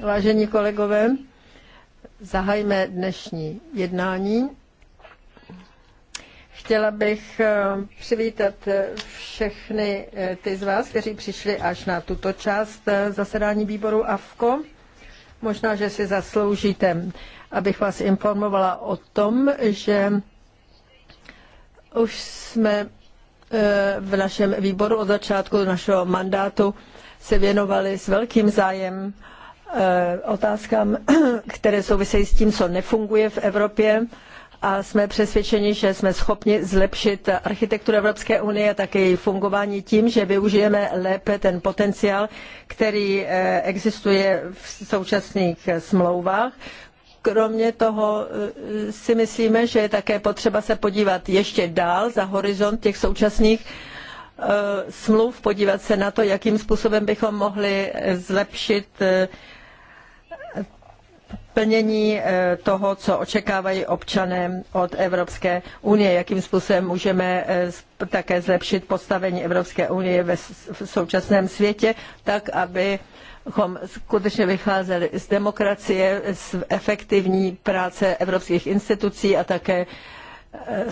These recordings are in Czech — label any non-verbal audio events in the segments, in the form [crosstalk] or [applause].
Vážení kolegové, zahajme dnešní jednání. Chtěla bych eh, přivítat všechny eh, ty z vás, kteří přišli až na tuto část eh, zasedání výboru AFKO. Možná, že si zasloužíte, abych vás informovala o tom, že už jsme Eh, v našem výboru od začátku našeho mandátu se věnovali s velkým zájem eh, otázkám, [clears throat] které souvisejí s tím, co nefunguje v Evropě a jsme přesvědčeni, že jsme schopni zlepšit architekturu Evropské unie a také její fungování tím, že využijeme lépe ten potenciál, který eh, existuje v současných smlouvách. Kromě toho eh, si myslíme, že je také potřeba se podívat ještě dál za horizont těch současných eh, smluv, podívat se na to, jakým způsobem bychom mohli eh, zlepšit plnění toho, co očekávají občané od Evropské unie, jakým způsobem můžeme také zlepšit postavení Evropské unie v současném světě, tak aby abychom skutečně vycházeli z demokracie, z efektivní práce evropských institucí a také eh,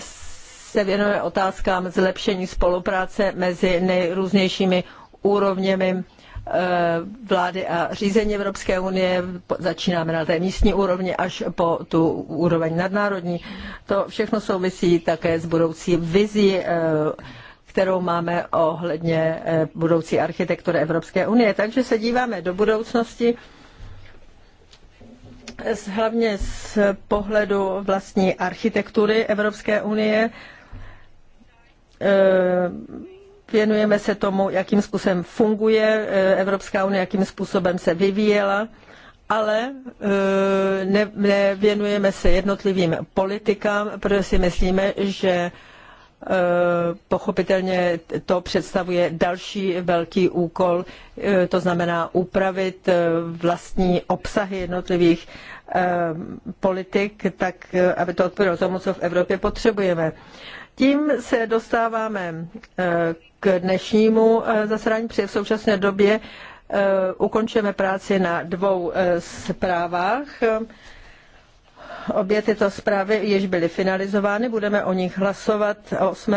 se věnujeme otázkám zlepšení spolupráce mezi nejrůznějšími úrovněmi eh, vlády a řízení Evropské unie, začínáme na té místní úrovni až po tu úroveň nadnárodní. To všechno souvisí také s budoucí vizí eh, kterou máme ohledně eh, budoucí architektury Evropské unie. Takže se díváme do budoucnosti hlavně z pohledu vlastní architektury Evropské unie. Eh, věnujeme se tomu, jakým způsobem funguje eh, Evropská unie, jakým způsobem se vyvíjela, ale nevěnujeme se jednotlivým politikám, protože si myslíme, že Eh, pochopitelně to představuje další velký úkol, eh, to znamená upravit eh, vlastní obsahy jednotlivých politik, tak aby to odpovědělo tomu, co v Evropě potřebujeme. Tím se dostáváme k dnešnímu zasedání, protože v současné době ukončujeme práci na dvou zprávách. Obě tyto zprávy již byly finalizovány, budeme o nich hlasovat 8.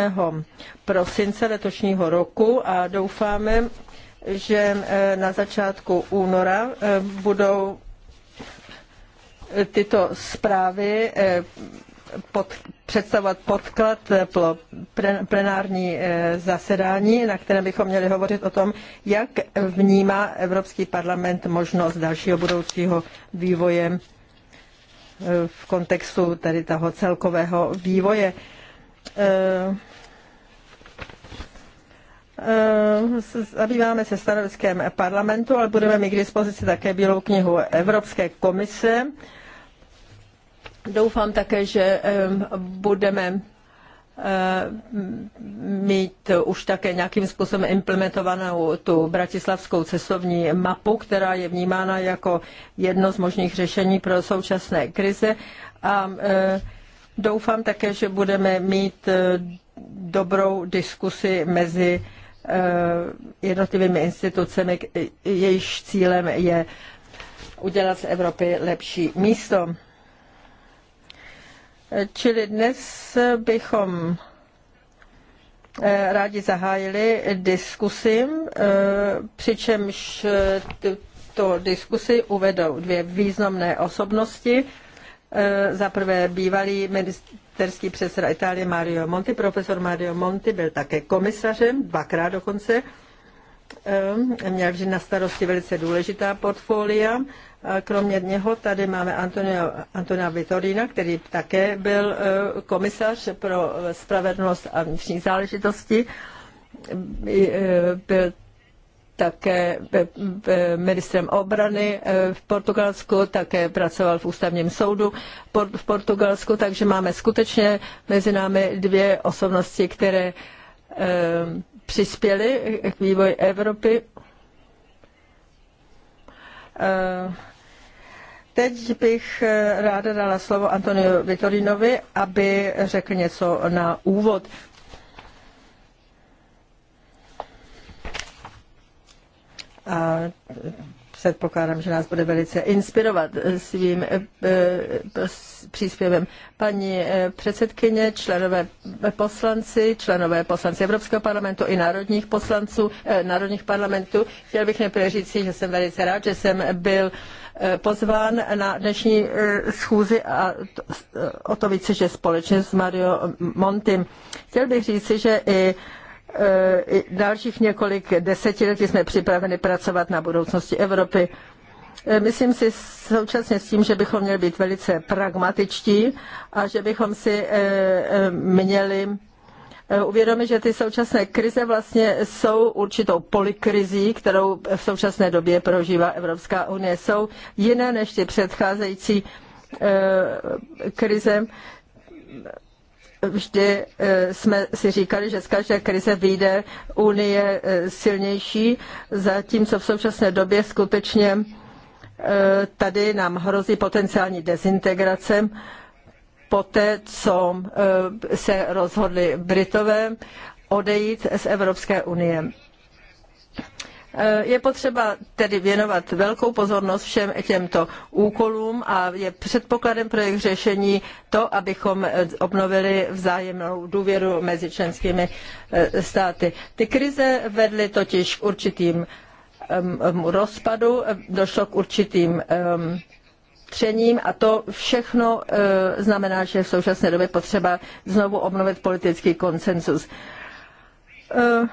prosince letošního roku a doufáme, že eh, na začátku února eh, budou eh, tyto zprávy pod, představovat podklad pro plenární zasedání, na kterém bychom měli hovořit o tom, jak vnímá Evropský parlament možnost dalšího budoucího vývoje v kontextu tedy toho celkového vývoje. Zabýváme se stanoviskem parlamentu, ale budeme mít k dispozici také Bílou knihu Evropské komise. Doufám také, že budeme Eh, mít už také nějakým způsobem implementovanou tu bratislavskou cestovní mapu, která je vnímána jako jedno z možných řešení pro současné krize. A eh, doufám také, že budeme mít eh, dobrou diskusi mezi jednotlivými institucemi, jejichž cílem je udělat z Evropy lepší místo. Čili dnes bychom eh, rádi zahájili diskusi, eh, přičemž eh, tuto diskusi uvedou dvě významné osobnosti. Za prvé bývalý ministerský předseda Itálie Mario Monti, profesor Mario Monti byl také komisařem, dvakrát dokonce, měl vždy na starosti velice důležitá portfolia Kromě něho tady máme Antonia, Antonia Vitorina, který také byl e, komisař pro spravedlnost a vnitřní záležitosti. E, byl také e, ministrem obrany v Portugalsku, také pracoval v ústavním soudu v Portugalsku, takže máme skutečně mezi námi dvě osobnosti, které přispěly k vývoji Evropy. Uh Teď bych eh, ráda dala slovo Antonio Vitorinovi, aby řekl něco na úvod. A předpokládám, že nás bude velice inspirovat eh, svým eh, eh, příspěvem. Paní předsedkyně, členové poslanci, členové poslanci Evropského parlamentu i národních poslanců, národních parlamentů, chtěl bych nejprve říct, že jsem velice rád, že jsem byl pozván na dnešní schůzi a o to více, že společně s Mario Montim. Chtěl bych říct, že i Eh, dalších několik desetiletí jsme připraveni pracovat na budoucnosti Evropy. Eh, myslím si současně s tím, že bychom měli být velice pragmatičtí a že bychom si eh, měli uvědomit, že ty současné krize vlastně jsou určitou polikrizí, kterou v současné době prožívá Evropská unie. Jsou jiné než ty předcházející krize Vždy eh, jsme si říkali, že z každé krize vyjde Unie eh, silnější, zatímco v současné době skutečně eh, tady nám hrozí potenciální dezintegrace poté, co se rozhodli Britové odejít z Evropské unie. Eh, je potřeba tedy věnovat velkou pozornost všem těmto úkolům a je předpokladem pro jejich řešení to, abychom eh, obnovili vzájemnou důvěru mezi členskými eh, státy. Ty krize vedly totiž k určitým rozpadu, došlo k určitým třením a to všechno znamená, že v současné době potřeba znovu obnovit politický konsenzus. Eh,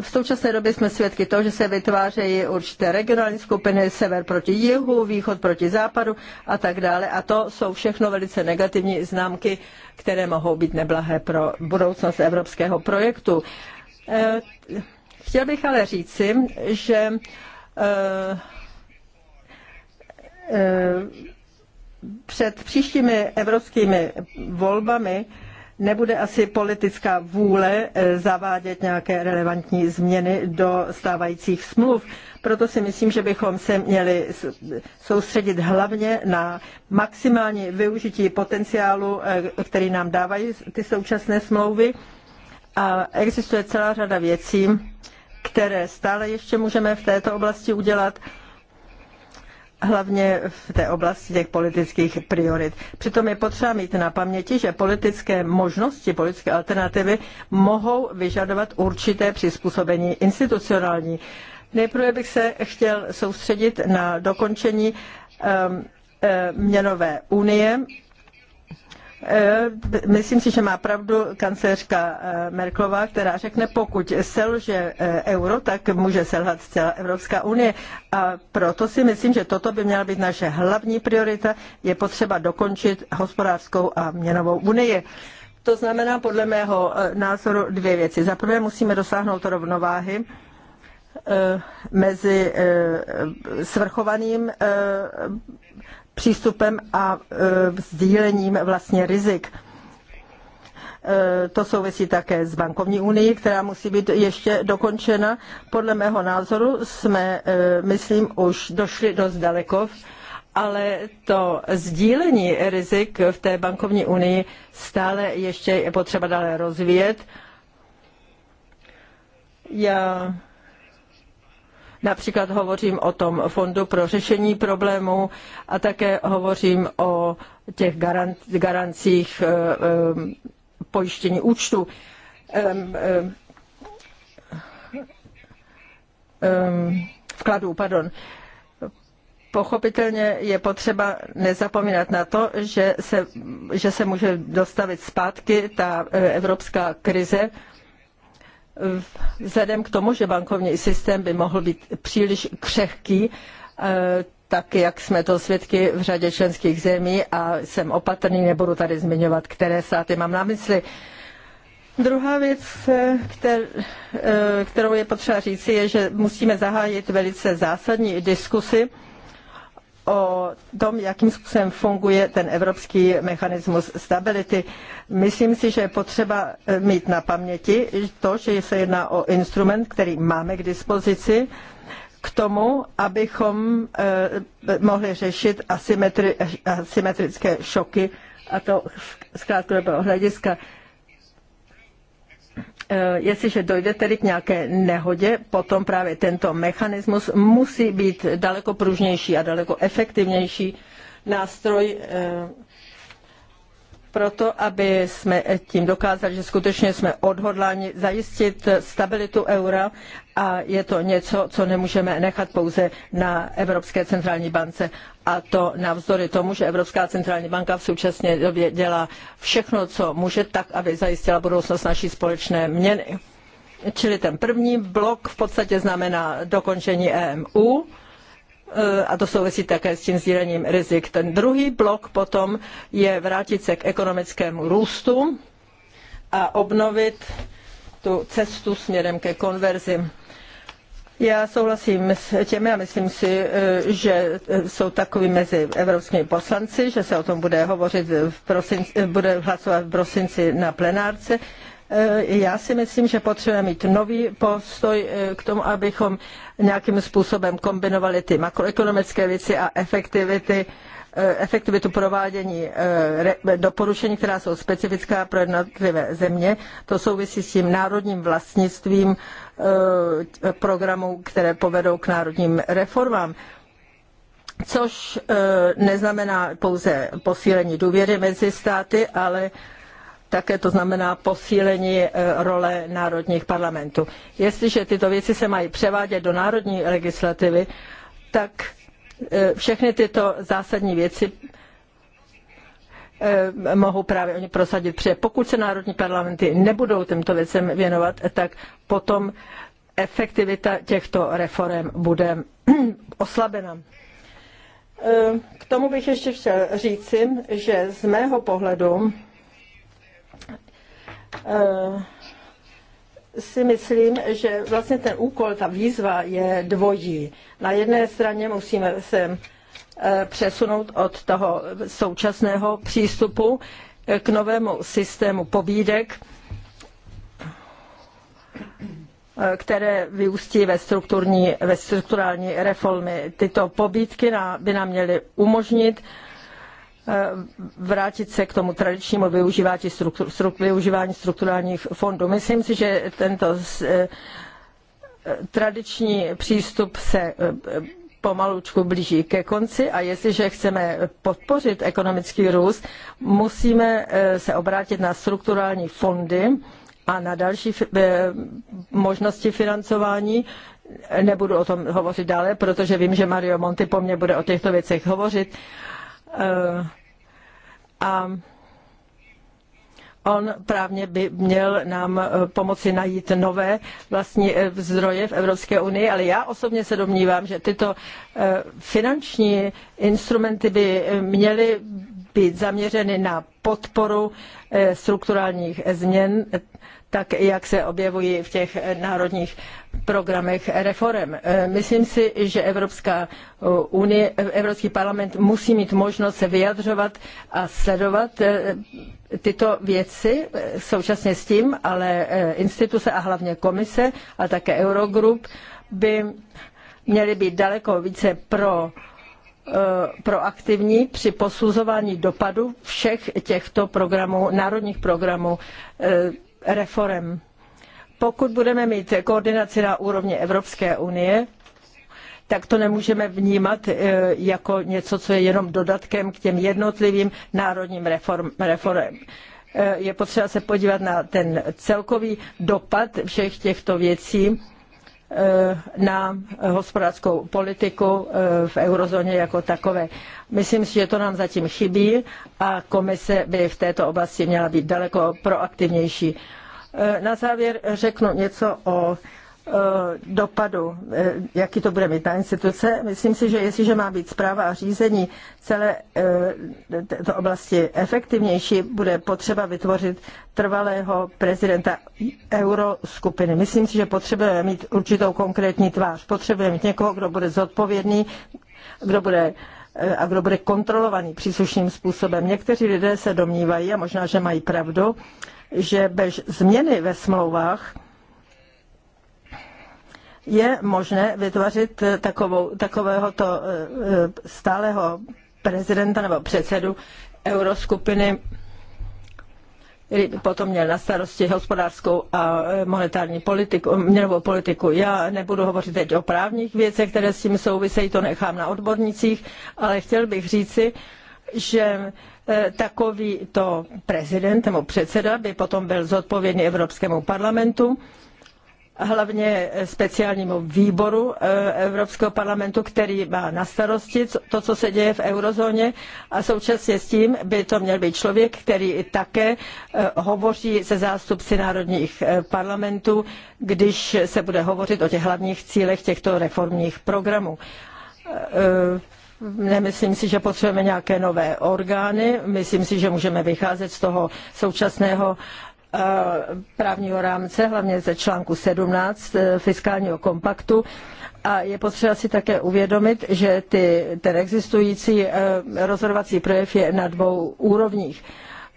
v současné době jsme svědky toho, že se vytvářejí určité regionální skupiny, sever proti jihu, východ proti západu a tak dále. A to jsou všechno velice negativní známky, které mohou být neblahé pro budoucnost evropského projektu. Eh, chtěl bych ale říci, že eh, před příštími evropskými volbami nebude asi politická vůle eh, zavádět nějaké relevantní změny do stávajících smluv. Proto si myslím, že bychom se měli soustředit hlavně na maximální využití potenciálu, eh, který nám dávají ty současné smlouvy. A existuje celá řada věcí, které stále ještě můžeme v této oblasti udělat hlavně v té oblasti těch politických priorit. Přitom je potřeba mít na paměti, že politické možnosti, politické alternativy mohou vyžadovat určité přizpůsobení institucionální. Nejprve bych se chtěl soustředit na dokončení ehm, ehm, měnové unie Eh, myslím si, že má pravdu kancelářka eh, Merklová, která řekne, pokud selže eh, euro, tak může selhat celá Evropská unie. A proto si myslím, že toto by měla být naše hlavní priorita. Je potřeba dokončit hospodářskou a měnovou unii. To znamená podle mého názoru dvě věci. Za prvé musíme dosáhnout rovnováhy mezi svrchovaným přístupem a e, sdílením vlastně rizik. E, to souvisí také s bankovní unii, která musí být ještě dokončena. Podle mého názoru jsme, e, myslím, už došli dost daleko, ale to sdílení rizik v té bankovní unii stále ještě je potřeba dále rozvíjet. Já Například hovořím o tom fondu pro řešení problémů a také hovořím o těch garancích eh, eh, pojištění účtu. Vkladů, pardon. Pochopitelně je potřeba nezapomínat na to, že se, že se může dostavit zpátky ta eh, evropská krize, Vzhledem k tomu, že bankovní systém by mohl být příliš křehký, eh, tak jak jsme to svědky v řadě členských zemí a jsem opatrný, nebudu tady zmiňovat, které státy mám na mysli. Druhá věc, eh, kterou je potřeba říci, je, že musíme zahájit velice zásadní diskusy o tom, jakým způsobem funguje ten evropský mechanismus stability. Myslím si, že je potřeba eh, mít na paměti to, že se jedná o instrument, který máme k dispozici k tomu, abychom eh, mohli řešit asymetri, asymetrické šoky a to z krátkodobého hlediska. Eh, jestliže dojde tedy k nějaké nehodě, potom právě tento mechanismus musí být daleko pružnější a daleko efektivnější nástroj eh, proto, aby jsme tím dokázali, že skutečně jsme odhodláni zajistit stabilitu eura a je to něco, co nemůžeme nechat pouze na Evropské centrální bance. A to navzdory tomu, že Evropská centrální banka v současné době dělá všechno, co může, tak, aby zajistila budoucnost naší společné měny. Čili ten první blok v podstatě znamená dokončení EMU Eh, a to souvisí také s tím sdílením rizik. Ten druhý blok potom je vrátit se k ekonomickému růstu a obnovit tu cestu směrem ke konverzi. Já souhlasím s těmi a myslím si, eh, že eh, jsou takový mezi evropskými poslanci, že se o tom bude hovořit v prosinci, bude hlasovat v prosinci na plenárce. Eh, já si myslím, že potřebujeme mít nový postoj eh, k tomu, abychom nějakým způsobem kombinovali ty makroekonomické věci a efektivity eh, efektivitu provádění doporučení, která jsou specifická pro jednotlivé země. To souvisí s tím národním vlastnictvím programů, které povedou k národním reformám což neznamená pouze posílení důvěry mezi státy, ale také to znamená posílení e, role národních parlamentů. Jestliže tyto věci se mají převádět do národní legislativy, tak e, všechny tyto zásadní věci e, mohou právě oni prosadit, protože pokud se národní parlamenty nebudou těmto věcem věnovat, tak potom efektivita těchto reform bude [clears throat] oslabena. K tomu bych ještě chtěl říci, že z mého pohledu Eh, si myslím, že vlastně ten úkol, ta výzva je dvojí. Na jedné straně musíme se eh, přesunout od toho současného přístupu eh, k novému systému pobídek, které vyústí ve, strukturální, ve strukturální reformy. Tyto pobídky by nám měly umožnit Eh, vrátit se k tomu tradičnímu využívání, struktur, využívání strukturálních fondů. Myslím si, že tento eh, tradiční přístup se eh, pomalučku blíží ke konci a jestliže chceme podpořit ekonomický růst, musíme se obrátit na strukturální fondy a na další možnosti financování. Nebudu o tom hovořit dále, protože vím, že Mario Monti po mně bude o těchto věcech hovořit. Eh, a On právně by měl nám eh, pomoci najít nové vlastní eh, zdroje v Evropské unii, ale já osobně se domnívám, že tyto finanční instrumenty by měly být zaměřeny na podporu strukturálních změn tak jak se objevují v těch národních programech reform. E, myslím si, že Evropská unie, Evropský parlament musí mít možnost se vyjadřovat a sledovat e, tyto věci e, současně s tím, ale instituce a hlavně komise a také Eurogroup by měly být daleko více pro proaktivní při posuzování dopadu všech těchto programů, národních programů reform. Pokud budeme mít koordinaci na úrovni Evropské unie, tak to nemůžeme vnímat eh, jako něco, co je jenom dodatkem k těm jednotlivým národním reform, reformám eh, je potřeba se podívat na ten celkový dopad všech těchto věcí Eh, na hospodářskou politiku eh, v eurozóně jako takové. Myslím si, že to nám zatím chybí a komise by v této oblasti měla být daleko proaktivnější. Eh, na závěr řeknu něco o Eh, dopadu, eh, jaký to bude mít na instituce. Myslím si, že jestliže má být zpráva a řízení celé eh, této oblasti efektivnější, bude potřeba vytvořit trvalého prezidenta euroskupiny. Myslím si, že potřebujeme mít určitou konkrétní tvář. Potřebujeme mít někoho, kdo bude zodpovědný, kdo bude a kdo bude kontrolovaný příslušným způsobem. Někteří lidé se domnívají, a možná, že mají pravdu, že bez změny ve smlouvách je možné vytvořit eh, takovou, takovéhoto eh, eh, stáleho prezidenta nebo předsedu euroskupiny, který by potom měl na starosti hospodářskou a monetární politiku, měnovou politiku. Já nebudu hovořit teď o právních věcech, které s tím souvisejí, to nechám na odbornicích, ale chtěl bych říci, že takový to prezident nebo předseda by potom byl zodpovědný Evropskému parlamentu hlavně speciálnímu výboru eh, Evropského parlamentu, který má na starosti to, co se děje v eurozóně a současně s tím by to měl být člověk, který také eh, hovoří se zástupci národních eh, parlamentů, když se bude hovořit o těch hlavních cílech těchto reformních programů. Nemyslím si, že potřebujeme nějaké nové orgány, myslím si, že můžeme vycházet z toho současného Eh, právního rámce, hlavně ze článku 17 eh, fiskálního kompaktu. A je potřeba si také uvědomit, že ty, ten existující eh, rozhodovací projev je na dvou úrovních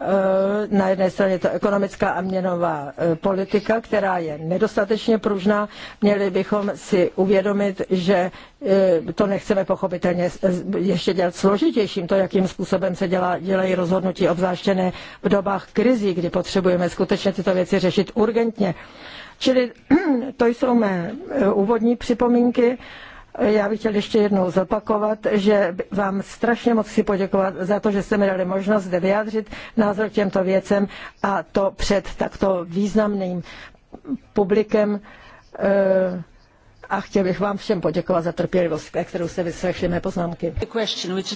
Eh, na jedné straně to ekonomická a měnová eh, politika, která je nedostatečně pružná. Měli bychom si uvědomit, že eh, to nechceme pochopitelně ještě dělat složitějším, to, jakým způsobem se dělá, dělají rozhodnutí, obzáštěné v dobách krizí, kdy potřebujeme skutečně tyto věci řešit urgentně. Čili [clears throat] to jsou mé úvodní připomínky. Já bych chtěl ještě jednou zopakovat, že vám strašně moc chci poděkovat za to, že jste mi dali možnost zde vyjádřit názor k těmto věcem a to před takto významným publikem. Eh, a chtěl bych vám všem poděkovat za trpělivost, kterou se vyslechli mé poznámky.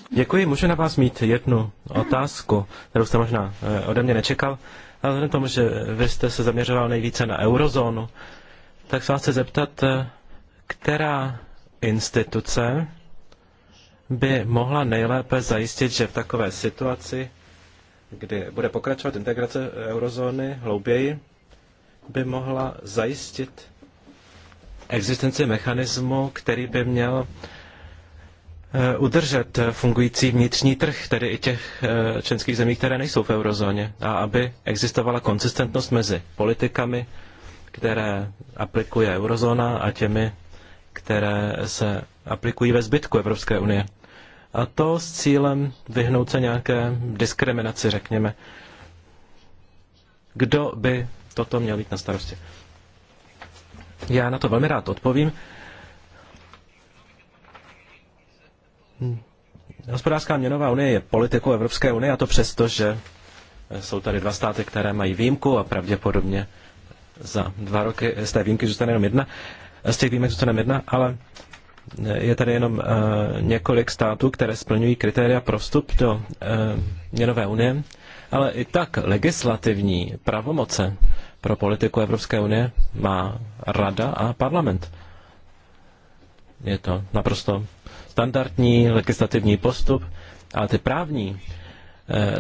Děkuji, můžu na vás mít jednu otázku, kterou jste možná eh, ode mě nečekal. Ale vzhledem tomu, že vy jste se zaměřoval nejvíce na eurozónu, tak se vás chci zeptat, eh, která instituce by mohla nejlépe zajistit, že v takové situaci, kdy bude pokračovat integrace eurozóny hlouběji, by mohla zajistit existenci mechanismu, který by měl eh, udržet fungující vnitřní trh, tedy i těch eh, členských zemí, které nejsou v eurozóně, a aby existovala konsistentnost mezi politikami, které aplikuje eurozóna a těmi, které se aplikují ve zbytku Evropské unie. A to s cílem vyhnout se nějaké diskriminaci, řekněme. Kdo by toto měl být na starosti? Já na to velmi rád odpovím. Hospodářská měnová unie je politikou Evropské unie a to přesto, že jsou tady dva státy, které mají výjimku a pravděpodobně za dva roky z té výjimky zůstane jenom jedna z těch výjimek zůstane jedna, ale eh, je tady jenom eh, několik států, které splňují kritéria pro vstup do eh, měnové unie, ale i tak legislativní pravomoce pro politiku Evropské unie má rada a parlament. Je to naprosto standardní legislativní postup, ale ty právní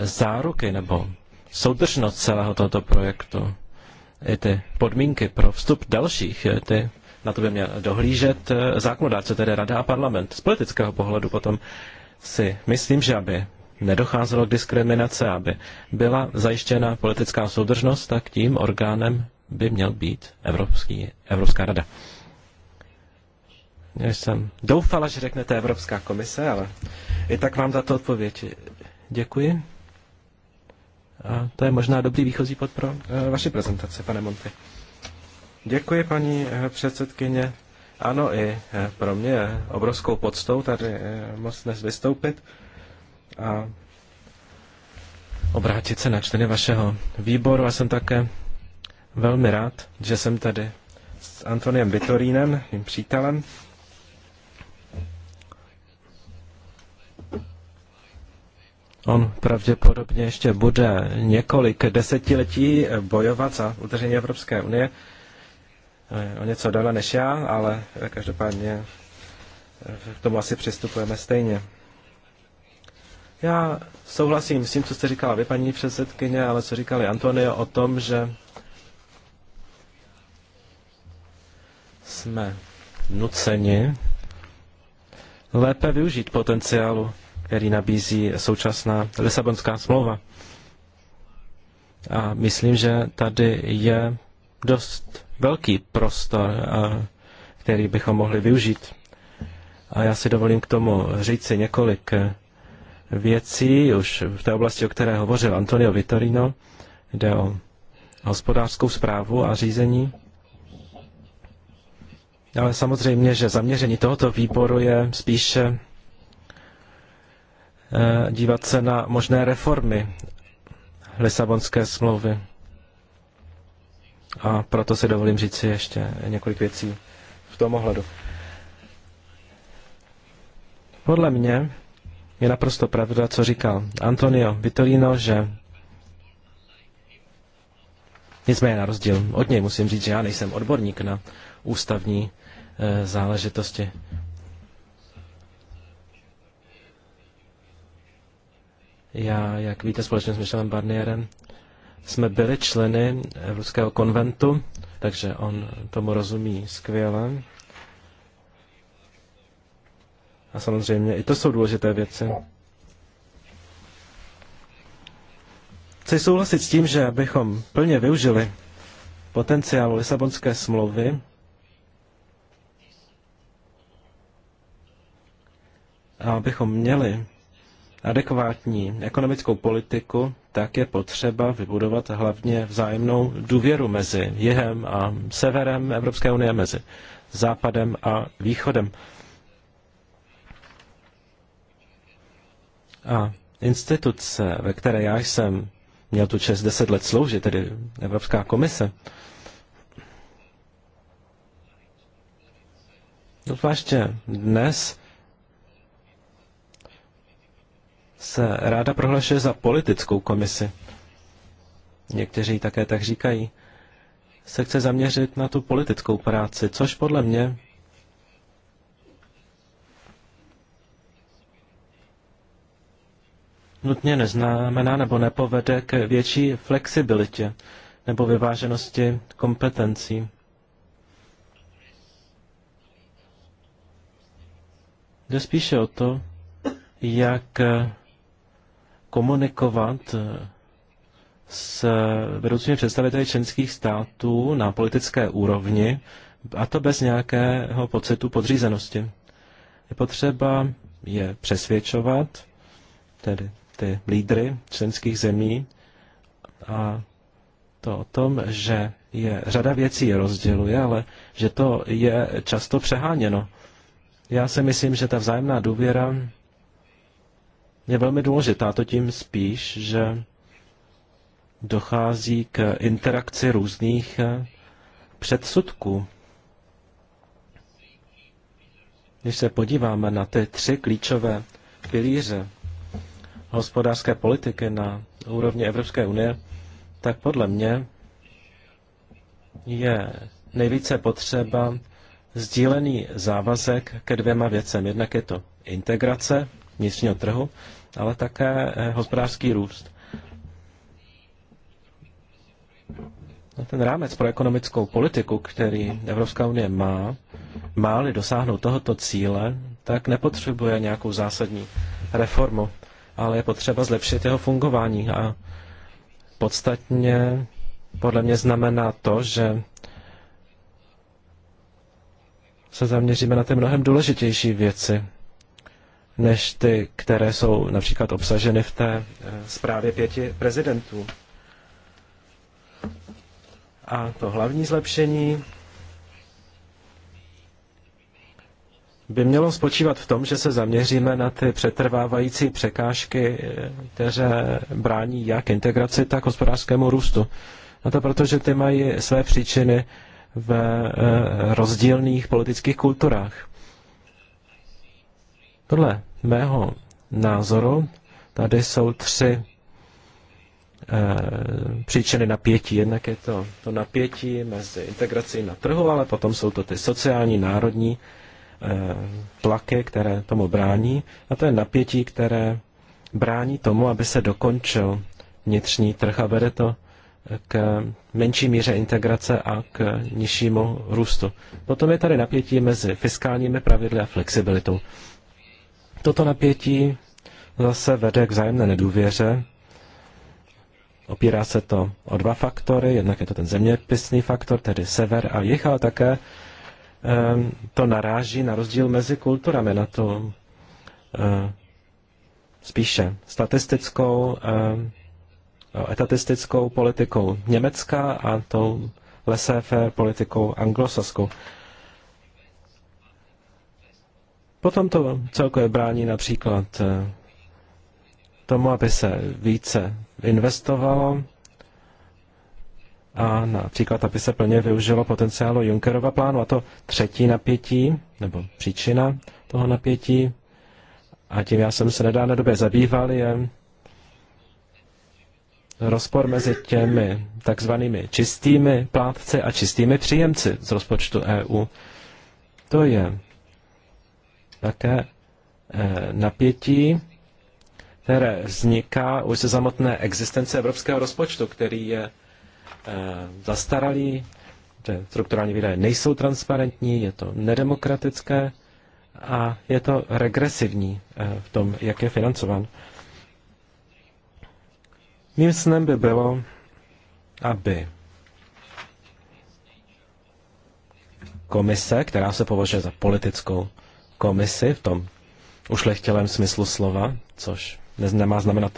záruky nebo soudržnost celého tohoto projektu, i ty podmínky pro vstup dalších, ty na to by měl dohlížet eh, zákonodárce, tedy rada a parlament. Z politického pohledu potom si myslím, že aby nedocházelo k diskriminace, aby byla zajištěna politická soudržnost, tak tím orgánem by měl být Evropský, Evropská rada. Já jsem doufala, že řeknete Evropská komise, ale i tak vám za to odpověď děkuji. A to je možná dobrý výchozí pod pro eh, vaši prezentaci, pane Monty. Děkuji, paní eh, předsedkyně. Ano, i eh, pro mě je obrovskou poctou tady eh, moc dnes vystoupit a obrátit se na členy vašeho výboru. A jsem také velmi rád, že jsem tady s Antoniem Vitorínem, mým přítelem. On pravděpodobně ještě bude několik desetiletí bojovat za udržení Evropské unie Eh, o něco déle než já, ale každopádně k eh, tomu asi přistupujeme stejně. Já souhlasím s tím, co jste říkala vy, paní předsedkyně, ale co říkali Antonio o tom, že jsme nuceni lépe využít potenciálu, který nabízí současná Lisabonská smlouva. A myslím, že tady je dost velký prostor, který bychom mohli využít. A já si dovolím k tomu si několik eh, věcí, už v té oblasti, o které hovořil Antonio Vitorino, jde o hospodářskou zprávu a řízení. Ale samozřejmě, že zaměření tohoto výboru je spíše eh, dívat se na možné reformy Lisabonské smlouvy. A proto si dovolím říct si ještě několik věcí v tom ohledu. Podle mě je naprosto pravda, co říkal Antonio Vitolino, že nicméně na rozdíl od něj musím říct, že já nejsem odborník na ústavní e, záležitosti. Já, jak víte, společně s Michelem Barnierem jsme byli členy Evropského konventu, takže on tomu rozumí skvěle. A samozřejmě i to jsou důležité věci. Chci souhlasit s tím, že abychom plně využili potenciál Lisabonské smlouvy, a abychom měli adekvátní ekonomickou politiku, tak je potřeba vybudovat hlavně vzájemnou důvěru mezi jihem a severem Evropské unie, mezi západem a východem. A instituce, ve které já jsem měl tu čest 10 let sloužit, tedy Evropská komise, no, Zvláště dnes se ráda prohlašuje za politickou komisi. Někteří také tak říkají. Se chce zaměřit na tu politickou práci, což podle mě nutně neznamená nebo nepovede k větší flexibilitě nebo vyváženosti kompetencí. Jde spíše o to, jak komunikovat eh, s vedoucími představiteli členských států na politické úrovni, a to bez nějakého pocitu podřízenosti. Je potřeba je přesvědčovat, tedy ty lídry členských zemí, a to o tom, že je řada věcí je rozděluje, ale že to je často přeháněno. Já si myslím, že ta vzájemná důvěra je velmi důležitá, to tím spíš, že dochází k interakci různých eh, předsudků. Když se podíváme na ty tři klíčové pilíře hospodářské politiky na úrovni Evropské unie, tak podle mě je nejvíce potřeba sdílený závazek ke dvěma věcem. Jednak je to integrace vnitřního trhu ale také eh, hospodářský růst. A ten rámec pro ekonomickou politiku, který Evropská unie má, má-li dosáhnout tohoto cíle, tak nepotřebuje nějakou zásadní reformu, ale je potřeba zlepšit jeho fungování a podstatně podle mě znamená to, že se zaměříme na ty mnohem důležitější věci, než ty, které jsou například obsaženy v té eh, zprávě pěti prezidentů. A to hlavní zlepšení by mělo spočívat v tom, že se zaměříme na ty přetrvávající překážky, eh, které brání jak integraci, tak hospodářskému růstu. A to proto, že ty mají své příčiny v eh, rozdílných politických kulturách. Tohle mého názoru tady jsou tři eh, příčiny napětí. Jednak je to, to napětí mezi integrací na trhu, ale potom jsou to ty sociální, národní eh, tlaky, které tomu brání. A to je napětí, které brání tomu, aby se dokončil vnitřní trh a vede to k menší míře integrace a k nižšímu růstu. Potom je tady napětí mezi fiskálními pravidly a flexibilitou. Toto napětí zase vede k vzájemné nedůvěře. Opírá se to o dva faktory. Jednak je to ten zeměpisný faktor, tedy sever a jich, ale také ehm, to naráží na rozdíl mezi kulturami, na tu ehm, spíše statistickou, ehm, etatistickou politikou Německa a tou laissez politikou anglosaskou. Potom to celkově brání například eh, tomu, aby se více investovalo a například, aby se plně využilo potenciálu Junckerova plánu. A to třetí napětí, nebo příčina toho napětí, a tím já jsem se nedávno době zabýval, je rozpor mezi těmi takzvanými čistými plátci a čistými příjemci z rozpočtu EU. To je také eh, napětí, které vzniká už ze samotné existence evropského rozpočtu, který je eh, zastaralý, že strukturální výdaje nejsou transparentní, je to nedemokratické a je to regresivní eh, v tom, jak je financován. Mým snem by bylo, aby komise, která se považuje za politickou komisi v tom ušlechtělém smyslu slova, což nemá znamenat,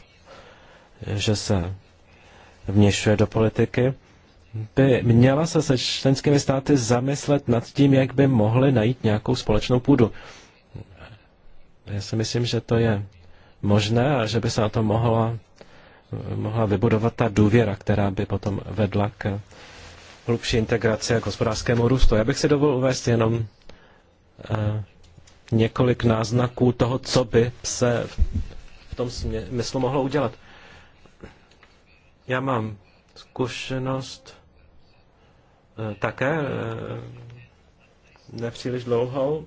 že se vněšuje do politiky, by měla se se členskými státy zamyslet nad tím, jak by mohly najít nějakou společnou půdu. Já si myslím, že to je možné a že by se na to mohla, mohla vybudovat ta důvěra, která by potom vedla k hlubší integraci a k hospodářskému růstu. Já bych si dovolil uvést jenom eh, několik náznaků toho, co by se v tom smyslu mohlo udělat. Já mám zkušenost eh, také eh, nepříliš dlouhou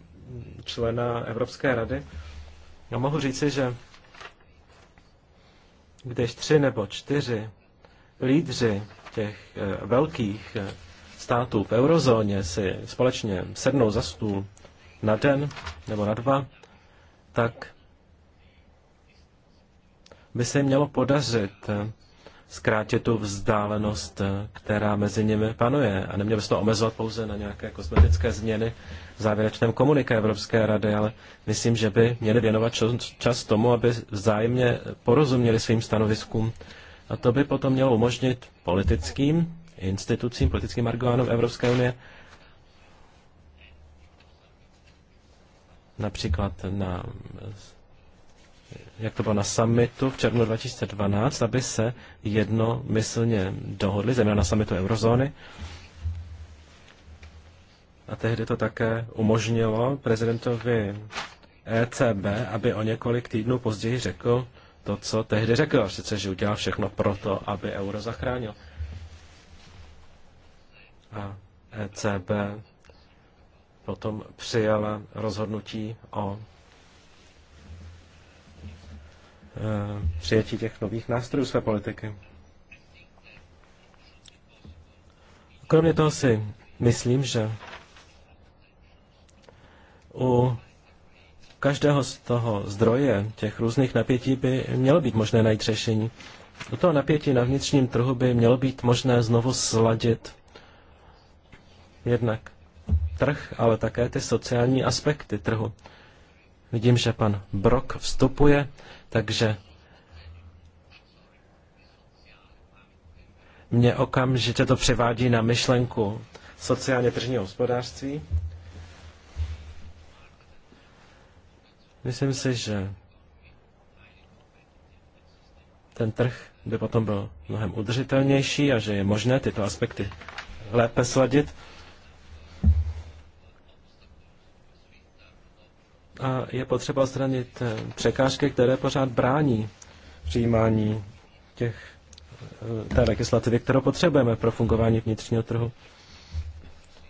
člena Evropské rady. Já mohu říci, že když tři nebo čtyři lídři těch eh, velkých států v eurozóně si společně sednou za stůl na den nebo na dva, tak by se mělo podařit zkrátit tu vzdálenost, která mezi nimi panuje. A nemělo by se to omezovat pouze na nějaké kosmetické změny v závěrečném komuniké Evropské rady, ale myslím, že by měli věnovat čas tomu, aby vzájemně porozuměli svým stanoviskům. A to by potom mělo umožnit politickým institucím, politickým orgánům Evropské unie, například na, jak to bylo na summitu v červnu 2012, aby se jednomyslně dohodli, zejména na summitu eurozóny. A tehdy to také umožnilo prezidentovi ECB, aby o několik týdnů později řekl to, co tehdy řekl, a sice, že udělal všechno proto, aby euro zachránil. A ECB potom přijala rozhodnutí o e, přijetí těch nových nástrojů své politiky. Kromě toho si myslím, že u každého z toho zdroje těch různých napětí by mělo být možné najít řešení. U toho napětí na vnitřním trhu by mělo být možné znovu sladit jednak trh, ale také ty sociální aspekty trhu. Vidím, že pan Brok vstupuje, takže mě okamžitě to přivádí na myšlenku sociálně tržního hospodářství. Myslím si, že ten trh by potom byl mnohem udržitelnější a že je možné tyto aspekty lépe sladit. a je potřeba odstranit eh, překážky, které pořád brání přijímání těch, eh, té legislativy, kterou potřebujeme pro fungování vnitřního trhu.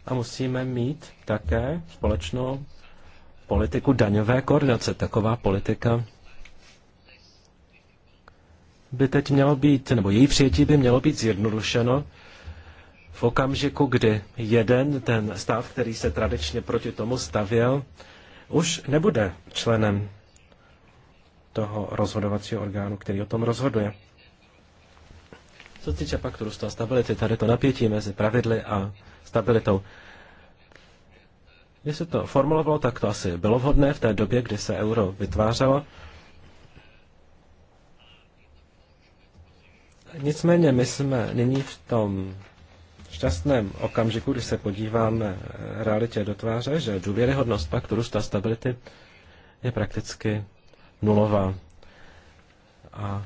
A musíme mít také společnou politiku daňové koordinace. Taková politika by teď mělo být, nebo její přijetí by mělo být zjednodušeno v okamžiku, kdy jeden ten stát, který se tradičně proti tomu stavěl, už nebude členem toho rozhodovacího orgánu, který o tom rozhoduje. Co se týče paktu růstu a stability, tady to napětí mezi pravidly a stabilitou. Když se to formulovalo, tak to asi bylo vhodné v té době, kdy se euro vytvářelo. Nicméně my jsme nyní v tom šťastném okamžiku, když se podíváme realitě do tváře, že důvěryhodnost paktu růstu a stability je prakticky nulová. A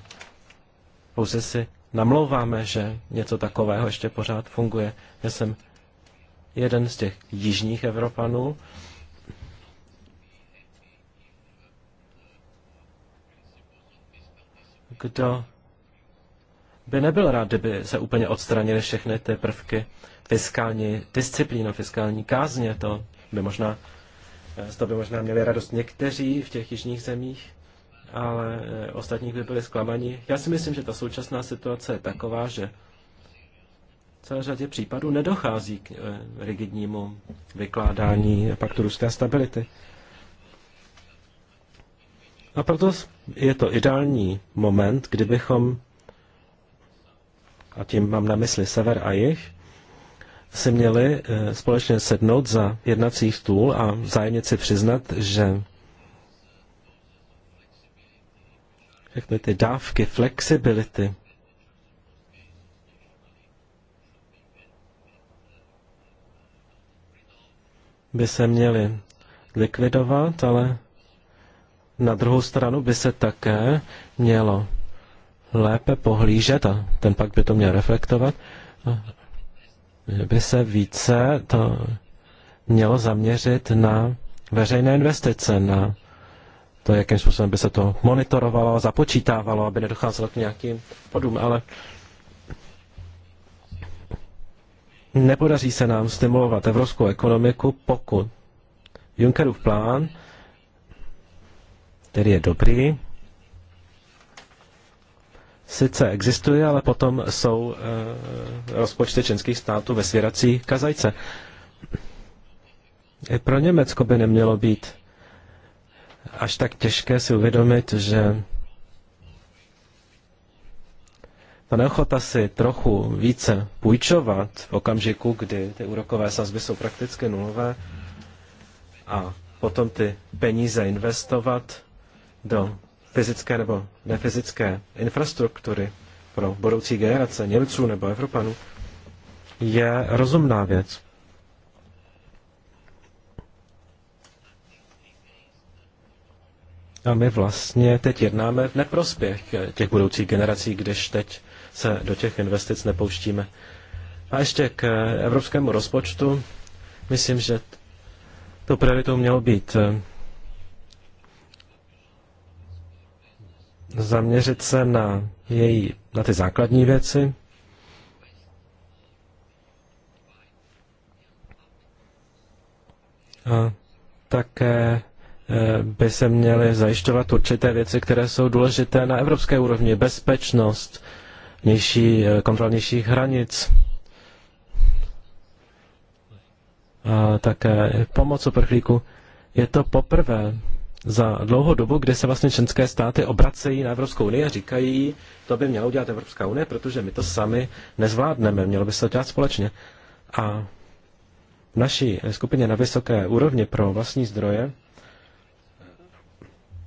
pouze si namlouváme, že něco takového ještě pořád funguje. Já jsem jeden z těch jižních Evropanů, kdo by nebyl rád, kdyby se úplně odstranily všechny ty prvky fiskální disciplína, fiskální kázně. To by možná, z eh, toho by možná měli radost někteří v těch jižních zemích, ale eh, ostatní by byli zklamaní. Já si myslím, že ta současná situace je taková, že v celé řadě případů nedochází k eh, rigidnímu vykládání paktu ruské stability. A proto je to ideální moment, kdybychom a tím mám na mysli sever a jih, si měli eh, společně sednout za jednací stůl a vzájemně si přiznat, že všechny ty dávky flexibility, by se měly likvidovat, ale na druhou stranu by se také mělo lépe pohlížet a ten pak by to měl reflektovat, by se více to mělo zaměřit na veřejné investice, na to, jakým způsobem by se to monitorovalo, započítávalo, aby nedocházelo k nějakým podům, ale nepodaří se nám stimulovat evropskou ekonomiku, pokud Junckerův plán, který je dobrý, sice existuje, ale potom jsou eh, rozpočty členských států ve svěrací kazajce. I pro Německo by nemělo být až tak těžké si uvědomit, že ta neochota si trochu více půjčovat v okamžiku, kdy ty úrokové sazby jsou prakticky nulové a potom ty peníze investovat do fyzické nebo nefyzické infrastruktury pro budoucí generace Němců nebo Evropanů, je rozumná věc. A my vlastně teď jednáme v neprospěch těch budoucích generací, když teď se do těch investic nepouštíme. A ještě k evropskému rozpočtu. Myslím, že to prioritou mělo být eh, zaměřit se na, její, na ty základní věci, a také eh, by se měly zajišťovat určité věci, které jsou důležité na evropské úrovni. Bezpečnost, nější eh, kontrolnějších hranic, a také pomoc uprchlíku. Je to poprvé, za dlouhou dobu, kde se vlastně členské státy obracejí na Evropskou unii a říkají, to by měla udělat Evropská unie, protože my to sami nezvládneme, mělo by se to dělat společně. A v naší skupině na vysoké úrovni pro vlastní zdroje,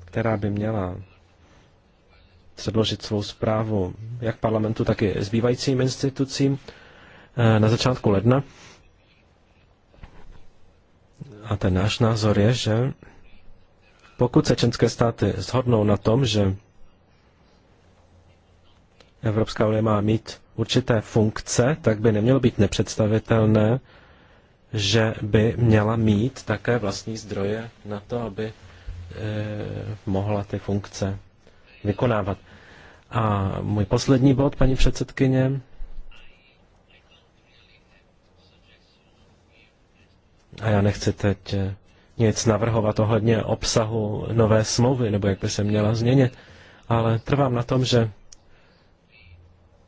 která by měla předložit svou zprávu jak parlamentu, tak i zbývajícím institucím eh, na začátku ledna. A ten náš názor je, že pokud se členské státy shodnou na tom, že Evropská unie má mít určité funkce, tak by nemělo být nepředstavitelné, že by měla mít také vlastní zdroje na to, aby e, mohla ty funkce vykonávat. A můj poslední bod, paní předsedkyně. A já nechci teď eh, nic navrhovat ohledně obsahu nové smlouvy, nebo jak by se měla změnit, ale trvám na tom, že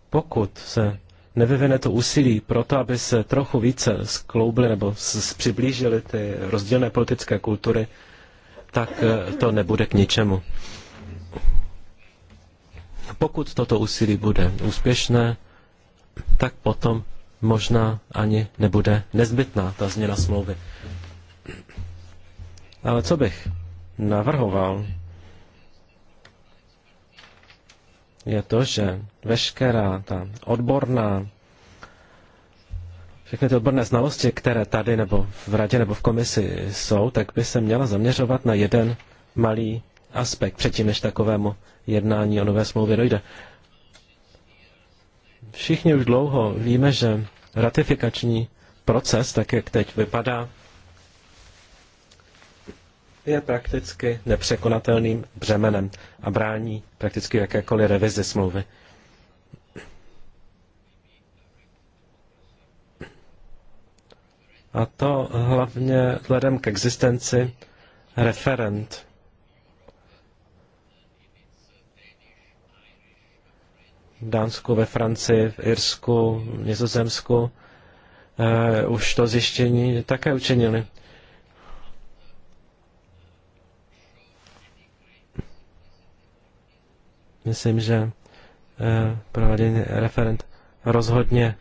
pokud se nevyvine to úsilí pro to, aby se trochu více skloubily nebo přiblížily ty rozdílné politické kultury, tak eh, to nebude k ničemu. Pokud toto úsilí bude úspěšné, tak potom možná ani nebude nezbytná ta změna smlouvy. Ale co bych navrhoval, je to, že veškerá ta odborná, všechny ty odborné znalosti, které tady nebo v radě nebo v komisi jsou, tak by se měla zaměřovat na jeden malý aspekt předtím, než takovému jednání o nové smlouvě dojde. Všichni už dlouho víme, že ratifikační proces, tak jak teď vypadá, je prakticky nepřekonatelným břemenem a brání prakticky jakékoliv revizi smlouvy. A to hlavně vzhledem k existenci referent. V Dánsku, ve Francii, v Irsku, v Nizozemsku eh, už to zjištění také učinili. Myslím, že eh, provádění referent rozhodně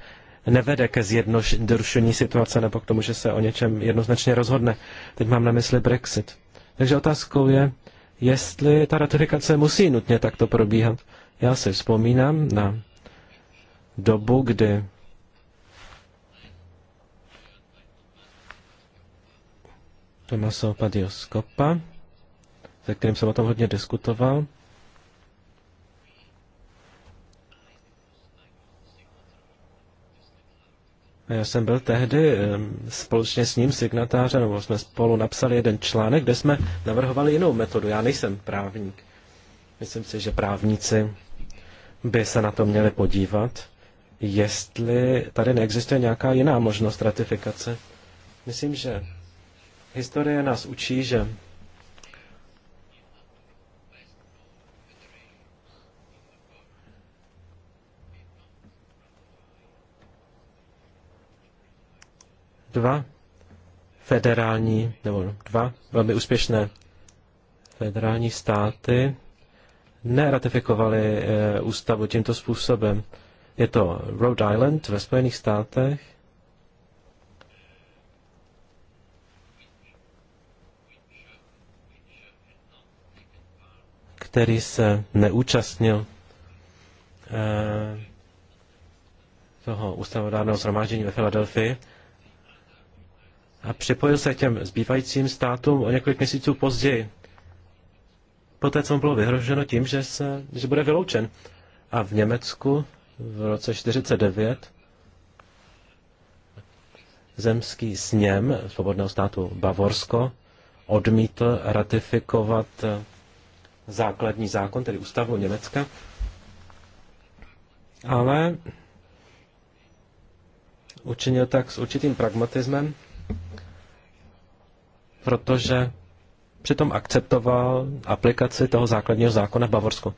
nevede ke zjednodušení situace nebo k tomu, že se o něčem jednoznačně rozhodne. Teď mám na mysli Brexit. Takže otázkou je, jestli ta ratifikace musí nutně takto probíhat. Já si vzpomínám na dobu, kdy Tomaso Padioskopa, se kterým jsem o tom hodně diskutoval, Já jsem byl tehdy společně s ním signatářem, nebo jsme spolu napsali jeden článek, kde jsme navrhovali jinou metodu. Já nejsem právník. Myslím si, že právníci by se na to měli podívat, jestli tady neexistuje nějaká jiná možnost ratifikace. Myslím, že historie nás učí, že dva federální, nebo dva velmi úspěšné federální státy neratifikovali eh, ústavu tímto způsobem. Je to Rhode Island ve Spojených státech který se neúčastnil eh, toho ústavodárného zhromáždění ve Filadelfii a připojil se k těm zbývajícím státům o několik měsíců později. Poté, co mu bylo vyhroženo tím, že, se, že bude vyloučen. A v Německu v roce 49 zemský sněm svobodného státu Bavorsko odmítl ratifikovat základní zákon, tedy ústavu Německa. Ale učinil tak s určitým pragmatismem, protože přitom akceptoval aplikaci toho základního zákona v Bavorsku.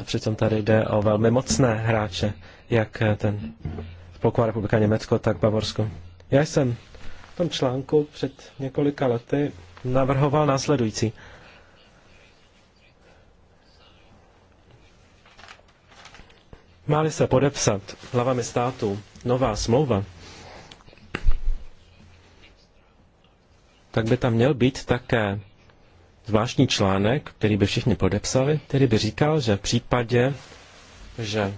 A přitom tady jde o velmi mocné hráče, jak ten Spolková republika Německo, tak Bavorsko. Já jsem v tom článku před několika lety navrhoval následující. Máli se podepsat hlavami státu nová smlouva, tak by tam měl být také zvláštní článek, který by všichni podepsali, který by říkal, že v případě, že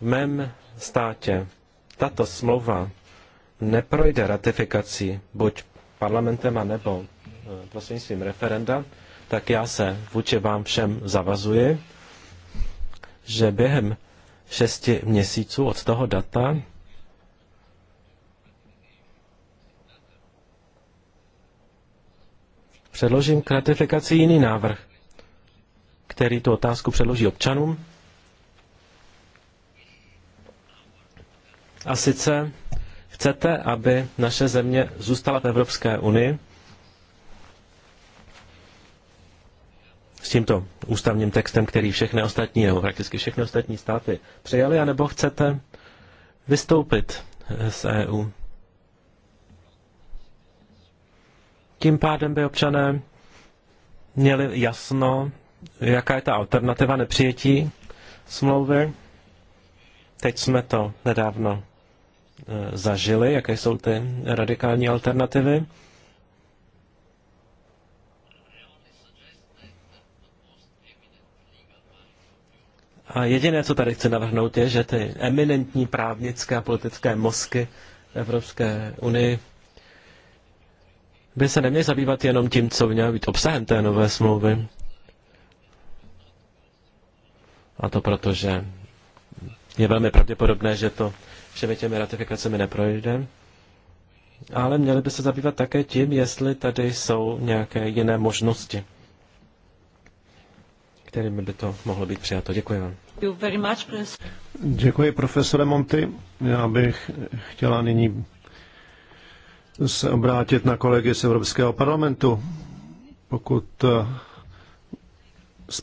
v mém státě tato smlouva neprojde ratifikací buď parlamentem a nebo eh, prostřednictvím referenda, tak já se vůči vám všem zavazuji, že během šesti měsíců od toho data předložím k ratifikaci jiný návrh, který tu otázku předloží občanům. A sice chcete, aby naše země zůstala v Evropské unii, s tímto ústavním textem, který všechny ostatní, nebo prakticky všechny ostatní státy přijali, anebo chcete vystoupit z EU? Tím pádem by občané měli jasno, jaká je ta alternativa nepřijetí smlouvy. Teď jsme to nedávno e, zažili, jaké jsou ty radikální alternativy. A jediné, co tady chci navrhnout, je, že ty eminentní právnické a politické mozky Evropské unii by se neměly zabývat jenom tím, co mělo být obsahem té nové smlouvy. A to proto, že je velmi pravděpodobné, že to všemi těmi ratifikacemi neprojde. Ale měli by se zabývat také tím, jestli tady jsou nějaké jiné možnosti kterými by to mohlo být přijato. Děkuji vám. Děkuji, profesore Monty. Já bych chtěla nyní se obrátit na kolegy z Evropského parlamentu. Pokud eh,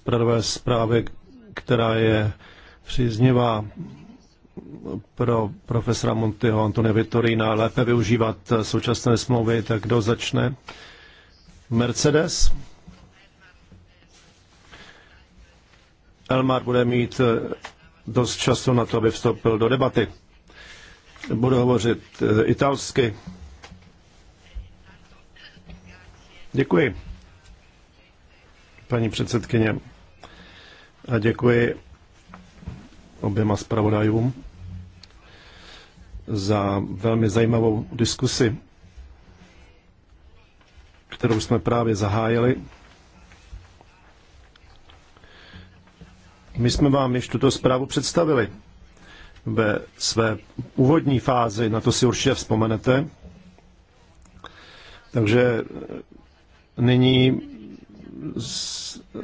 prvé zprávy, která je příznivá pro profesora Montyho Antonia Vitorina lépe využívat současné smlouvy, tak kdo začne? Mercedes? Elmar bude mít eh, dost času na to, aby vstoupil do debaty. Budu hovořit eh, italsky. Děkuji, paní předsedkyně. A děkuji oběma zpravodajům za velmi zajímavou diskusi, kterou jsme právě zahájili. My jsme vám již tuto zprávu představili ve své úvodní fázi, na to si určitě vzpomenete. Takže eh, nyní eh,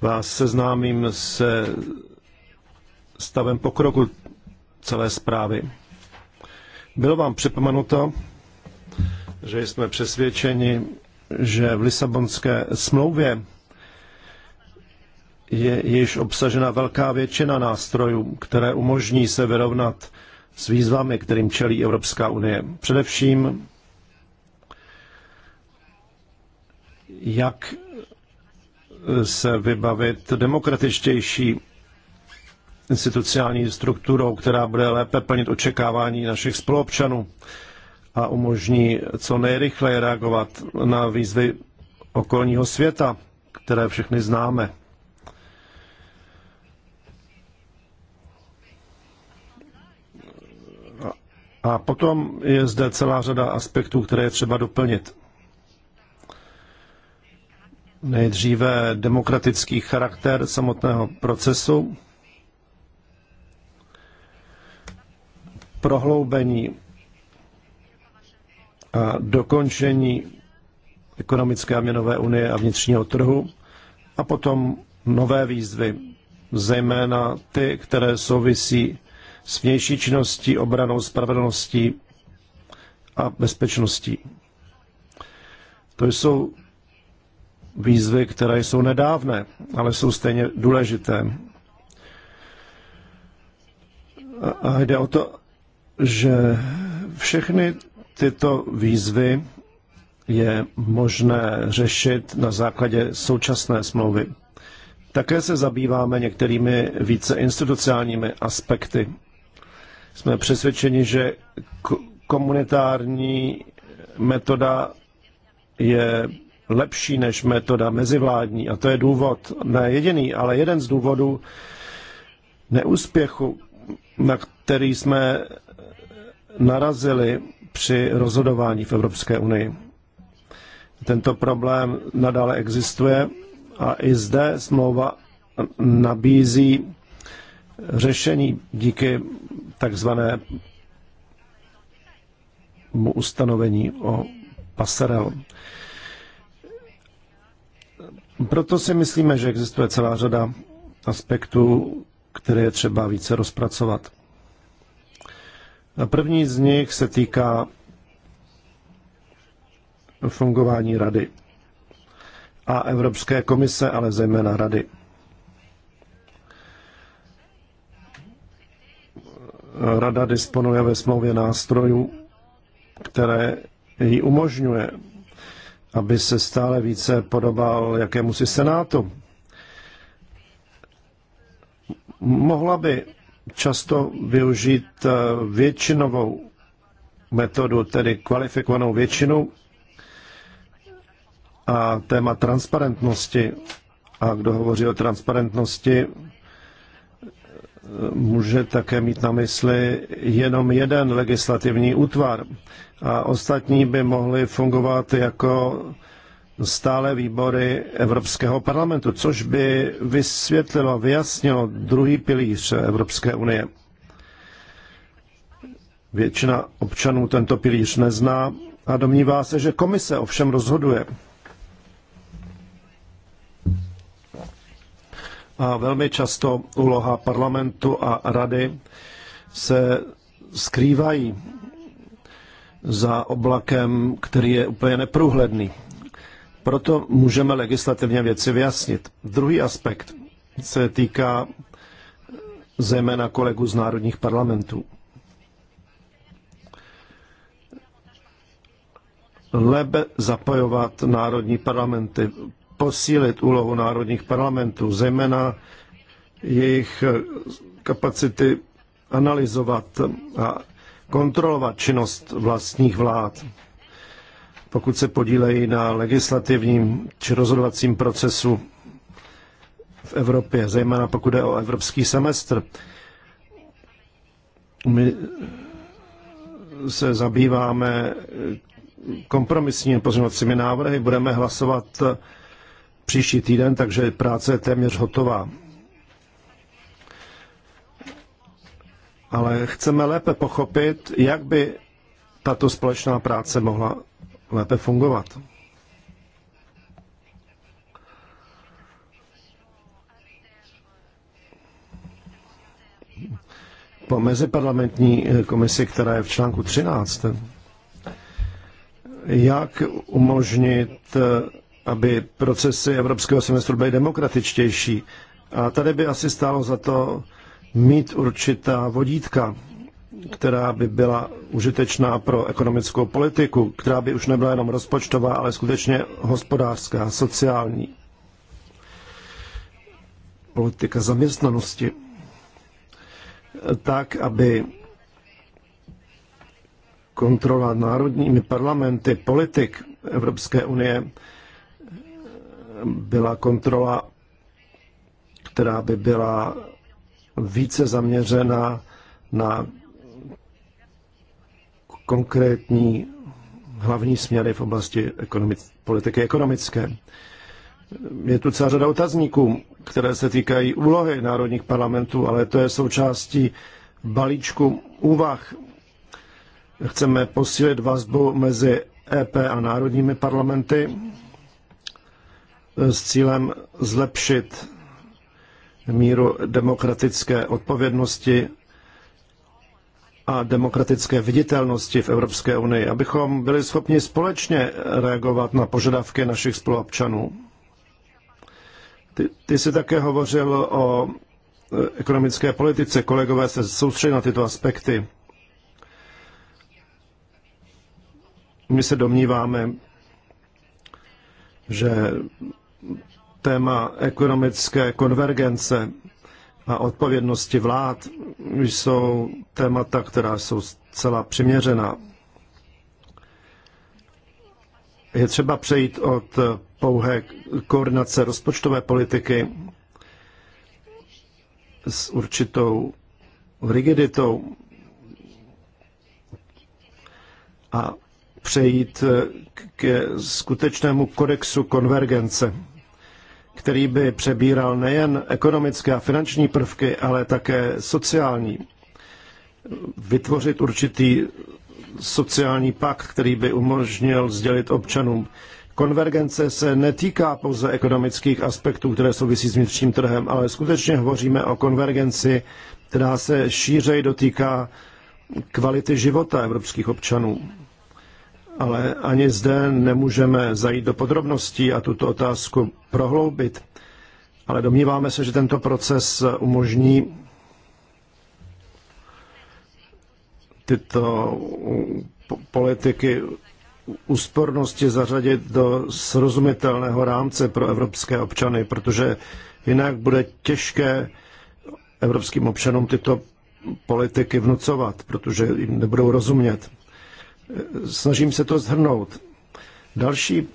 vás seznámím se stavem pokroku celé zprávy. Bylo vám připomenuto, že jsme přesvědčeni, že v Lisabonské smlouvě je již obsažena velká většina nástrojů, které umožní se vyrovnat s výzvami, kterým čelí Evropská unie. Především, jak se vybavit demokratičtější institucionální strukturou, která bude lépe plnit očekávání našich spoluobčanů a umožní co nejrychleji reagovat na výzvy okolního světa, které všechny známe. A potom je zde celá řada aspektů, které je třeba doplnit. Nejdříve demokratický charakter samotného procesu, prohloubení a dokončení ekonomické a měnové unie a vnitřního trhu a potom nové výzvy, zejména ty, které souvisí s vnější činností, obranou, spravedlností a bezpečností. To jsou výzvy, které jsou nedávné, ale jsou stejně důležité. A jde o to, že všechny tyto výzvy je možné řešit na základě současné smlouvy. Také se zabýváme některými více institucionálními aspekty jsme přesvědčeni, že komunitární metoda je lepší než metoda mezivládní. A to je důvod, ne jediný, ale jeden z důvodů neúspěchu, na který jsme narazili při rozhodování v Evropské unii. Tento problém nadále existuje a i zde smlouva nabízí řešení díky takzvanému ustanovení o pasarel. Proto si myslíme, že existuje celá řada aspektů, které je třeba více rozpracovat. A první z nich se týká fungování rady a Evropské komise, ale zejména rady. Rada disponuje ve smlouvě nástrojů, které jí umožňuje, aby se stále více podobal jakémusi senátu. Mohla by často využít eh, většinovou metodu, tedy kvalifikovanou většinu a téma transparentnosti. A kdo hovoří o transparentnosti, může také mít na mysli jenom jeden legislativní útvar a ostatní by mohly fungovat jako stále výbory Evropského parlamentu, což by vysvětlilo, vyjasnilo druhý pilíř Evropské unie. Většina občanů tento pilíř nezná a domnívá se, že komise ovšem rozhoduje. a velmi často úloha parlamentu a rady se skrývají za oblakem, který je úplně neprůhledný. Proto můžeme legislativně věci vyjasnit. Druhý aspekt se týká zejména kolegů z národních parlamentů. Lebe zapojovat národní parlamenty posílit úlohu národních parlamentů, zejména jejich kapacity analyzovat a kontrolovat činnost vlastních vlád, pokud se podílejí na legislativním či rozhodovacím procesu v Evropě, zejména pokud je o evropský semestr. My se zabýváme kompromisními pozměňovacími návrhy, budeme hlasovat příští týden, takže práce je téměř hotová. Ale chceme lépe pochopit, jak by tato společná práce mohla lépe fungovat. Po meziparlamentní komisi, která je v článku 13, jak umožnit aby procesy evropského semestru byly demokratičtější. A tady by asi stálo za to mít určitá vodítka, která by byla užitečná pro ekonomickou politiku, která by už nebyla jenom rozpočtová, ale skutečně hospodářská, sociální. Politika zaměstnanosti. Tak, aby kontrola národními parlamenty politik Evropské unie byla kontrola, která by byla více zaměřena na konkrétní hlavní směry v oblasti ekonomic- politiky ekonomické. Je tu celá řada otazníků, které se týkají úlohy národních parlamentů, ale to je součástí balíčku úvah. Chceme posílit vazbu mezi EP a národními parlamenty E, s cílem zlepšit míru demokratické odpovědnosti a demokratické viditelnosti v Evropské unii, abychom byli schopni společně reagovat na požadavky našich spoluobčanů. Ty, ty jsi také hovořil o e, ekonomické politice. Kolegové se soustředí na tyto aspekty. My se domníváme, že téma ekonomické konvergence a odpovědnosti vlád jsou témata, která jsou zcela přiměřená. Je třeba přejít od pouhé koordinace rozpočtové politiky s určitou rigiditou a přejít ke skutečnému kodexu konvergence který by přebíral nejen ekonomické a finanční prvky, ale také sociální. Vytvořit určitý sociální pakt, který by umožnil sdělit občanům. Konvergence se netýká pouze ekonomických aspektů, které souvisí s vnitřním trhem, ale skutečně hovoříme o konvergenci, která se šířej dotýká kvality života evropských občanů ale ani zde nemůžeme zajít do podrobností a tuto otázku prohloubit. Ale domníváme se, že tento proces umožní tyto politiky úspornosti zařadit do srozumitelného rámce pro evropské občany, protože jinak bude těžké evropským občanům tyto politiky vnucovat, protože jim nebudou rozumět. Snažím se to zhrnout. Další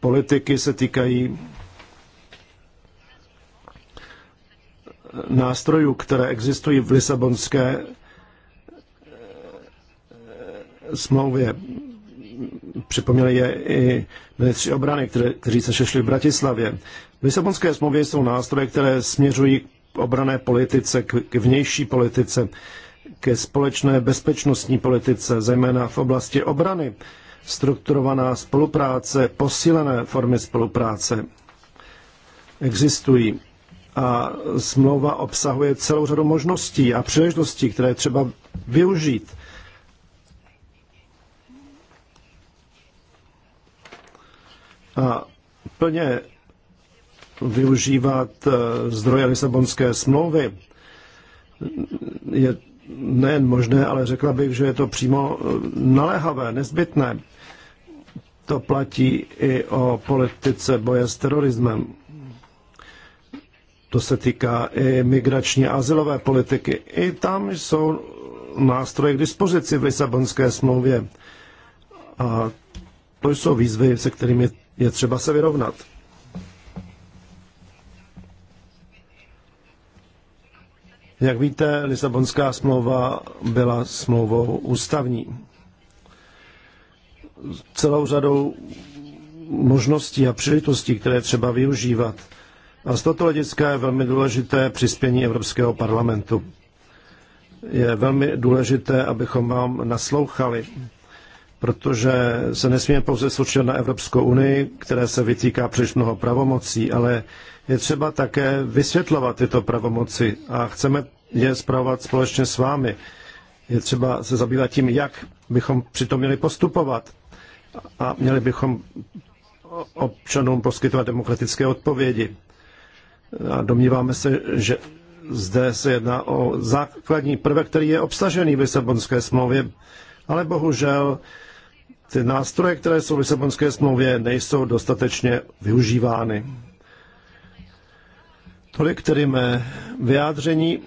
politiky se týkají nástrojů, které existují v Lisabonské eh, smlouvě. Připomněli je i ministři obrany, které, kteří se šešli v Bratislavě. V Lisabonské smlouvě jsou nástroje, které směřují k obrané politice, k, k vnější politice ke společné bezpečnostní politice, zejména v oblasti obrany, strukturovaná spolupráce, posílené formy spolupráce existují. A smlouva obsahuje celou řadu možností a příležitostí, které třeba využít. A plně využívat eh, zdroje Lisabonské smlouvy je nejen možné, ale řekla bych, že je to přímo eh, naléhavé, nezbytné. To platí i o politice boje s terorismem. To se týká i migrační a azylové politiky. I tam jsou nástroje k dispozici v Lisabonské smlouvě. A to jsou výzvy, se kterými je třeba se vyrovnat. Jak víte, Lisabonská smlouva byla smlouvou ústavní. Celou řadou možností a příležitostí, které třeba využívat. A z tohoto hlediska je velmi důležité přispění Evropského parlamentu. Je velmi důležité, abychom vám naslouchali protože se nesmíme pouze soustředit na Evropskou unii, které se vytýká příliš mnoho pravomocí, ale je třeba také vysvětlovat tyto pravomoci a chceme je zpravovat společně s vámi. Je třeba se zabývat tím, jak bychom přitom měli postupovat a měli bychom občanům poskytovat demokratické odpovědi. A domníváme se, že zde se jedná o základní prvek, který je obsažený v Lisabonské smlouvě, ale bohužel ty nástroje, které jsou v Lisabonské smlouvě, nejsou dostatečně využívány. Tolik tedy mé vyjádření.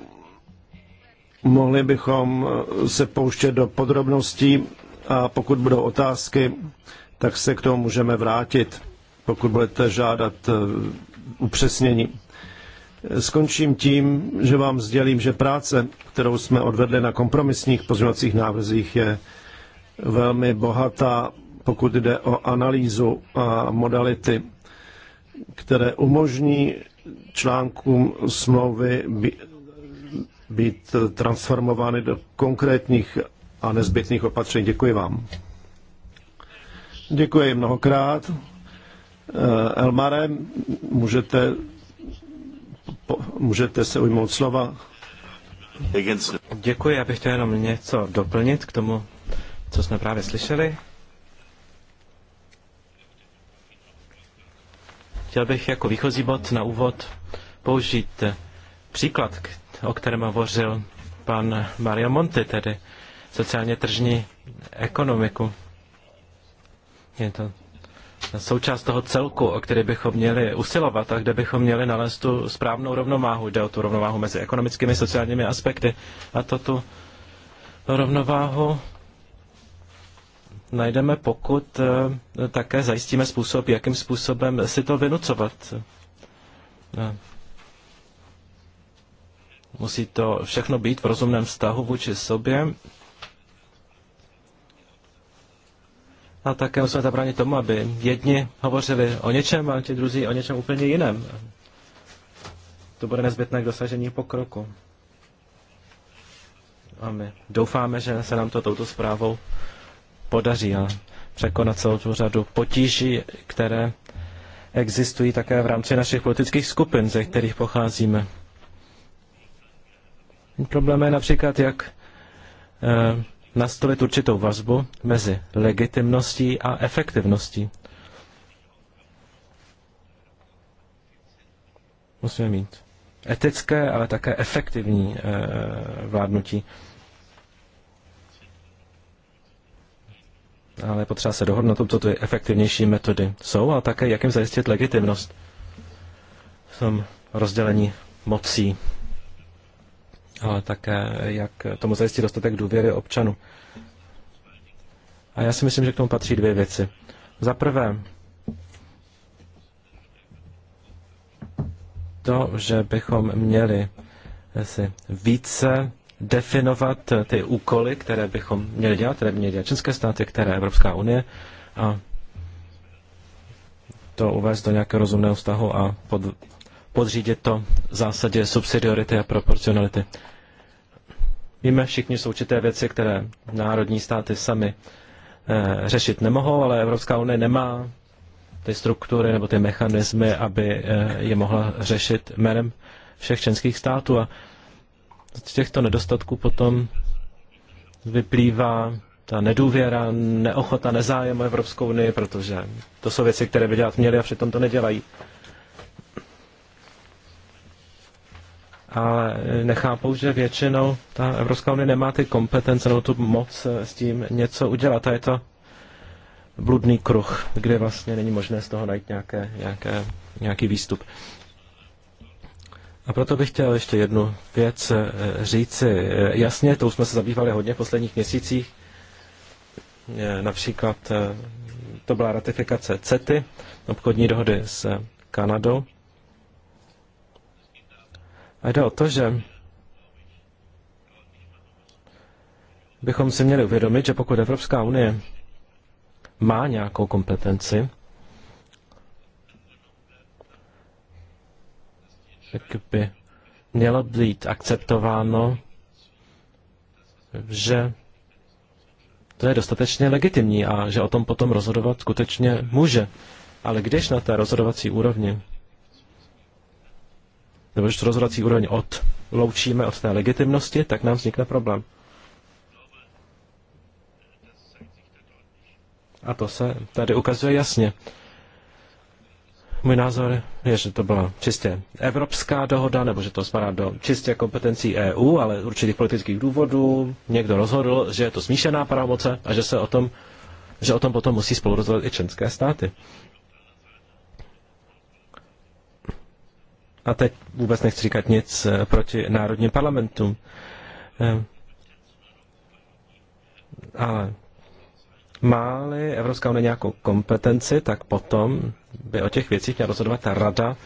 Mohli bychom eh, se pouštět do podrobností a pokud budou otázky, tak se k tomu můžeme vrátit, pokud budete žádat eh, upřesnění. Skončím tím, že vám sdělím, že práce, kterou jsme odvedli na kompromisních pozměňovacích návrzích, je velmi bohatá, pokud jde o analýzu a modality, které umožní článkům smlouvy být transformovány do konkrétních a nezbytných opatření. Děkuji vám. Děkuji mnohokrát. Eh, Elmare, můžete, můžete se ujmout slova. Děkuji, já bych chtěl jenom něco doplnit k tomu, co jsme právě slyšeli. Chtěl bych jako výchozí bod na úvod použít příklad, o kterém hovořil pan Mario Monti, tedy sociálně tržní ekonomiku. Je to součást toho celku, o který bychom měli usilovat a kde bychom měli nalézt tu správnou rovnováhu. Jde o tu rovnováhu mezi ekonomickými, sociálními aspekty. A to tu rovnováhu najdeme, pokud eh, také zajistíme způsob, jakým způsobem si to vynucovat. Eh, musí to všechno být v rozumném vztahu vůči sobě. A také musíme zabránit tomu, aby jedni hovořili o něčem a ti druzí o něčem úplně jiném. To bude nezbytné k dosažení pokroku. A my doufáme, že se nám to touto zprávou podaří a překonat celou tu řadu potíží, které existují také v rámci našich politických skupin, ze kterých pocházíme. Problém je například, jak eh, nastolit určitou vazbu mezi legitimností a efektivností. Musíme mít etické, ale také efektivní eh, vládnutí. ale potřeba se dohodnout, co ty efektivnější metody jsou a také jak jim zajistit legitimnost v tom rozdělení mocí, ale také jak tomu zajistit dostatek důvěry občanů. A já si myslím, že k tomu patří dvě věci. Za prvé, to, že bychom měli si více definovat eh, ty úkoly, které bychom měli dělat, které by měly dělat české státy, které Evropská unie a to uvést do nějakého rozumného vztahu a pod, podřídit to v zásadě subsidiority a proporcionality. Víme, všichni jsou určité věci, které národní státy sami eh, řešit nemohou, ale Evropská unie nemá ty struktury nebo ty mechanismy, aby eh, je mohla řešit jménem všech členských států. A z těchto nedostatků potom vyplývá ta nedůvěra, neochota, nezájem o Evropskou unii, protože to jsou věci, které by dělat měli a přitom to nedělají. A nechápou, že většinou ta Evropská unie nemá ty kompetence nebo tu moc eh, s tím něco udělat. A je to bludný kruh, kde vlastně není možné z toho najít nějaké, nějaké, nějaký výstup. A proto bych chtěl ještě jednu věc eh, říci. Eh, jasně, už jsme se zabývali hodně v posledních měsících. Eh, například to byla ratifikace CETY, obchodní dohody s Kanadou. A jde o to, že bychom si měli uvědomit, že pokud Evropská unie má nějakou kompetenci, tak by mělo být akceptováno, že to je dostatečně legitimní a že o tom potom rozhodovat skutečně může. Ale když na té rozhodovací úrovni, nebo když rozhodovací úroveň odloučíme od té legitimnosti, tak nám vznikne problém. A to se tady ukazuje jasně. Můj názor je, že to byla čistě evropská dohoda, nebo že to spadá do čistě kompetencí EU, ale z určitých politických důvodů někdo rozhodl, že je to smíšená pravomoce a že se o tom, že o tom potom musí spolu rozhodovat i členské státy. A teď vůbec nechci říkat nic eh, proti národním parlamentům. Eh, ale má-li Evropská unie nějakou kompetenci, tak potom by o těch věcích měla rozhodovat ta rada,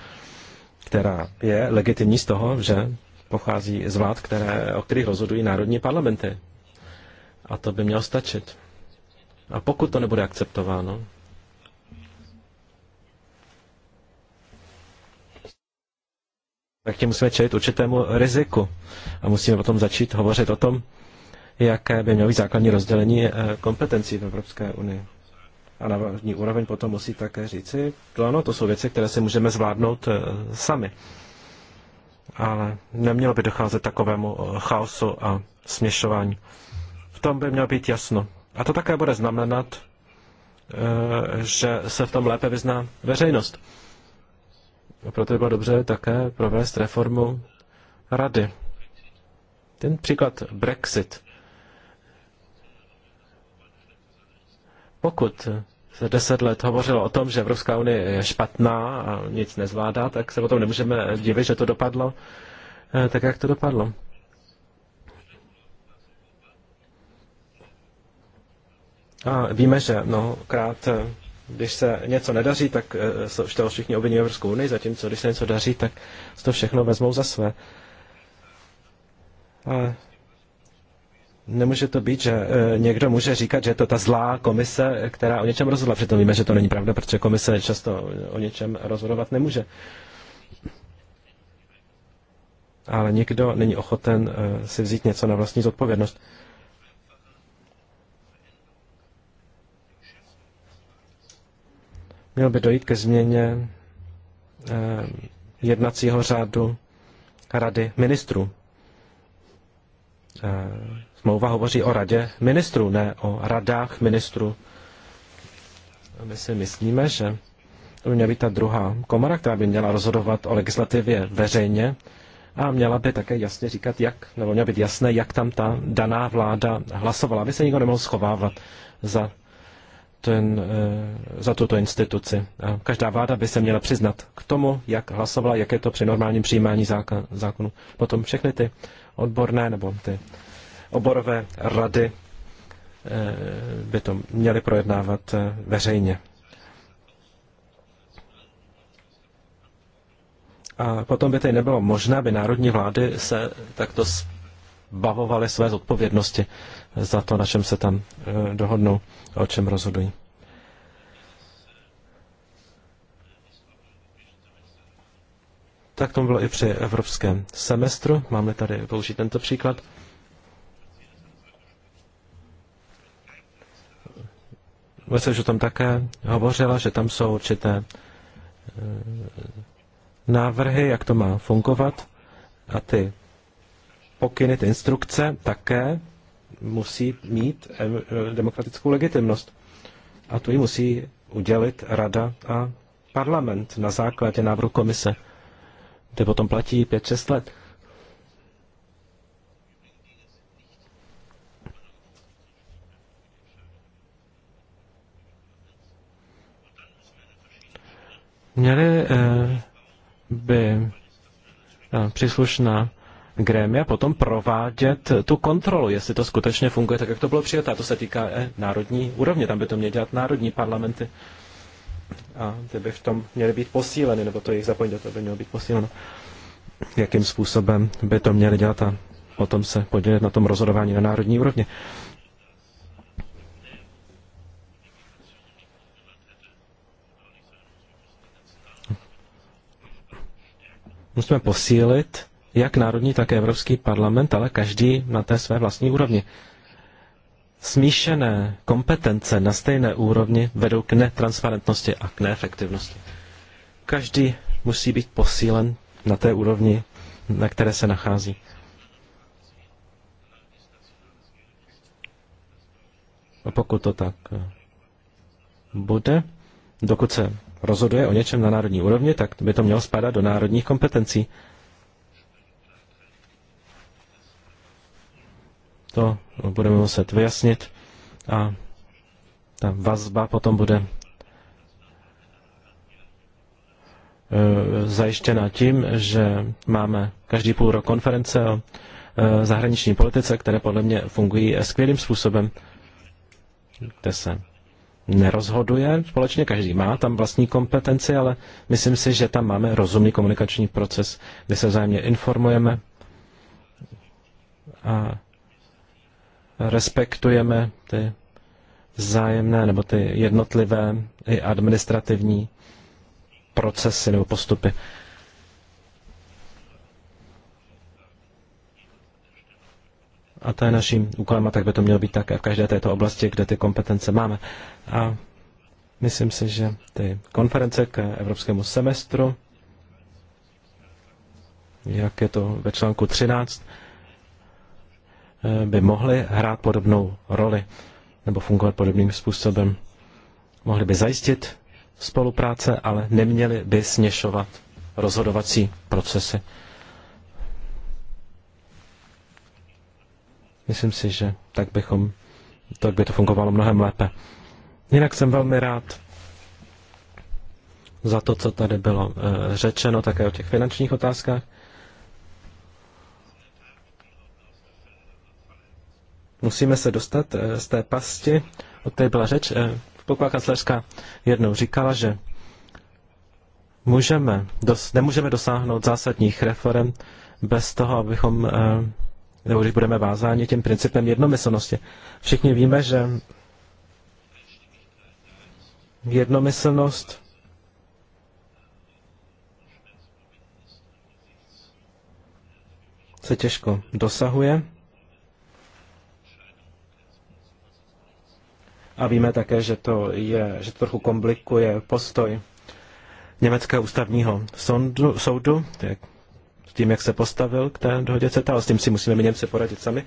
která je legitimní z toho, že pochází z vlád, které, o kterých rozhodují národní parlamenty. A to by mělo stačit. A pokud to nebude akceptováno, tak tím musíme čelit určitému riziku. A musíme potom začít hovořit o tom, jaké by mělo být základní rozdělení eh, kompetencí v Evropské unii a na vládní úroveň potom musí také říci, to ano, to jsou věci, které si můžeme zvládnout eh, sami. Ale nemělo by docházet takovému eh, chaosu a směšování. V tom by mělo být jasno. A to také bude znamenat, eh, že se v tom lépe vyzná veřejnost. A proto by bylo dobře také provést reformu rady. Ten příklad Brexit Pokud se deset let hovořilo o tom, že Evropská unie je špatná a nic nezvládá, tak se o tom nemůžeme divit, že to dopadlo eh, tak, jak to dopadlo. A víme, že mnohokrát, eh, když se něco nedaří, tak z eh, toho všichni obviní Evropskou unii, zatímco když se něco daří, tak to všechno vezmou za své. Ale Nemůže to být, že eh, někdo může říkat, že je to ta zlá komise, která o něčem rozhodla. Přitom víme, že to není pravda, protože komise často o něčem rozhodovat nemůže. Ale nikdo není ochoten eh, si vzít něco na vlastní zodpovědnost. Mělo by dojít ke změně eh, jednacího řádu Rady ministrů. Eh, smlouva hovoří o radě ministrů, ne o radách ministrů. My si myslíme, že to by měla být ta druhá komora, která by měla rozhodovat o legislativě veřejně a měla by také jasně říkat, jak, nebo měla být jasné, jak tam ta daná vláda hlasovala, aby se nikdo nemohl schovávat za, ten, eh, za tuto instituci. A každá vláda by se měla přiznat k tomu, jak hlasovala, jak je to při normálním přijímání zákonu. Potom všechny ty odborné nebo ty oborové rady eh, by to měly projednávat eh, veřejně. A potom by tedy nebylo možné, aby národní vlády se takto zbavovaly své zodpovědnosti za to, na čem se tam eh, dohodnou, o čem rozhodují. Tak tomu bylo i při evropském semestru. Máme tady použít tento příklad. Myslím, že tam také hovořila, že tam jsou určité eh, návrhy, jak to má fungovat a ty pokyny, ty instrukce také musí mít eh, demokratickou legitimnost. A tu ji musí udělit rada a parlament na základě návrhu komise. Ty potom platí 5-6 let. Měli eh, by eh, příslušná grémia potom provádět tu kontrolu, jestli to skutečně funguje tak, jak to bylo přijaté. To se týká eh, národní úrovně, tam by to měly dělat národní parlamenty a ty by v tom měly být posíleny, nebo to jejich zapojení do toho by mělo být posíleno. Jakým způsobem by to měli dělat a potom se podělit na tom rozhodování na národní úrovni. Musíme posílit jak národní, tak evropský parlament, ale každý na té své vlastní úrovni smíšené kompetence na stejné úrovni vedou k netransparentnosti a k neefektivnosti. Každý musí být posílen na té úrovni, na které se nachází. A pokud to tak eh, bude, dokud se rozhoduje o něčem na národní úrovni, tak by to mělo spadat do národních kompetencí. to budeme muset vyjasnit a ta vazba potom bude e, zajištěna tím, že máme každý půl rok konference o e, zahraniční politice, které podle mě fungují skvělým způsobem, kde se nerozhoduje společně, každý má tam vlastní kompetenci, ale myslím si, že tam máme rozumný komunikační proces, kde se vzájemně informujeme a respektujeme ty vzájemné nebo ty jednotlivé i administrativní procesy nebo postupy. A to je naším úkolem a tak by to mělo být také v každé této oblasti, kde ty kompetence máme. A myslím si, že ty konference k evropskému semestru, jak je to ve článku 13, Eh, by mohly hrát podobnou roli nebo fungovat podobným způsobem. Mohli by zajistit spolupráce, ale neměli by směšovat rozhodovací procesy. Myslím si, že tak bychom, tak by to fungovalo mnohem lépe. Jinak jsem velmi rád za to, co tady bylo eh, řečeno, také o těch finančních otázkách. Musíme se dostat eh, z té pasti, o té byla řeč. Eh, Spolková kancelářka jednou říkala, že můžeme, dos, nemůžeme dosáhnout zásadních reform bez toho, abychom, eh, nebo když budeme vázáni tím principem jednomyslnosti. Všichni víme, že jednomyslnost se těžko dosahuje. A víme také, že to, je, že to trochu komplikuje postoj Německého ústavního soudu, soudu, jak, s tím, jak se postavil k té dohodě CETA, ale s tím si musíme my Němci poradit sami.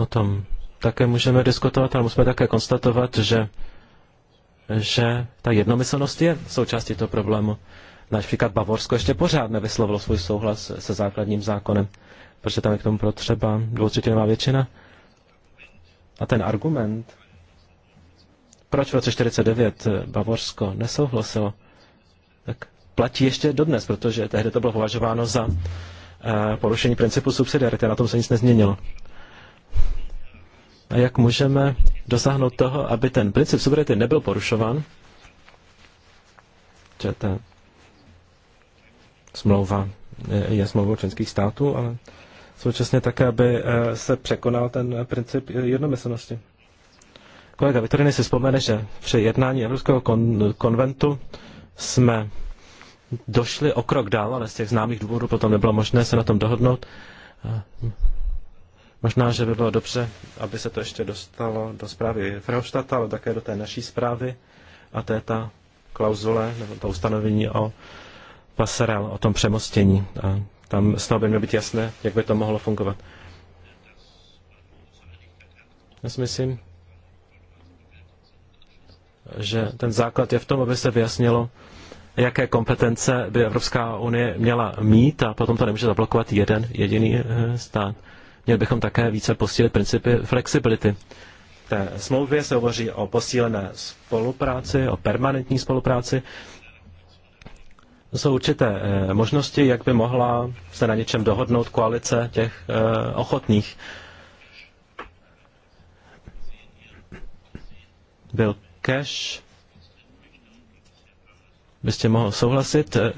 O tom také můžeme diskutovat, ale musíme také konstatovat, že, že ta jednomyslnost je součástí toho problému. Například Bavorsko ještě pořád nevyslovilo svůj souhlas se základním zákonem, protože tam je k tomu potřeba dvoutřetinová většina. A ten argument, proč v roce 49 Bavorsko nesouhlasilo, tak platí ještě dodnes, protože tehdy to bylo považováno za eh, porušení principu subsidiarity. Na tom se nic nezměnilo. A jak můžeme dosáhnout toho, aby ten princip subsidiarity nebyl porušován? Že ten smlouva je smlouvou členských států, ale současně také, aby eh, se překonal ten eh, princip jednomyslnosti. Kolega Vitoriny si vzpomene, že při jednání Evropského kon- konventu jsme došli o krok dál, ale z těch známých důvodů potom nebylo možné se na tom dohodnout. Eh, možná, že by bylo dobře, aby se to ještě dostalo do zprávy Frauštata, ale také do té naší zprávy a to je ta klauzule nebo to ustanovení o pasarel o tom přemostění. A tam z toho by mělo být jasné, jak by to mohlo fungovat. Já si myslím, že ten základ je v tom, aby se vyjasnilo, jaké kompetence by Evropská unie měla mít a potom to nemůže zablokovat jeden jediný eh, stát. Měli bychom také více posílit principy flexibility. V té smlouvě se hovoří o posílené spolupráci, o permanentní spolupráci jsou určité eh, možnosti, jak by mohla se na něčem dohodnout koalice těch eh, ochotných. Byl Cash, byste mohl souhlasit, eh,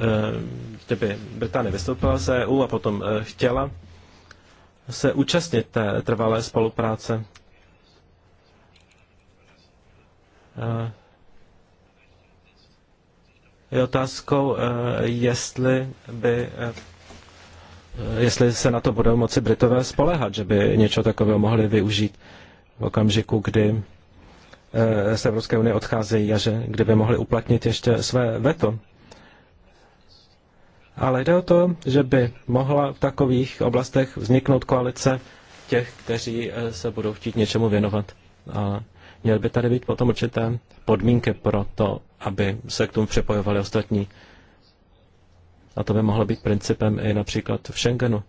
kdyby Británie vystoupila z EU a potom chtěla se účastnit té trvalé spolupráce je otázkou, eh, jestli by eh, jestli se na to budou moci Britové spolehat, že by něco takového mohli využít v okamžiku, kdy eh, z Evropské unie odcházejí a že kdyby mohli uplatnit ještě své veto. Ale jde o to, že by mohla v takových oblastech vzniknout koalice těch, kteří se budou chtít něčemu věnovat. A měly by tady být potom určité podmínky pro to aby se k tomu připojovali ostatní. A to by mohlo být principem i například v Schengenu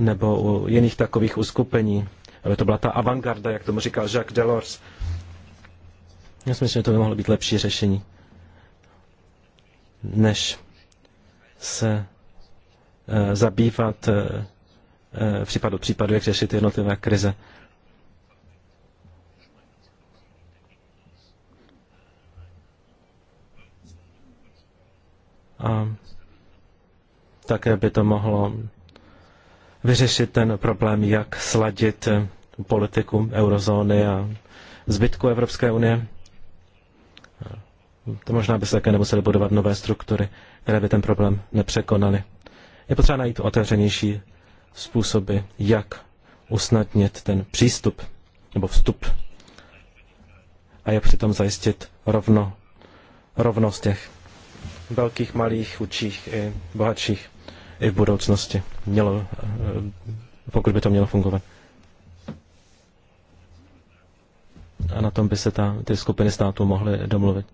nebo u jiných takových uskupení, aby to byla ta avantgarda, jak tomu říkal Jacques Delors. Já si myslím, že to by mohlo být lepší řešení, než se e, zabývat e, případ případu, jak řešit jednotlivé krize. a také by to mohlo vyřešit ten problém, jak sladit politiku eurozóny a zbytku Evropské unie. To možná by se také nemuseli budovat nové struktury, které by ten problém nepřekonaly. Je potřeba najít otevřenější způsoby, jak usnadnit ten přístup nebo vstup a jak přitom zajistit rovno, rovnost těch velkých, malých, chudších i bohatších i v budoucnosti. Mělo, eh, pokud by to mělo fungovat. A na tom by se ta, ty skupiny států mohly domluvit.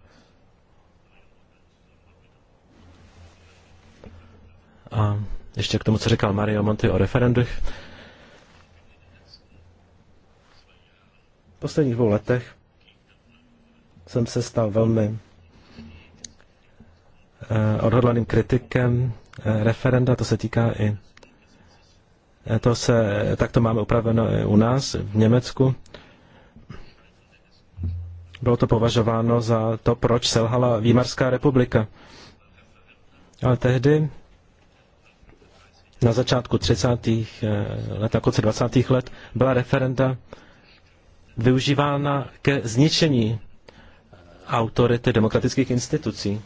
A ještě k tomu, co říkal Mario Monti o referendech. V posledních dvou letech jsem se stal velmi Eh, odhodlaným kritikem eh, referenda, to se týká i eh, to se, tak to máme upraveno i u nás v Německu. Bylo to považováno za to, proč selhala Výmarská republika. Ale tehdy, na začátku 30. let, na konci 20. let, byla referenda využívána ke zničení autority demokratických institucí.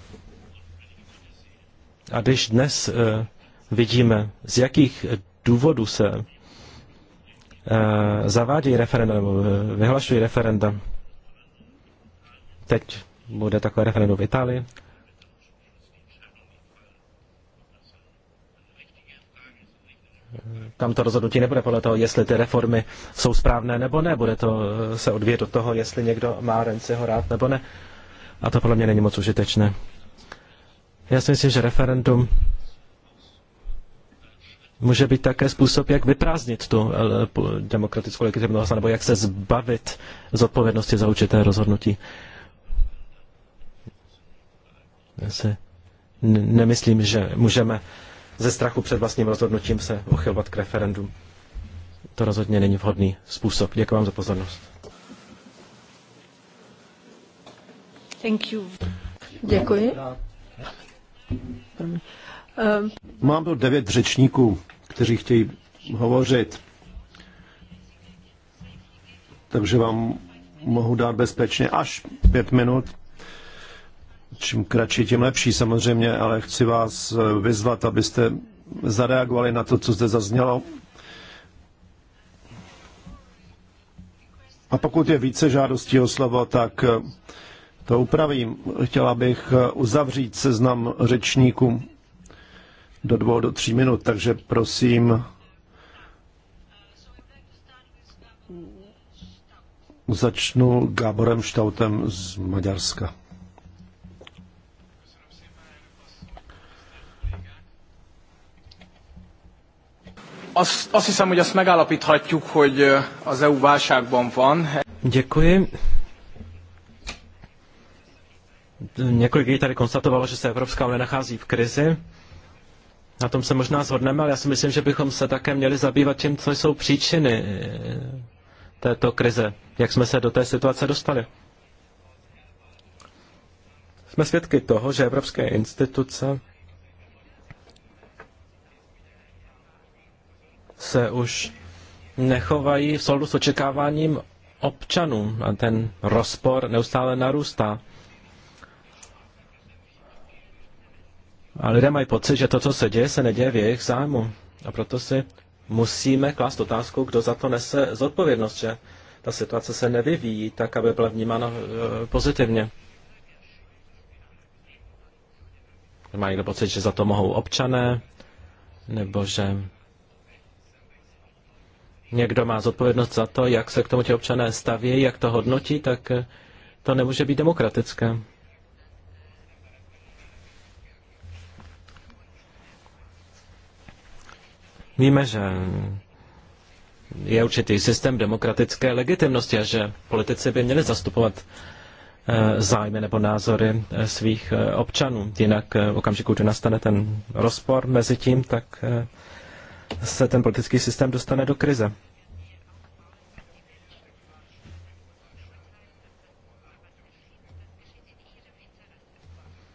A když dnes eh, vidíme, z jakých důvodů se eh, zavádějí referenda nebo eh, vyhlašují referenda, teď bude takové referendum v Itálii, tam to rozhodnutí nebude podle toho, jestli ty reformy jsou správné nebo ne. Bude to se odvíjet od toho, jestli někdo má Renciho rád nebo ne. A to podle mě není moc užitečné. Já si myslím, že referendum může být také způsob, jak vyprázdnit tu eh, demokratickou legitimnost, nebo jak se zbavit z odpovědnosti za určité rozhodnutí. Já si nemyslím, že můžeme ze strachu před vlastním rozhodnutím se uchylovat k referendum. To rozhodně není vhodný způsob. Děkuji vám za pozornost. Thank you. Děkuji. Ehm. Mám tu devět řečníků, kteří chtějí hovořit. Takže vám mohu dát bezpečně až pět minut. Čím kratší, tím lepší samozřejmě, ale chci vás eh, vyzvat, abyste zareagovali na to, co zde zaznělo. A pokud je více žádostí o slovo, tak eh, to upravím. Chtěla bych eh, uzavřít seznam řečníků do dvou, do tří minut, takže prosím, začnu Gáborem Štautem z Maďarska. Asi azt hiszem, hogy azt megállapíthatjuk, hogy eh, az EU válságban van. Děkuji. Několik lidí tady konstatovalo, že se Evropská unie nachází v krizi. Na tom se možná shodneme, ale já si myslím, že bychom se také měli zabývat tím, co jsou příčiny eh, této krize, jak jsme se do té situace dostali. Jsme svědky toho, že evropské instituce se už nechovají v souladu s očekáváním občanů a ten rozpor neustále narůstá. A lidé mají pocit, že to, co se děje, se neděje v jejich zájmu. A proto si musíme klást otázku, kdo za to nese zodpovědnost, že ta situace se nevyvíjí tak, aby byla vnímána e, pozitivně. Mají někdo pocit, že za to mohou občané, nebo že někdo má zodpovědnost za to, jak se k tomu ti občané staví, jak to hodnotí, tak to nemůže být demokratické. Víme, že je určitý systém demokratické legitimnosti a že politici by měli zastupovat eh, zájmy nebo názory eh, svých eh, občanů. Jinak v okamžiku, kdy nastane ten rozpor mezi tím, tak se ten politický systém dostane do krize.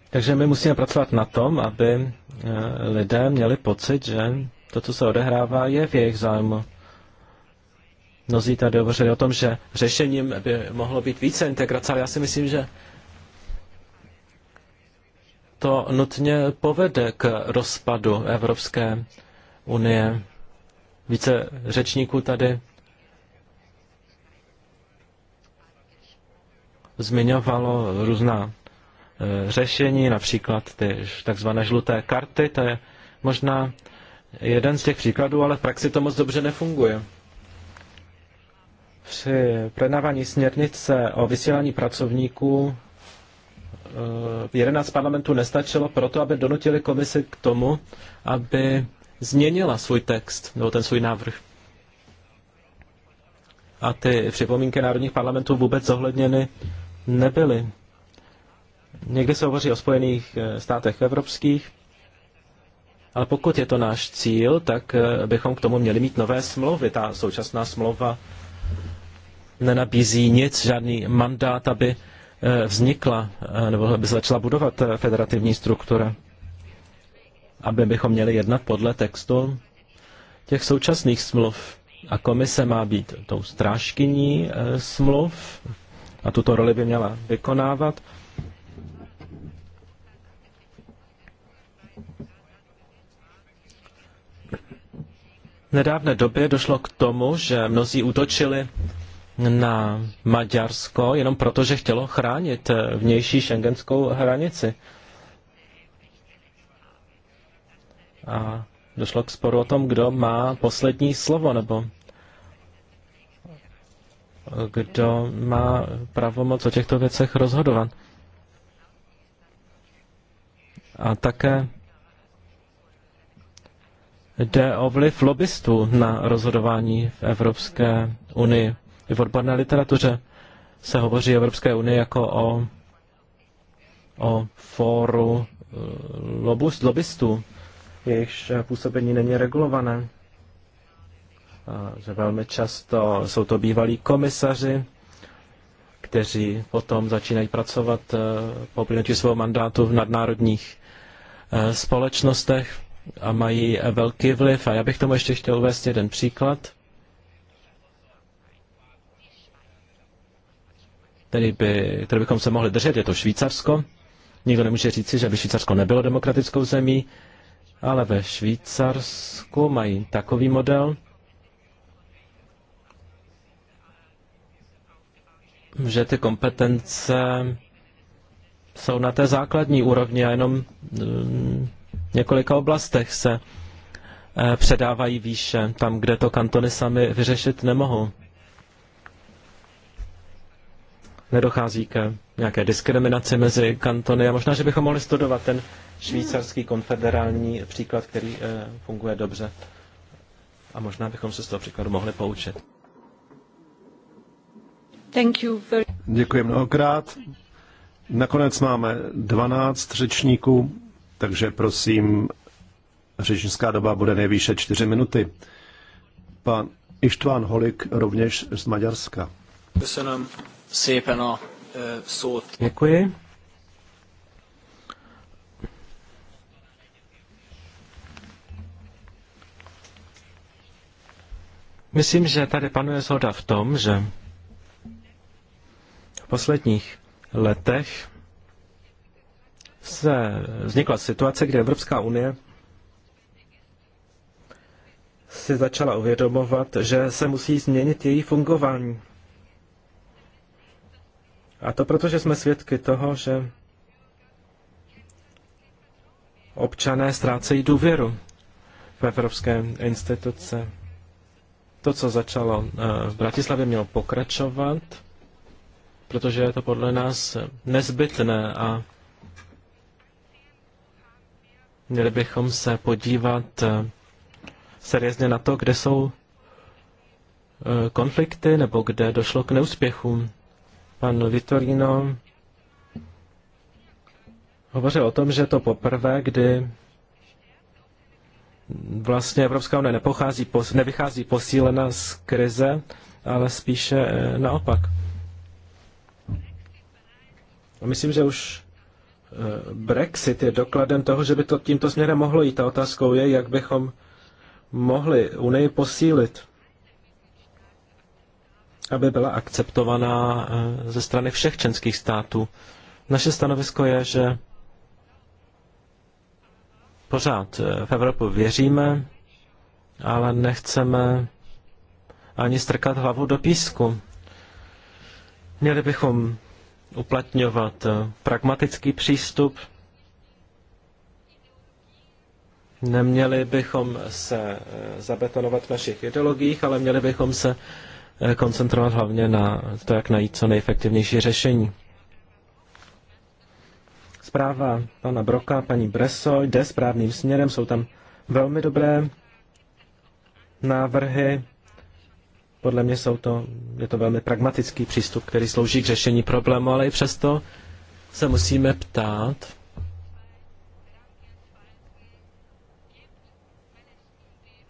Takže my musíme pracovat na tom, aby lidé měli pocit, že to, co se odehrává, je v jejich zájmu. Mnozí tady hovořili o tom, že řešením by mohlo být více integrace, ale já si myslím, že to nutně povede k rozpadu Evropské unie. Více řečníků tady zmiňovalo různá eh, řešení, například ty takzvané žluté karty, to je možná jeden z těch příkladů, ale v praxi to moc dobře nefunguje. Při projednávání směrnice o vysílání pracovníků 11 eh, parlamentů nestačilo proto, aby donutili komisi k tomu, aby změnila svůj text nebo ten svůj návrh. A ty připomínky národních parlamentů vůbec zohledněny nebyly. Někdy se hovoří o Spojených eh, státech evropských, ale pokud je to náš cíl, tak eh, bychom k tomu měli mít nové smlouvy. Ta současná smlouva nenabízí nic, žádný mandát, aby eh, vznikla eh, nebo aby začala budovat federativní struktura. Aby bychom měli jednat podle textu těch současných smluv. A komise má být tou strážkyní smluv a tuto roli by měla vykonávat. nedávné době došlo k tomu, že mnozí útočili na Maďarsko jenom proto, že chtělo chránit vnější šengenskou hranici. A došlo k sporu o tom, kdo má poslední slovo, nebo kdo má pravomoc o těchto věcech rozhodovat. A také jde o vliv lobbystů na rozhodování v Evropské unii. I v odborné literatuře se hovoří o Evropské unii jako o, o fóru eh, lobbystů, jejichž působení není regulované. A že velmi často jsou to bývalí komisaři, kteří potom začínají pracovat eh, po uplynutí svého mandátu v nadnárodních eh, společnostech a mají velký vliv. A já bych tomu ještě chtěl uvést jeden příklad, který, by, který bychom se mohli držet, je to Švýcarsko. Nikdo nemůže říci, že by Švýcarsko nebylo demokratickou zemí, ale ve Švýcarsku mají takový model, že ty kompetence jsou na té základní úrovni a jenom mm, několika oblastech se eh, předávají výše, tam, kde to kantony sami vyřešit nemohou. Nedochází ke nějaké diskriminaci mezi kantony a možná, že bychom mohli studovat ten švýcarský konfederální příklad, který eh, funguje dobře. A možná bychom se z toho příkladu mohli poučit. Thank you very... Děkuji mnohokrát. Nakonec máme 12 řečníků takže prosím, řečnická doba bude nejvýše čtyři minuty. Pan Ištván Holik rovněž z Maďarska. E, Děkuji. Myslím, že tady panuje zhoda v tom, že v posledních letech se vznikla situace, kde Evropská unie si začala uvědomovat, že se musí změnit její fungování. A to proto, že jsme svědky toho, že občané ztrácejí důvěru v evropské instituce. To, co začalo eh, v Bratislavě, mělo pokračovat, protože je to podle nás nezbytné a Měli bychom se podívat eh, seriózně na to, kde jsou eh, konflikty nebo kde došlo k neúspěchům. Pan Vitorino hovořil o tom, že to poprvé, kdy vlastně Evropská unie nepochází, nevychází posílena z krize, ale spíše eh, naopak. A myslím, že už Brexit je dokladem toho, že by to tímto směrem mohlo jít. A otázkou je, jak bychom mohli Unii posílit, aby byla akceptovaná eh, ze strany všech členských států. Naše stanovisko je, že pořád eh, v Evropu věříme, ale nechceme ani strkat hlavu do písku. Měli bychom uplatňovat eh, pragmatický přístup. Neměli bychom se eh, zabetonovat v našich ideologiích, ale měli bychom se eh, koncentrovat hlavně na to, jak najít co nejefektivnější řešení. Zpráva pana Broka, paní Breso jde správným směrem, jsou tam velmi dobré návrhy, podle mě jsou to, je to velmi pragmatický přístup, který slouží k řešení problému, ale i přesto se musíme ptát,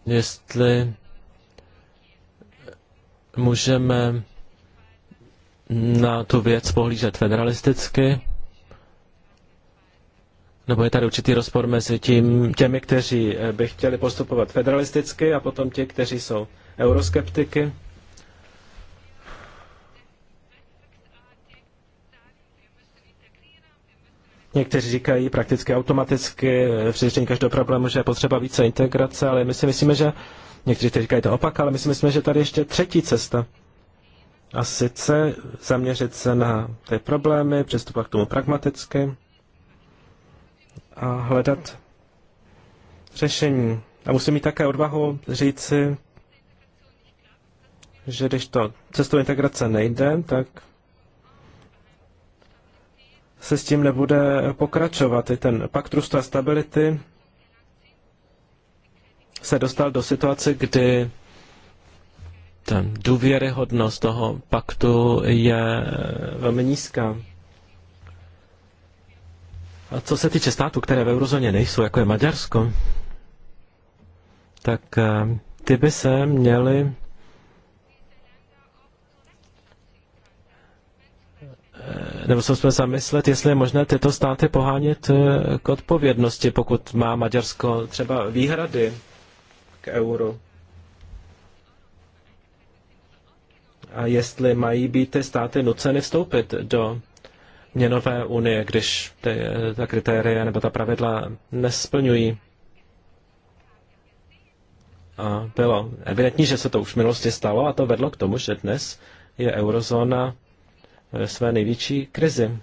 jestli můžeme na tu věc pohlížet federalisticky, nebo je tady určitý rozpor mezi tím, těmi, kteří eh, by chtěli postupovat federalisticky a potom ti, kteří jsou euroskeptiky. Někteří říkají prakticky automaticky v řešení každého problému, že je potřeba více integrace, ale my si myslíme, že někteří říkají to opak, ale my si myslíme, že tady ještě třetí cesta. A sice zaměřit se na ty problémy, přistupovat k tomu pragmaticky a hledat řešení. A musím mít také odvahu říci, že když to cestou integrace nejde, tak se s tím nebude pokračovat. I ten pakt růstu a stability se dostal do situace, kdy ten důvěryhodnost toho paktu je eh, velmi nízká. A co se týče států, které v eurozóně nejsou, jako je Maďarsko, tak eh, ty by se měly Eh, nebo se musíme zamyslet, jestli je možné tyto státy pohánět eh, k odpovědnosti, pokud má Maďarsko třeba výhrady k euru. A jestli mají být ty státy nuceny vstoupit do měnové unie, když ty, eh, ta kritéria nebo ta pravidla nesplňují. A bylo evidentní, že se to už v minulosti stalo a to vedlo k tomu, že dnes je eurozóna Eh, své největší krizi.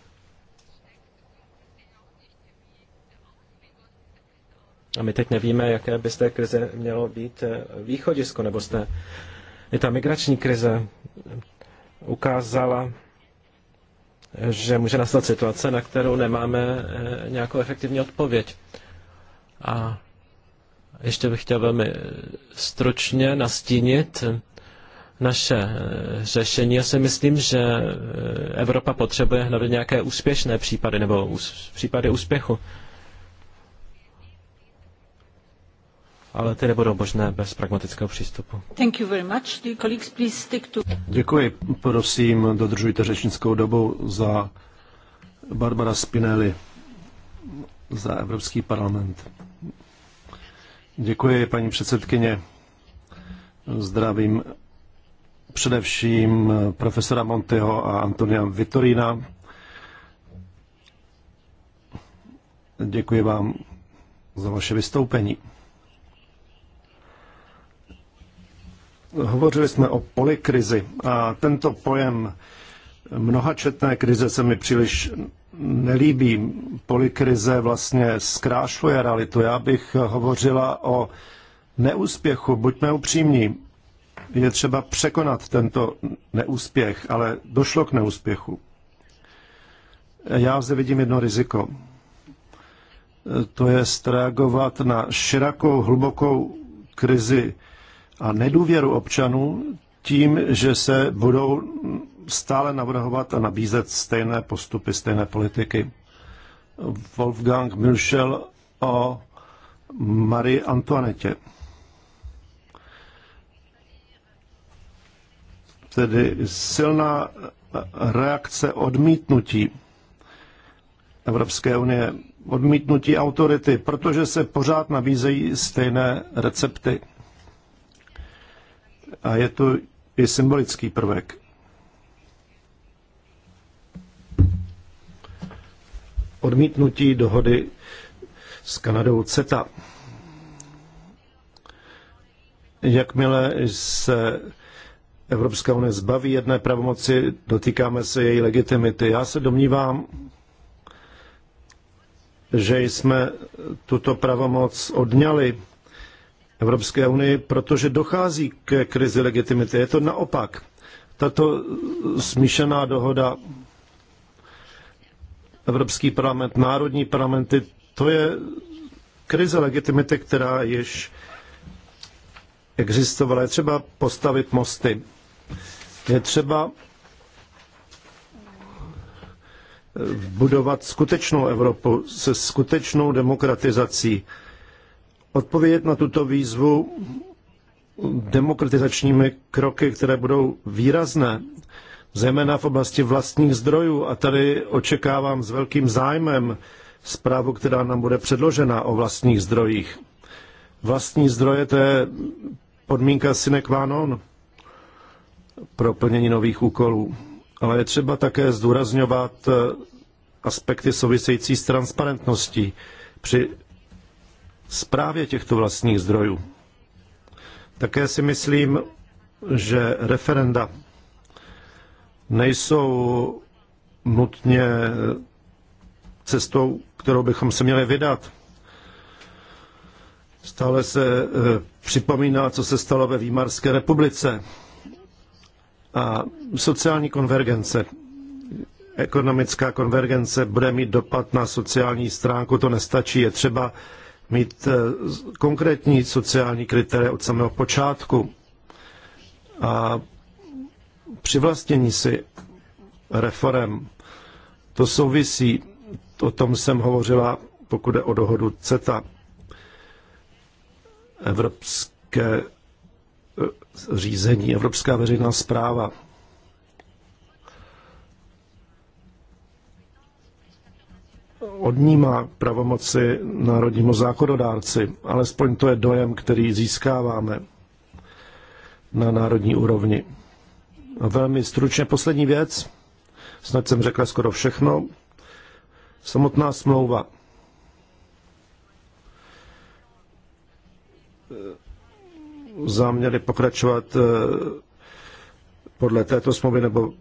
A my teď nevíme, jaké by z té krize mělo být eh, východisko, nebo jste. I ta migrační krize ukázala, že může nastat situace, na kterou nemáme eh, nějakou efektivní odpověď. A ještě bych chtěl velmi stručně nastínit naše eh, řešení. Já si myslím, že eh, Evropa potřebuje hledat nějaké úspěšné případy nebo ús, případy úspěchu. Ale ty nebudou možné bez pragmatického přístupu. Thank you very much. stick to... Děkuji. Prosím, dodržujte řečnickou dobu za Barbara Spinelli za Evropský parlament. Děkuji, paní předsedkyně. Zdravím především profesora Monteho a Antonia Vitorina. Děkuji vám za vaše vystoupení. Hovořili jsme o polikrizi a tento pojem mnohačetné krize se mi příliš nelíbí. Polikrize vlastně zkrášluje realitu. Já bych hovořila o neúspěchu, buďme upřímní je třeba překonat tento neúspěch, ale došlo k neúspěchu. Já zde vidím jedno riziko. To je reagovat na širokou, hlubokou krizi a nedůvěru občanů tím, že se budou stále navrhovat a nabízet stejné postupy, stejné politiky. Wolfgang Milchel o Marie Antoinette. tedy silná reakce odmítnutí Evropské unie, odmítnutí autority, protože se pořád nabízejí stejné recepty. A je to i symbolický prvek. Odmítnutí dohody s Kanadou CETA. Jakmile se Evropská unie zbaví jedné pravomoci, dotýkáme se její legitimity. Já se domnívám, že jsme tuto pravomoc odňali Evropské unii, protože dochází k krizi legitimity. Je to naopak. Tato smíšená dohoda Evropský parlament, národní parlamenty, to je krize legitimity, která již existovala. Je třeba postavit mosty. Je třeba budovat skutečnou Evropu se skutečnou demokratizací. Odpovědět na tuto výzvu demokratizačními kroky, které budou výrazné, zejména v oblasti vlastních zdrojů. A tady očekávám s velkým zájmem zprávu, která nám bude předložena o vlastních zdrojích. Vlastní zdroje to je podmínka sine qua non pro plnění nových úkolů. Ale je třeba také zdůrazňovat eh, aspekty související s transparentností při zprávě těchto vlastních zdrojů. Také si myslím, že referenda nejsou nutně cestou, kterou bychom se měli vydat. Stále se eh, připomíná, co se stalo ve Výmarské republice. A sociální konvergence. Ekonomická konvergence bude mít dopad na sociální stránku, to nestačí. Je třeba mít eh, konkrétní sociální kritéria od samého počátku. A přivlastnění si reform, to souvisí, o tom jsem hovořila, pokud je o dohodu CETA. Evropské Eh, řízení, evropská veřejná zpráva. odnímá pravomoci národnímu zákonodárci, alespoň to je dojem, který získáváme na národní úrovni. A velmi stručně poslední věc, snad jsem řekla skoro všechno, samotná smlouva záměry pokračovat eh, podle této smlouvy nebo,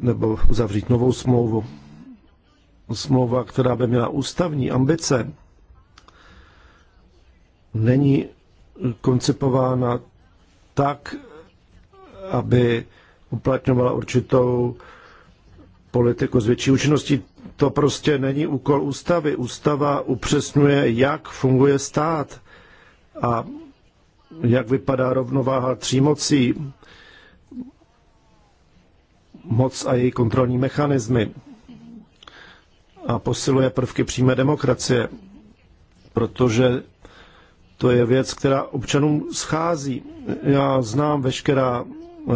nebo uzavřít novou smlouvu. Smlouva, která by měla ústavní ambice, není koncipována tak, aby uplatňovala určitou politiku s větší účinností. To prostě není úkol ústavy. Ústava upřesňuje, jak funguje stát. A jak vypadá rovnováha tří mocí, moc a její kontrolní mechanismy a posiluje prvky přímé demokracie, protože to je věc, která občanům schází. Já znám veškerá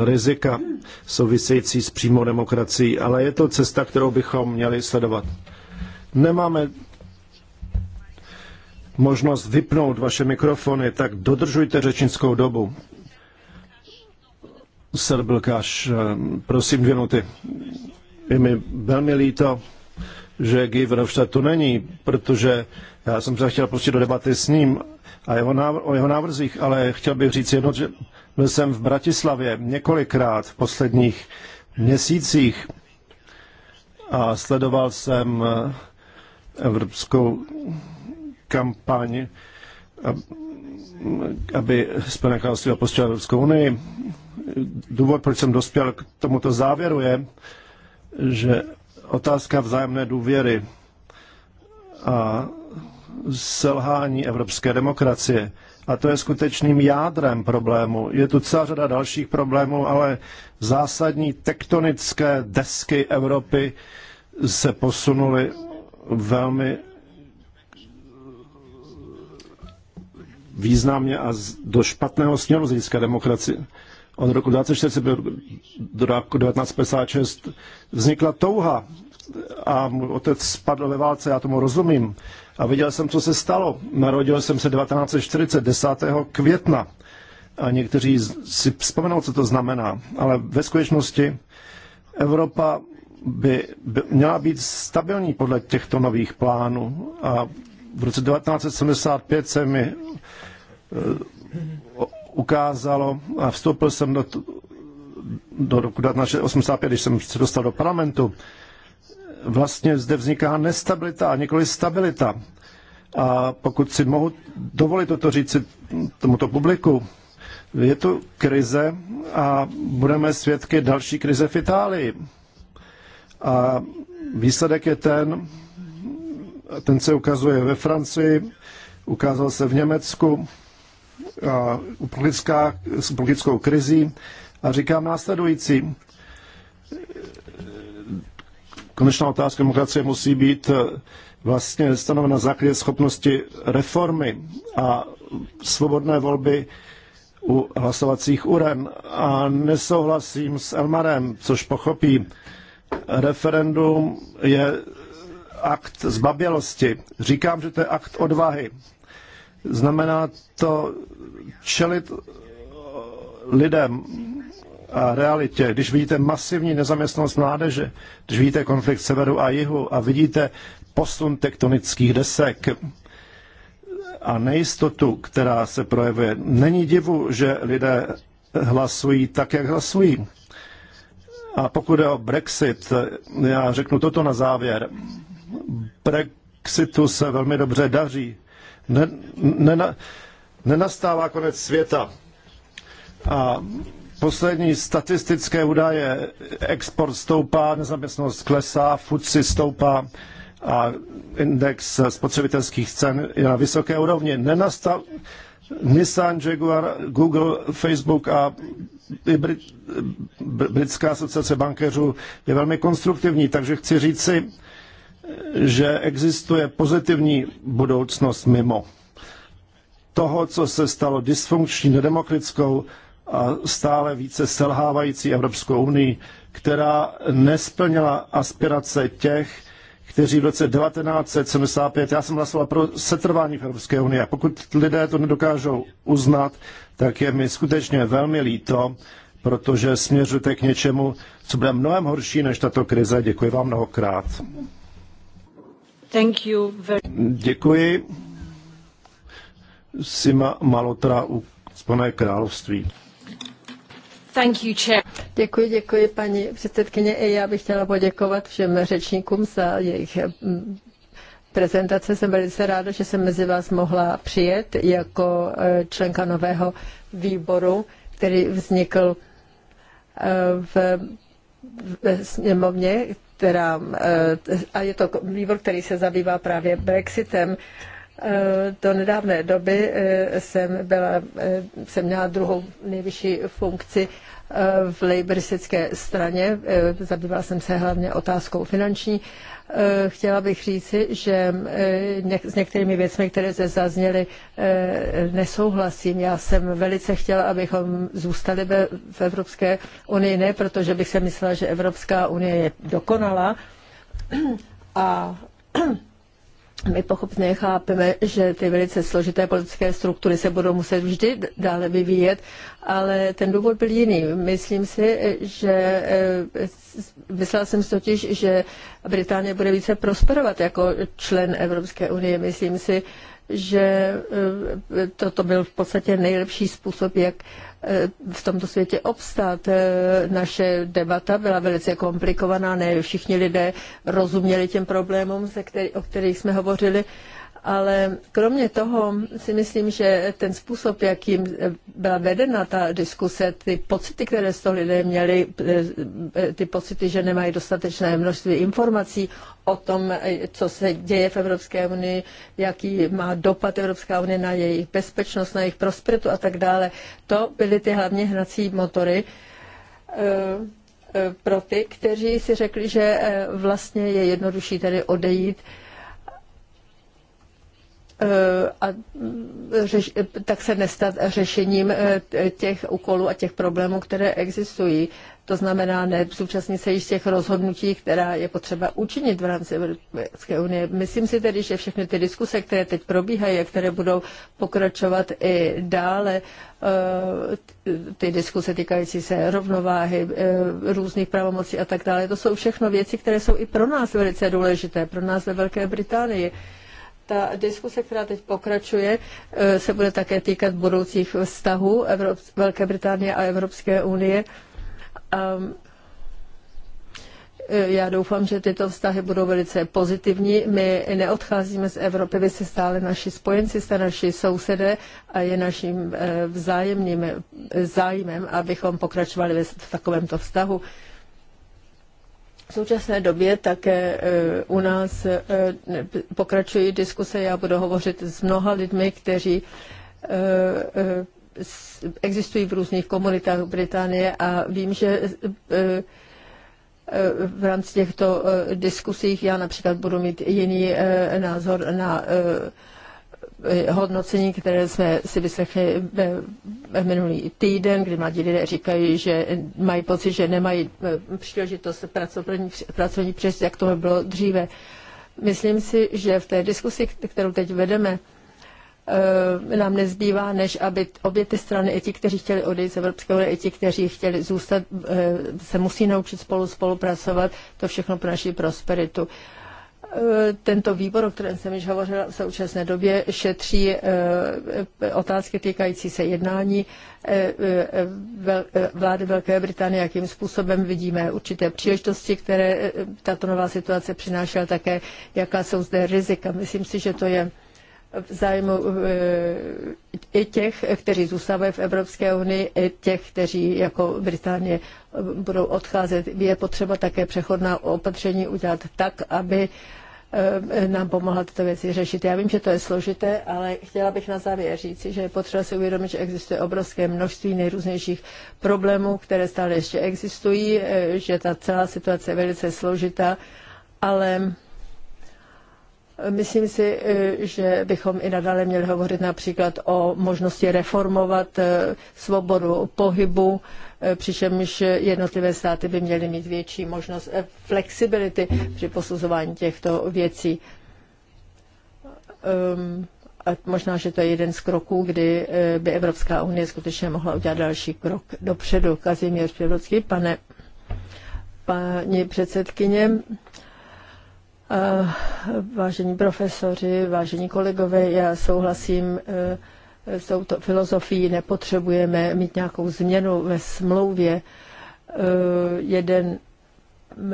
rizika související s přímou demokracií, ale je to cesta, kterou bychom měli sledovat. Nemáme možnost vypnout vaše mikrofony, tak dodržujte řečnickou dobu. Serbilkáš, eh, prosím dvě minuty. Je mi velmi líto, že Guy Verhofstadt tu není, protože já jsem se chtěl pustit do debaty s ním a jeho návr- o jeho návrzích, ale chtěl bych říct jedno, že byl jsem v Bratislavě několikrát v posledních měsících a sledoval jsem eh, Evropskou kampaň, aby Spojené království opustilo Evropskou unii. Důvod, proč jsem dospěl k tomuto závěru, je, že otázka vzájemné důvěry a selhání evropské demokracie. A to je skutečným jádrem problému. Je tu celá řada dalších problémů, ale zásadní tektonické desky Evropy se posunuly velmi významně a do špatného směru z hlediska demokracie. Od roku 1940 do roku 1956 vznikla touha a můj otec spadl ve válce, já tomu rozumím. A viděl jsem, co se stalo. Narodil jsem se 1940, 10. května. A někteří si vzpomenou, co to znamená. Ale ve skutečnosti Evropa by, by měla být stabilní podle těchto nových plánů. A v roce 1975 se mi Eh, ukázalo, a vstoupil jsem do, do roku 1985, když jsem se dostal do parlamentu, vlastně zde vzniká nestabilita a nikoli stabilita. A pokud si mohu dovolit toto říct tomuto publiku, je tu krize a budeme svědky další krize v Itálii. A výsledek je ten, ten se ukazuje ve Francii, ukázal se v Německu, uprchlická, s uprchlickou krizí a říkám následující. Konečná otázka demokracie musí být e, vlastně stanovena na základě schopnosti reformy a svobodné volby u hlasovacích uren. A nesouhlasím s Elmarem, což pochopí. Referendum je akt zbabělosti. Říkám, že to je akt odvahy. Znamená to čelit lidem a realitě, když vidíte masivní nezaměstnanost mládeže, když vidíte konflikt severu a jihu a vidíte posun tektonických desek a nejistotu, která se projevuje, není divu, že lidé hlasují tak, jak hlasují. A pokud je o Brexit, já řeknu toto na závěr. Brexitu se velmi dobře daří ne, ne, nenastává konec světa. A poslední statistické údaje, export stoupá, nezaměstnanost klesá, FUCI stoupá a index spotřebitelských cen je na vysoké úrovni. Nenastal, Nissan, Jaguar, Google, Facebook a i Brit, britská asociace bankéřů je velmi konstruktivní, takže chci říct, si, že existuje pozitivní budoucnost mimo toho, co se stalo dysfunkční, nedemokratickou a stále více selhávající Evropskou unii, která nesplnila aspirace těch, kteří v roce 1975, já jsem hlasoval pro setrvání v Evropské unii a pokud lidé to nedokážou uznat, tak je mi skutečně velmi líto, protože směřujete k něčemu, co bude mnohem horší než tato krize. Děkuji vám mnohokrát. Děkuji. Sima Malotra u Spojené království. Thank you, chair. Děkuji, děkuji paní předsedkyně. I já bych chtěla poděkovat všem řečníkům za jejich mm, prezentace. Jsem velice ráda, že jsem mezi vás mohla přijet jako e, členka nového výboru, který vznikl e, v ve sněmovně, která, eh, a je to výbor, který se zabývá právě Brexitem, eh, do nedávné doby eh, jsem, byla, jsem měla druhou nejvyšší funkci v lejbristické straně. Zabývala jsem se hlavně otázkou finanční Eh, chtěla bych říci, že eh, s některými věcmi, které se zazněly, eh, nesouhlasím. Já jsem velice chtěla, abychom zůstali v Evropské unii, ne protože bych se myslela, že Evropská unie je dokonalá [clears throat] a my pochopně chápeme, že ty velice složité politické struktury se budou muset vždy dále vyvíjet, ale ten důvod byl jiný. Myslím si, že eh, myslela jsem si totiž, že Británie bude více prosperovat jako člen Evropské unie. Myslím si, že eh, toto byl v podstatě nejlepší způsob, jak v tomto světě obstát. E, naše debata byla velice komplikovaná, ne všichni lidé rozuměli těm problémům, o kterých jsme hovořili ale kromě toho si myslím, že ten způsob, jakým byla vedena ta diskuse, ty pocity, které z toho lidé měli, eh, ty pocity, že nemají dostatečné množství informací o tom, eh, co se děje v Evropské unii, jaký má dopad Evropská unie na jejich bezpečnost, na jejich prosperitu a tak dále. To byly ty hlavně hnací motory eh, pro ty, kteří si řekli, že vlastně je jednodušší tedy odejít Eh, a mm, řeš, tak se nestat řešením eh, těch úkolů a těch problémů, které existují. To znamená, ne současně se již těch rozhodnutí, která je potřeba učinit v rámci Evropské unie. Myslím si tedy, že všechny ty diskuse, které teď probíhají a které budou pokračovat i dále, eh, ty diskuse týkající se rovnováhy, různých pravomocí a tak dále, to jsou všechno věci, které jsou i pro nás velice důležité, pro nás ve Velké Británii ta diskuse, která teď pokračuje, eh, se bude také týkat budoucích vztahů Evrop- Velké Británie a Evropské unie. Um, já doufám, že tyto vztahy budou velice pozitivní. My neodcházíme z Evropy, vy jste stále naši spojenci, jste naši sousedé a je naším eh, vzájemným zájmem, abychom pokračovali v takovémto vztahu. V současné době také e, u nás e, pokračují diskuse. Já budu hovořit s mnoha lidmi, kteří e, existují v různých komunitách Británie a vím, že v rámci těchto diskusích já například budu mít jiný názor na Eh, hodnocení, které jsme si vyslechli eh, eh, minulý týden, kdy mladí lidé říkají, že mají pocit, že nemají příležitost pracovní, pracovní přes, jak to bylo dříve. Myslím si, že v té diskusi, kterou teď vedeme, nám nezbývá, než aby obě ty strany, i ti, kteří chtěli odejít z Evropské unie, i ti, kteří chtěli zůstat, se musí naučit spolu spolupracovat, to všechno pro naši prosperitu. Eh, tento výbor, o kterém jsem již hovořila v současné době, šetří eh, eh, otázky týkající se jednání vlády Velké Británie, jakým způsobem vidíme určité příležitosti, které tato nová situace přináší, ale také jaká jsou zde rizika. Myslím si, že to je v zájmu i těch, kteří zůstávají v Evropské unii, i těch, kteří jako Británie budou odcházet. Je potřeba také přechodná opatření udělat tak, aby Eh, nám pomohla tyto věci řešit. Já vím, že to je složité, ale chtěla bych na závěr říci, že je potřeba si uvědomit, že existuje obrovské množství nejrůznějších problémů, které stále ještě existují, eh, že ta celá situace je velice složitá, ale Myslím si, eh, že bychom i nadále měli hovořit například o možnosti reformovat eh, svobodu pohybu, eh, přičemž jednotlivé státy by měly mít větší možnost flexibility při posuzování těchto věcí. Ehm, a možná, že to je jeden z kroků, kdy by Evropská unie skutečně mohla udělat další krok dopředu. Kazimír Převodský, pane paní předsedkyně, Eh, vážení profesoři, vážení kolegové, já souhlasím eh, s touto filozofií, nepotřebujeme mít nějakou změnu ve smlouvě. Eh, jeden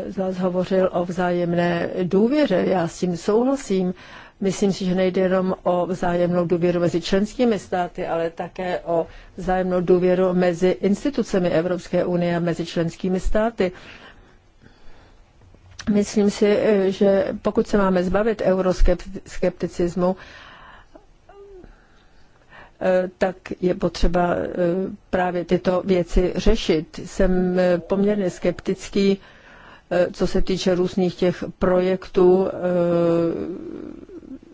z vás hovořil o vzájemné důvěře, já s tím souhlasím. Myslím si, že nejde jenom o vzájemnou důvěru mezi členskými státy, ale také o vzájemnou důvěru mezi institucemi Evropské unie a mezi členskými státy. Uh, Myslím si, eh, že pokud se máme zbavit euroskepticismu, eh, tak je potřeba eh, právě tyto věci řešit. Jsem poměrně skeptický, co se týče různých těch projektů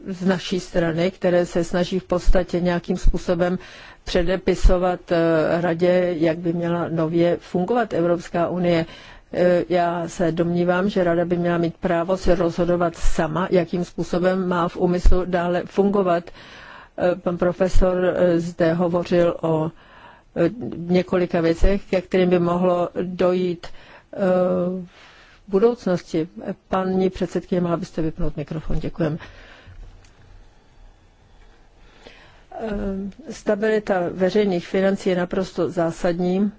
z naší strany, které se snaží v podstatě nějakým způsobem předepisovat radě, jak by měla nově fungovat Evropská unie. E, já se domnívám, že rada by měla mít právo se rozhodovat sama, jakým způsobem má v úmyslu dále fungovat. E, pan profesor e, zde hovořil o několika věcech, ke kterým by mohlo dojít v budoucnosti. Paní předsedkyně, mohla byste vypnout mikrofon, děkujem. Stabilita veřejných financí je naprosto zásadní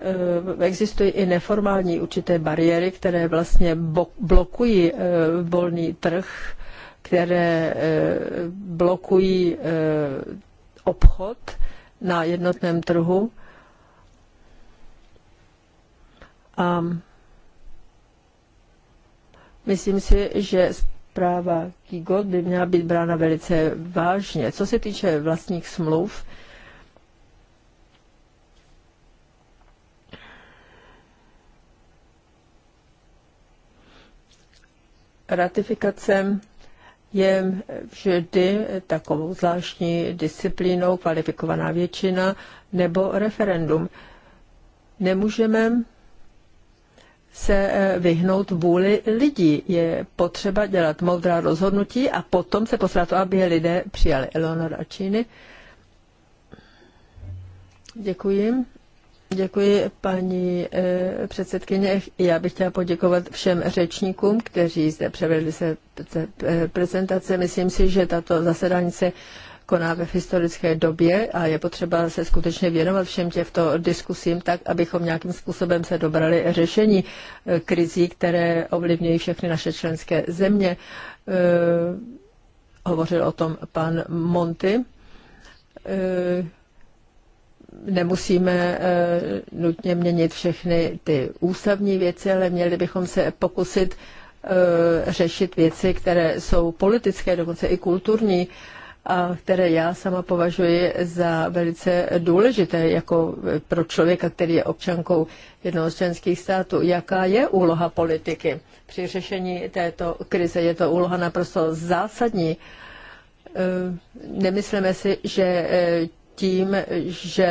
Eh, existují i neformální určité bariéry, které vlastně blokují eh, volný trh, které eh, blokují obchod na jednotném trhu. A myslím si, že zpráva Kigot by měla být brána velice vážně. Co se týče vlastních smluv, ratifikace je vždy takovou zvláštní disciplínou kvalifikovaná většina nebo referendum. Nemůžeme se eh, vyhnout vůli lidí. Je potřeba dělat moudrá rozhodnutí a potom se postarat to, aby je lidé přijali. Eleonora Číny. Děkuji. Děkuji, paní eh, předsedkyně. Já bych chtěla poděkovat všem řečníkům, kteří zde převedli se eh, prezentace. Myslím si, že tato zasedání se koná ve historické době a je potřeba se skutečně věnovat všem těmto diskusím tak, abychom nějakým způsobem se dobrali řešení eh, krizí, které ovlivňují všechny naše členské země. Hovořil o tom pan Monty nemusíme eh, nutně měnit všechny ty ústavní věci, ale měli bychom se pokusit eh, řešit věci, které jsou politické, dokonce i kulturní, a které já sama považuji za velice důležité jako eh, pro člověka, který je občankou jednoho z členských států. Jaká je úloha politiky při řešení této krize? Je to úloha naprosto zásadní. Nemyslíme si, že tím, že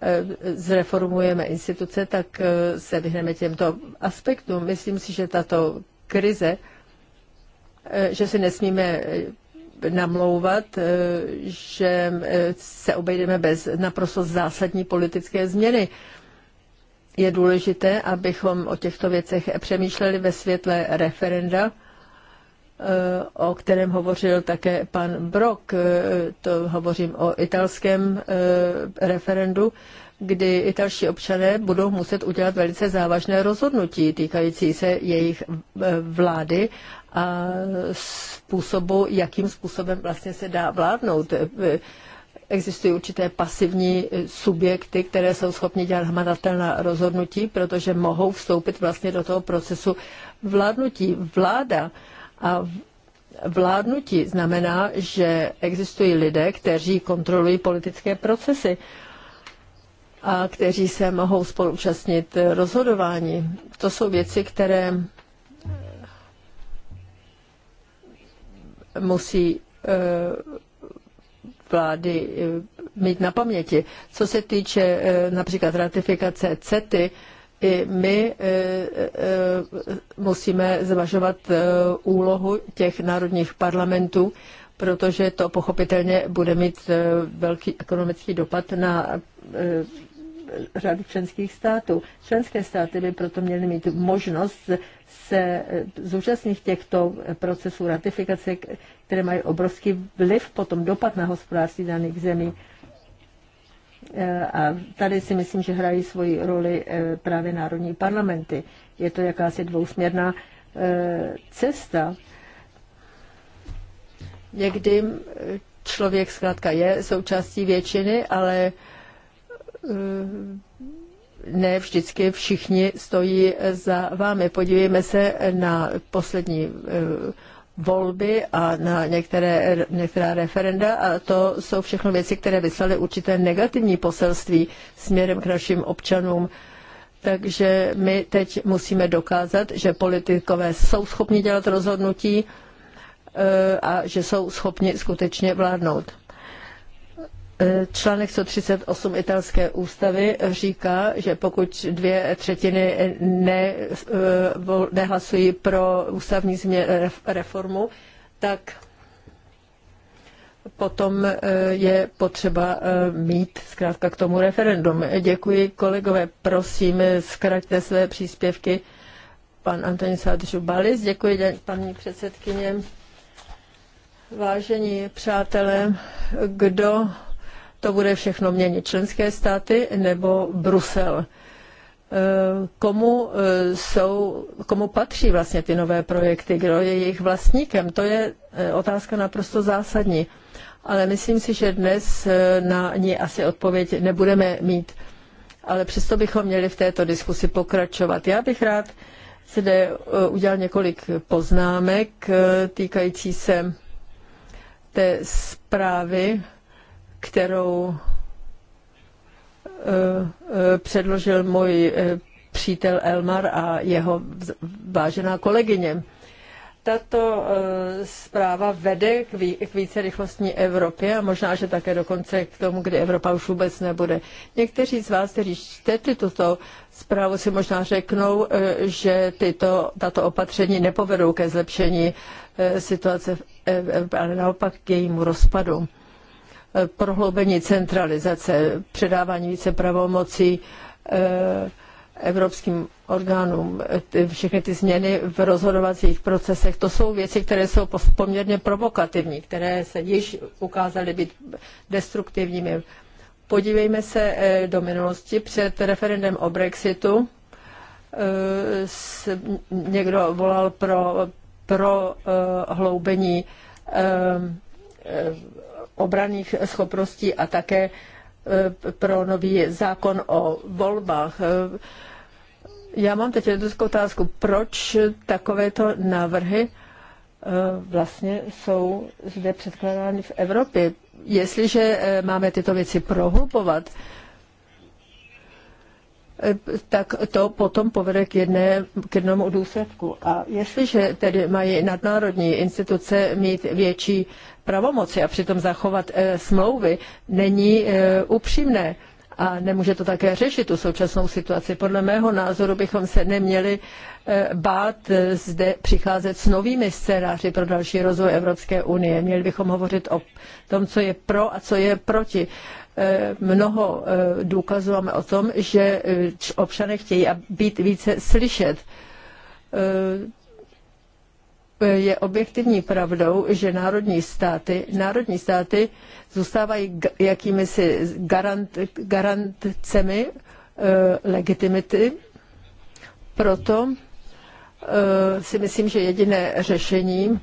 eh, zreformujeme instituce, tak eh, se vyhneme těmto aspektům. Myslím si, že tato krize, eh, že si nesmíme namlouvat, že se obejdeme bez naprosto zásadní politické změny. Je důležité, abychom o těchto věcech přemýšleli ve světle referenda o kterém hovořil také pan Brok. Eh, to hovořím o italském eh, referendu, kdy italští občané budou muset udělat velice závažné rozhodnutí týkající se jejich eh, vlády a způsobu, jakým způsobem vlastně se dá vládnout. Existují určité pasivní subjekty, které jsou schopni dělat hmatatelná rozhodnutí, protože mohou vstoupit vlastně do toho procesu vládnutí. Vláda a vládnutí znamená, že existují lidé, kteří kontrolují politické procesy a kteří se mohou spolučastnit rozhodování. To jsou věci, které musí eh, vlády eh, mít na paměti. Co se týče eh, například ratifikace CETY, i my e, e, e, musíme zvažovat úlohu těch národních parlamentů, protože to pochopitelně bude mít velký ekonomický dopad na řadu členských států. Členské státy by proto měly mít možnost se zúčastnit těchto procesů ratifikace, které mají obrovský vliv potom dopad na hospodářství daných zemí. Eh, a tady si myslím, že hrají svoji roli eh, právě národní parlamenty. Je to jakási dvousměrná eh, cesta. Někdy člověk zkrátka je součástí většiny, ale ne vždycky všichni stojí za vámi. Podívejme se na poslední volby a na některé, některá referenda a to jsou všechno věci, které vyslaly určité negativní poselství směrem k našim občanům. Takže my teď musíme dokázat, že politikové jsou schopni dělat rozhodnutí e, a že jsou schopni skutečně vládnout. E, článek 138 italské ústavy říká, že pokud dvě třetiny ne, e, nehlasují pro ústavní změn, reformu, tak potom e, je potřeba mít zkrátka k tomu referendum. Děkuji kolegové, prosím, zkraťte své příspěvky. Pan Antonín Balis, děkuji paní předsedkyně. Vážení přátelé, kdo to bude všechno měnit členské státy nebo Brusel. E, komu, e, jsou, komu patří vlastně ty nové projekty, kdo je jejich vlastníkem, to je e, otázka naprosto zásadní. Ale myslím si, že dnes na ní asi odpověď nebudeme mít. Ale přesto bychom měli v této diskusi pokračovat. Já bych rád zde udělal několik poznámek týkající se té zprávy kterou eh, eh, předložil můj eh, přítel Elmar a jeho vážená kolegyně. Tato zpráva vede k, více rychlostní Evropě a možná, že také dokonce k tomu, kdy Evropa už vůbec nebude. Někteří z vás, kteří čtete tuto zprávu, si možná řeknou, že tyto, tato opatření nepovedou ke zlepšení situace, ale naopak k jejímu rozpadu prohloubení centralizace, předávání více pravomocí eh, evropským orgánům, všechny ty změny v rozhodovacích procesech, to jsou věci, které jsou poměrně provokativní, které se již ukázaly být destruktivními. Podívejme se eh, do minulosti před referendem o Brexitu. Eh, někdo volal pro, pro hloubení obraných schopností a také e, pro nový zákon o volbách. E, já mám teď jednu otázku. Proč takovéto návrhy e, vlastně jsou zde předkládány v Evropě? Jestliže máme tyto věci prohlubovat, tak to potom povede k, jedné, k jednomu důsledku. A jestliže tedy mají nadnárodní instituce mít větší pravomoci a přitom zachovat eh, smlouvy není eh, upřímné a nemůže to také řešit tu současnou situaci. Podle mého názoru bychom se neměli eh, bát zde přicházet s novými scénáři pro další rozvoj Evropské unie. Měli bychom hovořit o tom, co je pro a co je proti. Mnoho důkazů máme o tom, že občané chtějí být více slyšet je objektivní pravdou, že národní státy, národní státy zůstávají jakými si garant, garantcemi e, eh, legitimity. Proto e, si myslím, že jediné řešení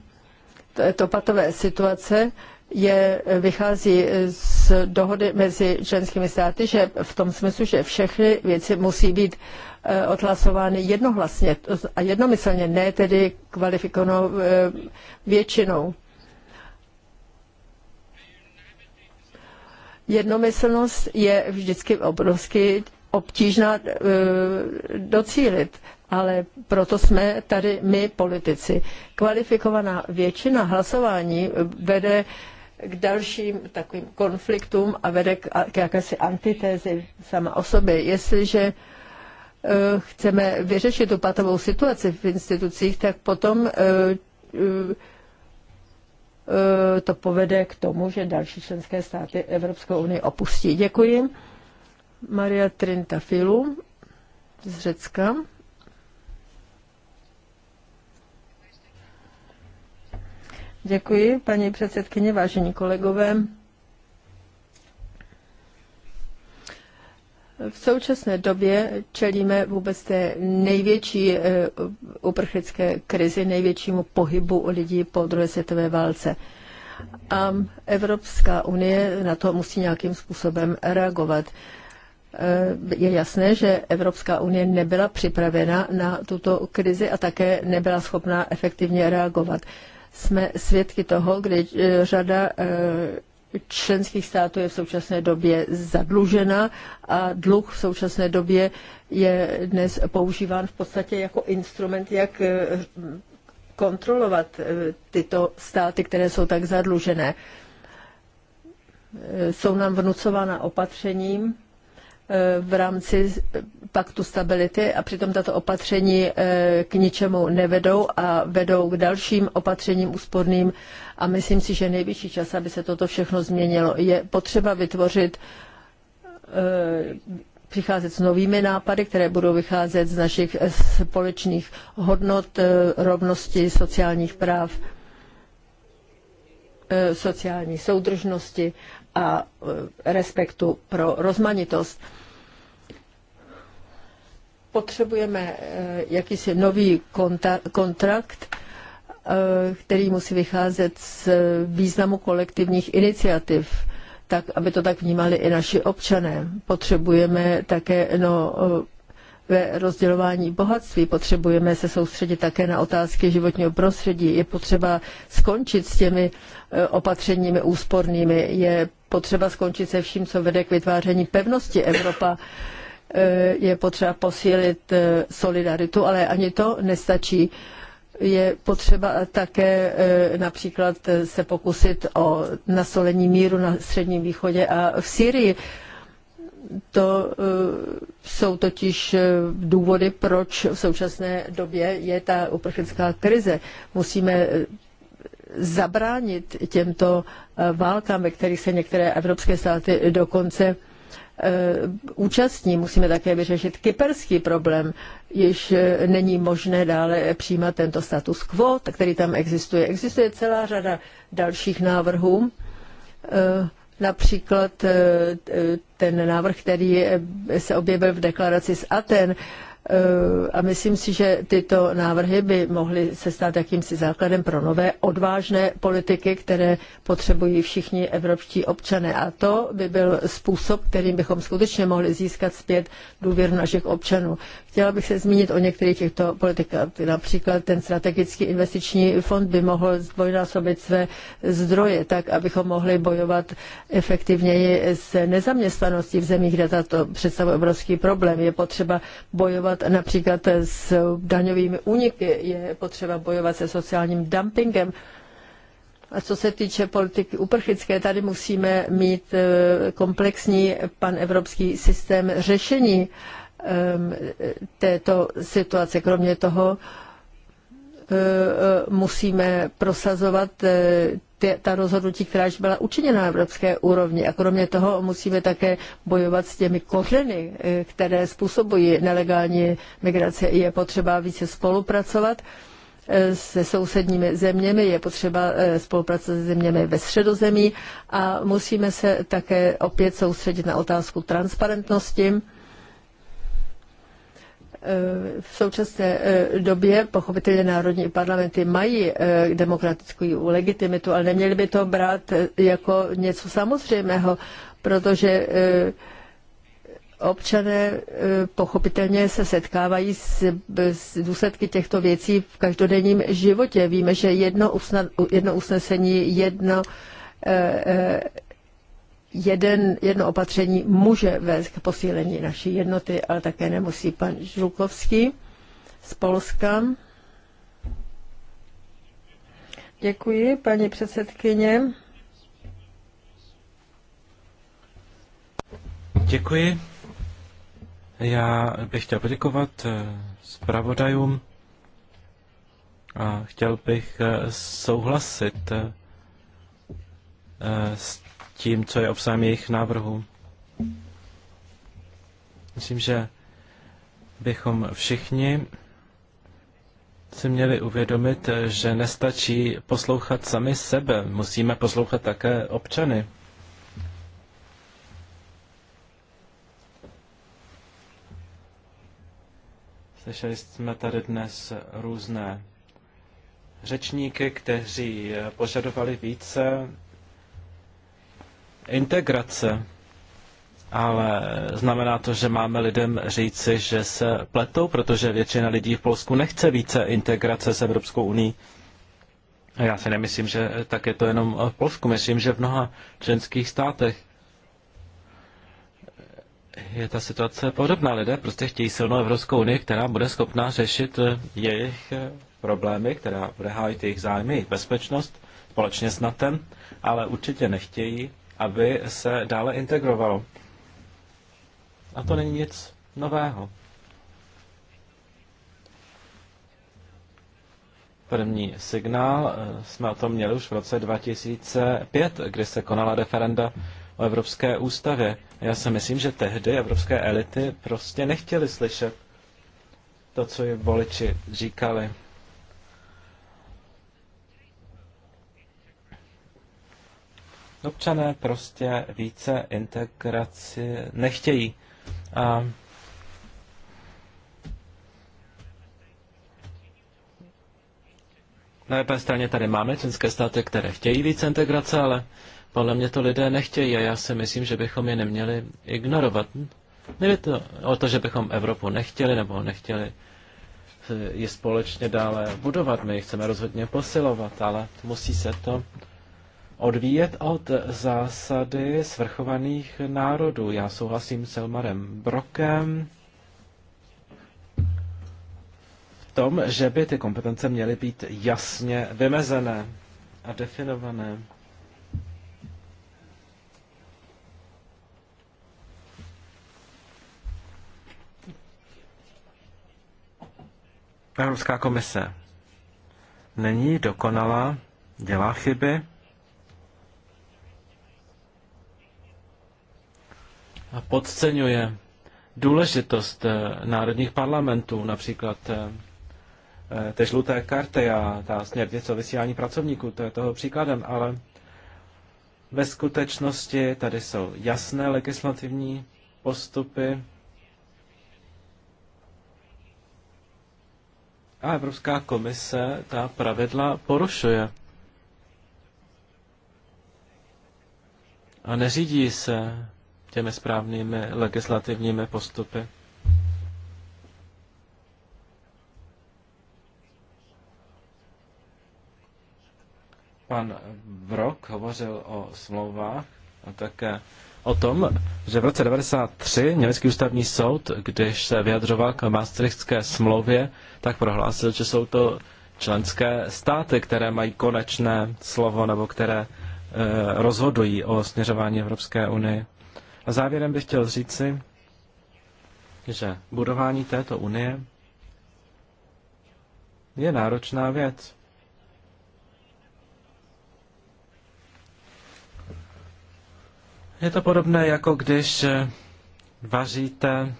to patové situace je, vychází z dohody mezi členskými státy, že v tom smyslu, že všechny věci musí být eh, odhlasovány jednohlasně a jednomyslně, ne tedy kvalifikovanou eh, většinou. Jednomyslnost je vždycky obrovsky obtížná eh, docílit, ale proto jsme tady my politici. Kvalifikovaná většina hlasování vede k dalším takovým konfliktům a vede k, k jakési antitézi sama o sobě. Jestliže eh, chceme vyřešit tu patovou situaci v institucích, tak potom eh, eh, to povede k tomu, že další členské státy Evropskou unii opustí. Děkuji. Maria Trintafilu z Řecka. Děkuji, paní předsedkyně, vážení kolegové. V současné době čelíme vůbec té největší eh, uprchlické krizi, největšímu pohybu lidí po druhé světové válce. A Evropská unie na to musí nějakým způsobem reagovat. Eh, je jasné, že Evropská unie nebyla připravena na tuto krizi a také nebyla schopná efektivně reagovat jsme svědky toho, kdy eh, řada eh, členských států je v současné době zadlužena a dluh v současné době je dnes používán v podstatě jako instrument, jak eh, kontrolovat tyto státy, které jsou tak zadlužené. Jsou nám vnucována opatřením, Eh, v rámci paktu stability a přitom tato opatření eh, k ničemu nevedou a vedou k dalším opatřením úsporným a myslím si, že nejvyšší čas, aby se toto všechno změnilo. Je potřeba vytvořit eh, přicházet s novými nápady, které budou vycházet z našich společných hodnot, rovnosti, sociálních práv, sociální soudržnosti a respektu pro rozmanitost potřebujeme eh, jakýsi nový kontrakt, eh, který musí vycházet z významu kolektivních iniciativ, tak aby to tak vnímali i naši občané. Potřebujeme také no, ve rozdělování bohatství potřebujeme se soustředit také na otázky životního prostředí. Je potřeba skončit s těmi eh, opatřeními úspornými, je potřeba skončit se vším, co vede k vytváření pevnosti Evropa Eh, je potřeba posílit eh, solidaritu, ale ani to nestačí. Je potřeba také eh, například se pokusit o nastolení míru na Středním východě a v Syrii. To jsou totiž důvody, proč v současné době je ta uprchlická krize. Musíme zabránit těmto válkám, ve kterých se některé evropské státy dokonce Eh, účastní. Musíme také vyřešit kyperský problém. Již eh, není možné dále přijímat tento status quo, který tam existuje. Existuje celá řada dalších návrhů. Eh, například ten návrh, který se objevil v deklaraci z Aten, Eh, a myslím si, že tyto návrhy by mohly se stát jakýmsi základem pro nové odvážné politiky, které potřebují všichni evropští občané. A to by byl způsob, kterým bychom skutečně mohli získat zpět důvěru našich občanů. Chtěla bych se zmínit o některých těchto politikách. Například ten strategický investiční fond by mohl zdvojnásobit své zdroje, tak abychom mohli bojovat efektivněji s nezaměstnaností v zemích, kde tato představuje obrovský problém. Je potřeba bojovat bojovat například s daňovými úniky, je potřeba bojovat se sociálním dumpingem. A co se týče politiky uprchlické, tady musíme mít eh, komplexní panevropský systém řešení ehm, této situace. Kromě toho eh, eh, musíme prosazovat ty, ta rozhodnutí, která už byla učiněna na evropské úrovni. A kromě toho musíme také bojovat s těmi kořeny, eh, které způsobují nelegální migraci. Je potřeba více spolupracovat eh, se sousedními zeměmi, je potřeba eh, spolupracovat se zeměmi ve středozemí a musíme se také opět soustředit na otázku transparentnosti Eh, v současné eh, době pochopitelně národní parlamenty mají eh, demokratickou legitimitu, ale neměli by to brát jako něco samozřejmého, protože občané pochopitelně se setkávají s, s důsledky těchto věcí v každodenním životě. Víme, že jedno, usna, jedno usnesení, jedno jeden, jedno opatření může vést k posílení naší jednoty, ale také nemusí pan Žulkovský z Polska. Děkuji, paní předsedkyně. Děkuji. Já bych chtěl poděkovat eh, zpravodajům a chtěl bych eh, souhlasit eh, s tím, co je obsahem jejich návrhu. Myslím, že bychom všichni si měli uvědomit, že nestačí poslouchat sami sebe, musíme poslouchat také občany. Slyšeli jsme tady dnes různé řečníky, kteří požadovali více integrace. Ale znamená to, že máme lidem říci, že se pletou, protože většina lidí v Polsku nechce více integrace s Evropskou uní. Já si nemyslím, že tak je to jenom v Polsku. Myslím, že v mnoha členských státech je ta situace podobná. Lidé prostě chtějí silnou Evropskou unii, která bude schopná řešit eh, jejich eh, problémy, která bude hájit jejich zájmy, jejich bezpečnost společně s NATO, ale určitě nechtějí aby se dále integrovalo. A to není nic nového. První signál eh, jsme o tom měli už v roce 2005, kdy se konala referenda o Evropské ústavě. Já si myslím, že tehdy evropské elity prostě nechtěli slyšet to, co jim voliči říkali. Občané prostě více integraci nechtějí. A na jedné straně tady máme členské státy, které chtějí více integrace, ale podle mě to lidé nechtějí a já si myslím, že bychom je neměli ignorovat. Nejde to o to, že bychom Evropu nechtěli nebo nechtěli eh, ji společně dále budovat. My ji chceme rozhodně posilovat, ale musí se to odvíjet od zásady svrchovaných národů. Já souhlasím s Elmarem Brokem v tom, že by ty kompetence měly být jasně vymezené a definované. Evropská komise není dokonalá, dělá chyby. podceňuje důležitost eh, národních parlamentů, například eh, eh, té žluté karty a ta směrnice o vysílání pracovníků, to je toho příkladem, ale ve skutečnosti tady jsou jasné legislativní postupy a Evropská komise ta pravidla porušuje. A neřídí se těmi správnými legislativními postupy. Pan Vrok hovořil o smlouvách a také o tom, že v roce 1993 Německý ústavní soud, když se vyjadřoval k Maastrichtské smlouvě, tak prohlásil, že jsou to členské státy, které mají konečné slovo nebo které e, rozhodují o směřování Evropské unie. A závěrem bych chtěl říci, že budování této unie je náročná věc. Je to podobné, jako když eh, vaříte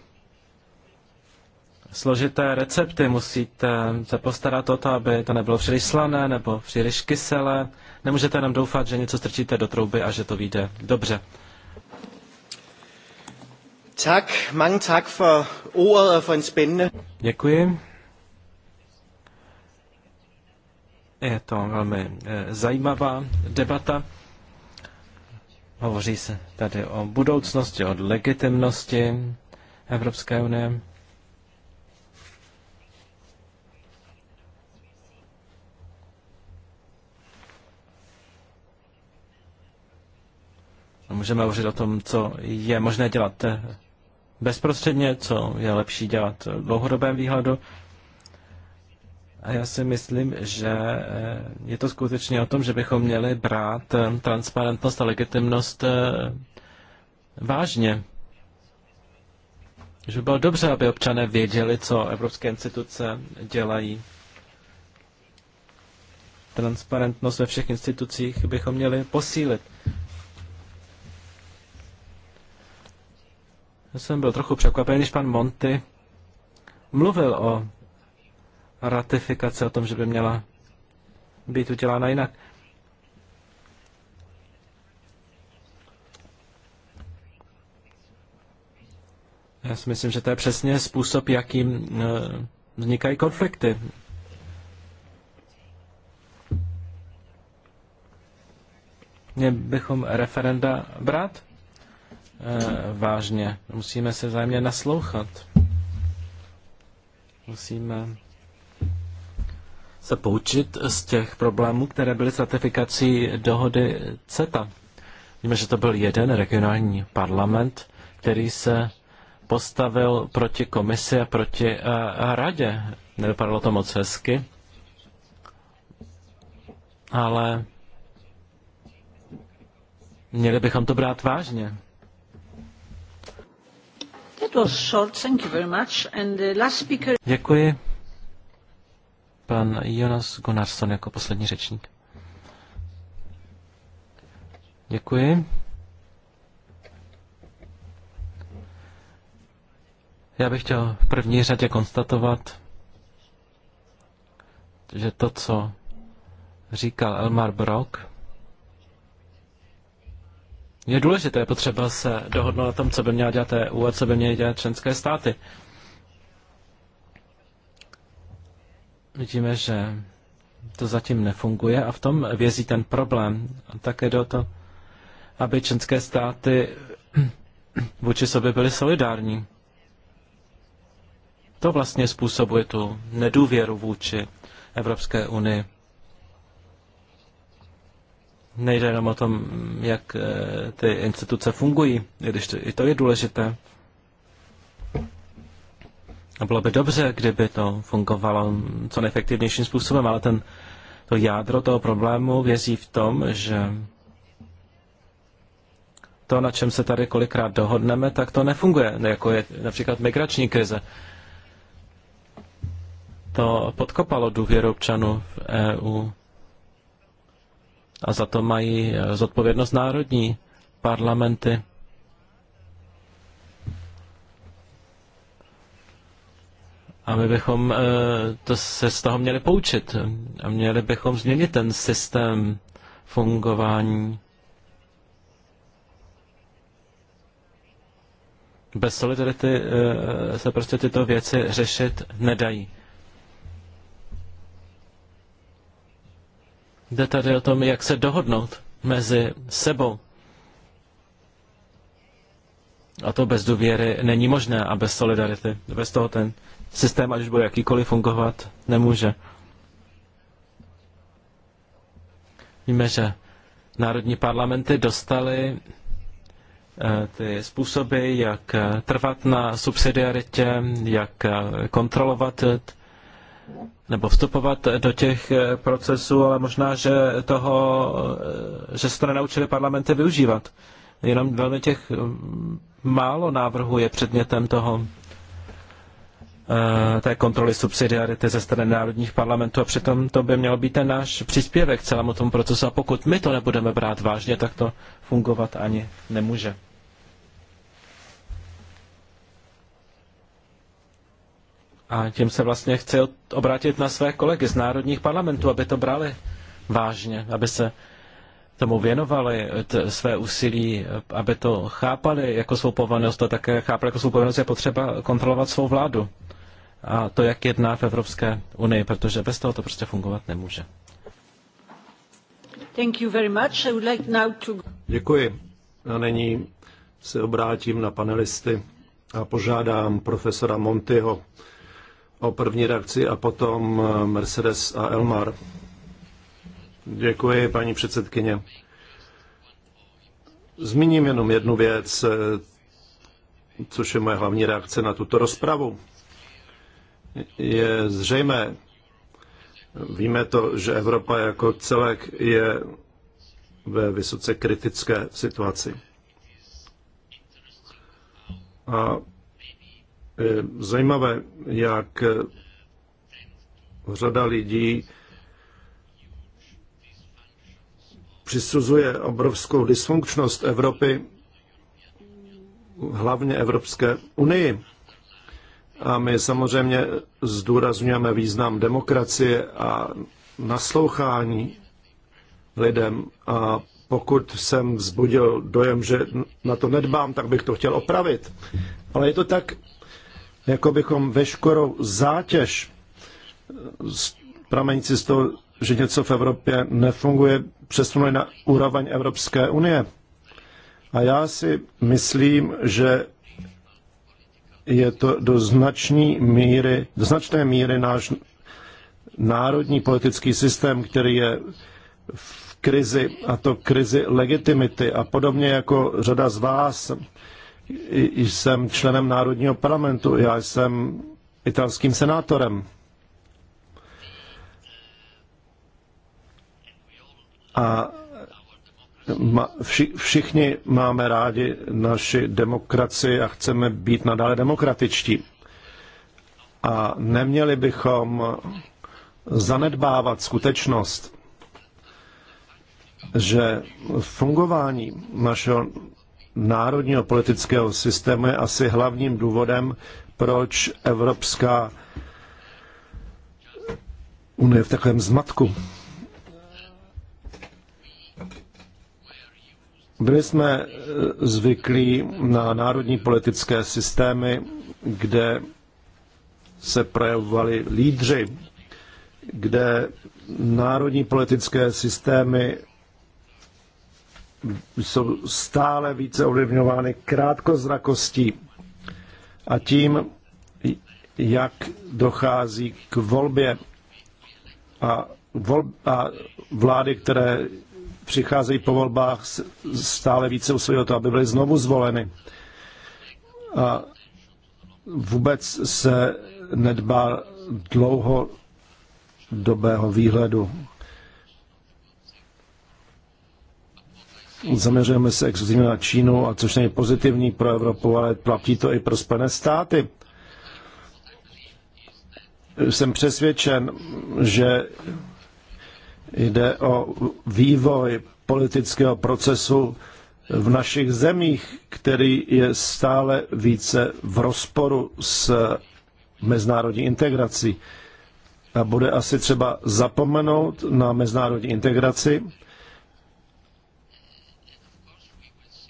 složité recepty. Musíte se postarat o to, aby to nebylo příliš slané nebo příliš kyselé. Nemůžete nám doufat, že něco strčíte do trouby a že to vyjde dobře. Tak, mange tak for ordet og for en spændende. Děkuji. Je to velmi eh, zajímavá debata. Hovoří se tady o budoucnosti, o legitimnosti Evropské unie. Můžeme hovořit o tom, co je možné dělat bezprostředně, co je lepší dělat v dlouhodobém výhledu. A já si myslím, že eh, je to skutečně o tom, že bychom měli brát eh, transparentnost a legitimnost eh, vážně. Že by bylo dobře, aby občané věděli, co evropské instituce dělají. Transparentnost ve všech institucích bychom měli posílit. Já jsem byl trochu překvapen, když pan Monty mluvil o ratifikaci, o tom, že by měla být udělána jinak. Já si myslím, že to je přesně způsob, jakým eh, vznikají konflikty. Mě bychom referenda brát Eh, vážně. Musíme se vzájemně naslouchat. Musíme se poučit z těch problémů, které byly s ratifikací dohody CETA. Víme, že to byl jeden regionální parlament, který se postavil proti komisi a proti uh, radě. Nevypadalo to moc hezky, ale měli bychom to brát vážně. Děkuji. Pan Jonas Gunnarsson jako poslední řečník. Děkuji. Já bych chtěl v první řadě konstatovat, že to, co říkal Elmar Brock, je důležité, je potřeba se dohodnout na tom, co by měla dělat EU a co by měly dělat členské státy. Vidíme, že to zatím nefunguje a v tom vězí ten problém. A také do to, aby členské státy [clears throat] vůči sobě byly solidární. To vlastně způsobuje tu nedůvěru vůči Evropské unii. Nejde jenom o tom, jak eh, ty instituce fungují, když to, i to je důležité. A bylo by dobře, kdyby to fungovalo co nejefektivnějším způsobem, ale ten, to jádro toho problému vězí v tom, že to, na čem se tady kolikrát dohodneme, tak to nefunguje, jako je například migrační krize. To podkopalo důvěru občanů v EU a za to mají eh, zodpovědnost národní parlamenty. A my bychom eh, to se z toho měli poučit a měli bychom změnit ten systém fungování. Bez solidarity eh, se prostě tyto věci řešit nedají. Jde tady o tom, jak se dohodnout mezi sebou. A to bez důvěry není možné a bez solidarity. Bez toho ten systém, ať už bude jakýkoliv fungovat, nemůže. Víme, že národní parlamenty dostaly eh, ty způsoby, jak eh, trvat na subsidiaritě, jak eh, kontrolovat nebo vstupovat do těch eh, procesů, ale možná, že toho, eh, že se to nenaučili parlamenty využívat. Jenom velmi těch mm, málo návrhů je předmětem toho eh, té kontroly subsidiarity ze strany národních parlamentů a přitom to by měl být ten náš příspěvek celému tomu procesu a pokud my to nebudeme brát vážně, tak to fungovat ani nemůže. A tím se vlastně chci obrátit na své kolegy z národních parlamentů, aby to brali vážně, aby se tomu věnovali své úsilí, aby to chápali jako svou povinnost a také chápali jako svou povinnost je potřeba kontrolovat svou vládu. A to, jak jedná v Evropské unii, protože bez toho to prostě fungovat nemůže. Thank you very much. I would like now to... Děkuji. A nyní se obrátím na panelisty a požádám profesora Montyho, o první reakci a potom eh, Mercedes a Elmar. Děkuji, paní předsedkyně. Zmíním jenom jednu věc, eh, což je moje hlavní reakce na tuto rozpravu. Je zřejmé, víme to, že Evropa jako celek je ve vysoce kritické situaci. A Eh, zajímavé, jak eh, řada lidí přisuzuje obrovskou dysfunkčnost Evropy, hlavně Evropské unii. A my samozřejmě zdůrazňujeme význam demokracie a naslouchání lidem. A pokud jsem vzbudil dojem, že na to nedbám, tak bych to chtěl opravit. Ale je to tak, jako bychom veškerou zátěž pramenící z toho, že něco v Evropě nefunguje, přesunuli na úroveň Evropské unie. A já si myslím, že je to do, značný míry, do značné míry náš národní politický systém, který je v krizi, a to krizi legitimity. A podobně jako řada z vás jsem členem Národního parlamentu, já jsem italským senátorem. A všichni máme rádi naši demokracii a chceme být nadále demokratičtí. A neměli bychom zanedbávat skutečnost, že fungování našeho národního politického systému je asi hlavním důvodem, proč Evropská unie v takovém zmatku. Byli jsme e, zvyklí na národní politické systémy, kde se projevovali lídři, kde národní politické systémy jsou stále více ovlivňovány krátkozrakostí a tím, jak dochází k volbě a, vol, a vlády, které přicházejí po volbách, stále více usilují o to, aby byly znovu zvoleny. A vůbec se nedbá dlouho dobého výhledu zaměřujeme se exkluzivně na Čínu, a což není pozitivní pro Evropu, ale platí to i pro Spojené státy. Jsem přesvědčen, že jde o vývoj politického procesu v našich zemích, který je stále více v rozporu s mezinárodní integrací. A bude asi třeba zapomenout na mezinárodní integraci,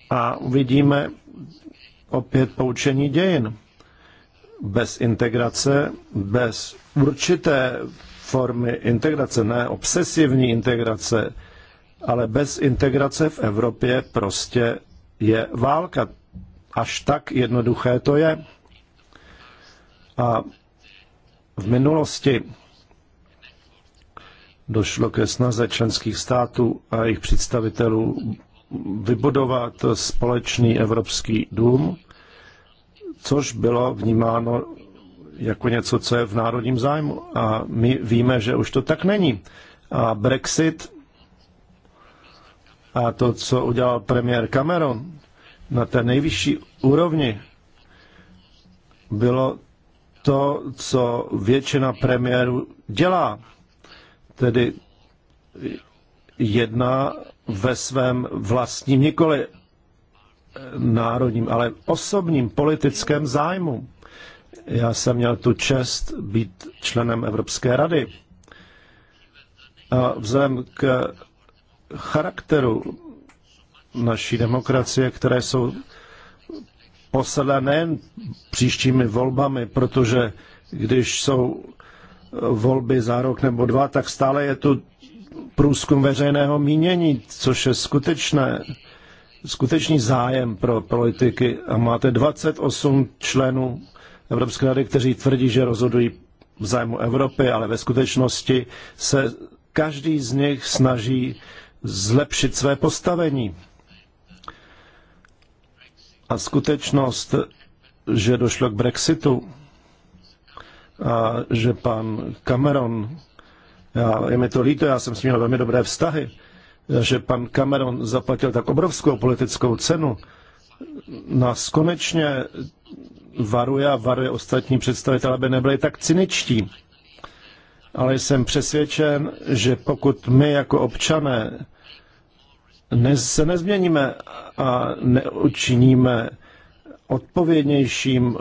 a uvidíme opět poučení dějin. Bez integrace, bez určité formy integrace, ne obsesivní integrace, ale bez integrace v Evropě prostě je válka. Až tak jednoduché to je. A v minulosti došlo ke snaze členských států a jejich představitelů vybudovat společný evropský dům, což bylo vnímáno jako něco, co je v národním zájmu. A my víme, že už to tak není. A Brexit a to, co udělal premiér Cameron na té nejvyšší úrovni, bylo to, co většina premiérů dělá. Tedy jedna ve svém vlastním, nikoli národním, ale osobním politickém zájmu. Já jsem měl tu čest být členem Evropské rady. A vzhledem k charakteru naší demokracie, které jsou posedlé nejen příštími volbami, protože když jsou volby za rok nebo dva, tak stále je tu průzkum veřejného mínění, což je skutečné, skutečný zájem pro politiky. A máte 28 členů Evropské rady, kteří tvrdí, že rozhodují v zájmu Evropy, ale ve skutečnosti se každý z nich snaží zlepšit své postavení. A skutečnost, že došlo k Brexitu a že pan Cameron já, je mi to líto, já jsem s ním velmi dobré vztahy, že pan Cameron zaplatil tak obrovskou politickou cenu. Nás konečně varuje a varuje ostatní představitelé, aby nebyli tak cyničtí. Ale jsem přesvědčen, že pokud my jako občané ne, se nezměníme a neučiníme odpovědnějším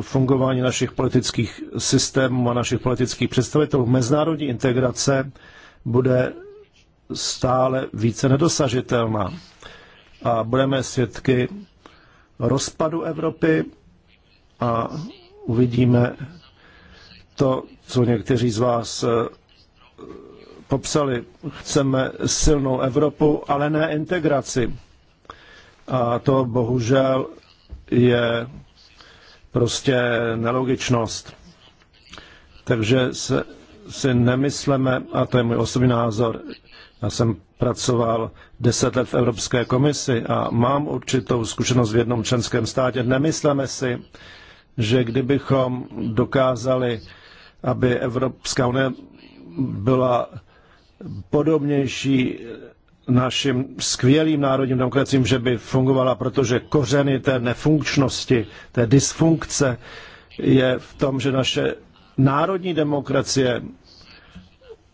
fungování našich politických systémů a našich politických představitelů. Mezinárodní integrace bude stále více nedosažitelná a budeme svědky rozpadu Evropy a uvidíme to, co někteří z vás eh, popsali. Chceme silnou Evropu, ale ne integraci. A to bohužel je prostě nelogičnost. Takže se, si nemysleme, a to je můj osobní názor, já jsem pracoval deset let v Evropské komisi a mám určitou zkušenost v jednom členském státě. Nemysleme si, že kdybychom dokázali, aby Evropská unie byla podobnější našim skvělým národním demokraciím, že by fungovala, protože kořeny té nefunkčnosti, té dysfunkce je v tom, že naše národní demokracie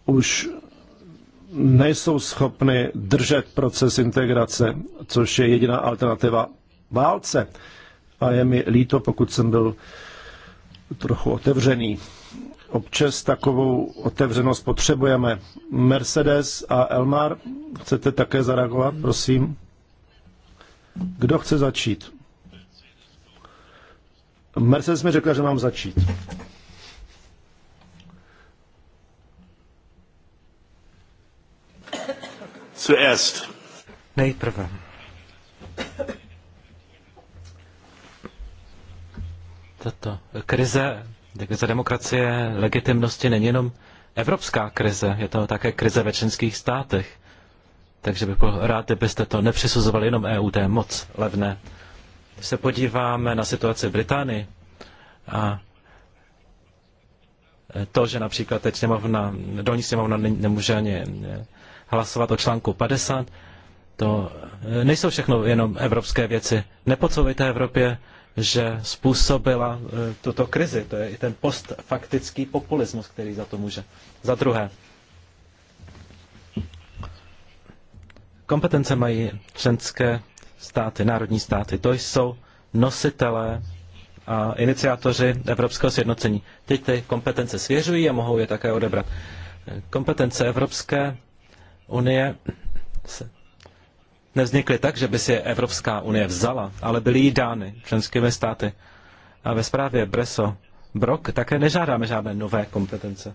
už nejsou schopny držet proces integrace, což je jediná alternativa válce. A je mi líto, pokud jsem byl trochu otevřený občas takovou otevřenost potřebujeme. Mercedes a Elmar, chcete také zareagovat, prosím? Kdo chce začít? Mercedes mi řekla, že mám začít. Zuerst. Nejprve. Tato krize tak za demokracie legitimnosti není jenom evropská krize, je to také krize ve členských státech. Takže bych byl rád, kdybyste to nepřisuzovali jenom EU, to je moc levné. Když se podíváme na situaci v Británii a to, že například teď sněmovna, dolní sněmovna nemůže ani eh, hlasovat o článku 50, to eh, nejsou všechno jenom evropské věci. Nepodsouvejte Evropě že způsobila e, tuto krizi. To je i ten postfaktický populismus, který za to může. Za druhé, kompetence mají členské státy, národní státy. To jsou nositelé a iniciátoři evropského sjednocení. Teď ty kompetence svěřují a mohou je také odebrat. Kompetence Evropské unie se nevznikly tak, že by si Evropská unie vzala, ale byly jí dány členskými státy. A ve zprávě Breso Brok také nežádáme žádné nové kompetence.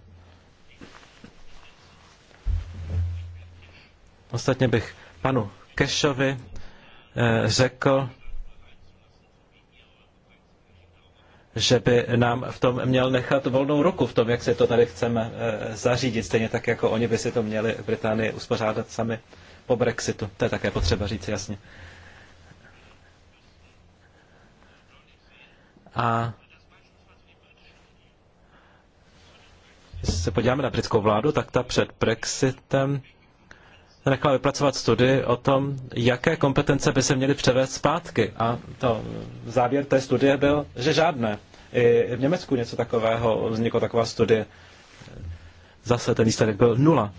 Ostatně bych panu Kešovi eh, řekl, že by nám v tom měl nechat volnou ruku v tom, jak se to tady chceme eh, zařídit, stejně tak, jako oni by si to měli v Británii uspořádat sami po Brexitu. To je také potřeba říct jasně. A když se podíváme na britskou vládu, tak ta před Brexitem nechala vypracovat studii o tom, jaké kompetence by se měly převést zpátky. A to závěr té studie byl, že žádné. I v Německu něco takového, vzniklo taková studie. Zase ten výsledek byl nula.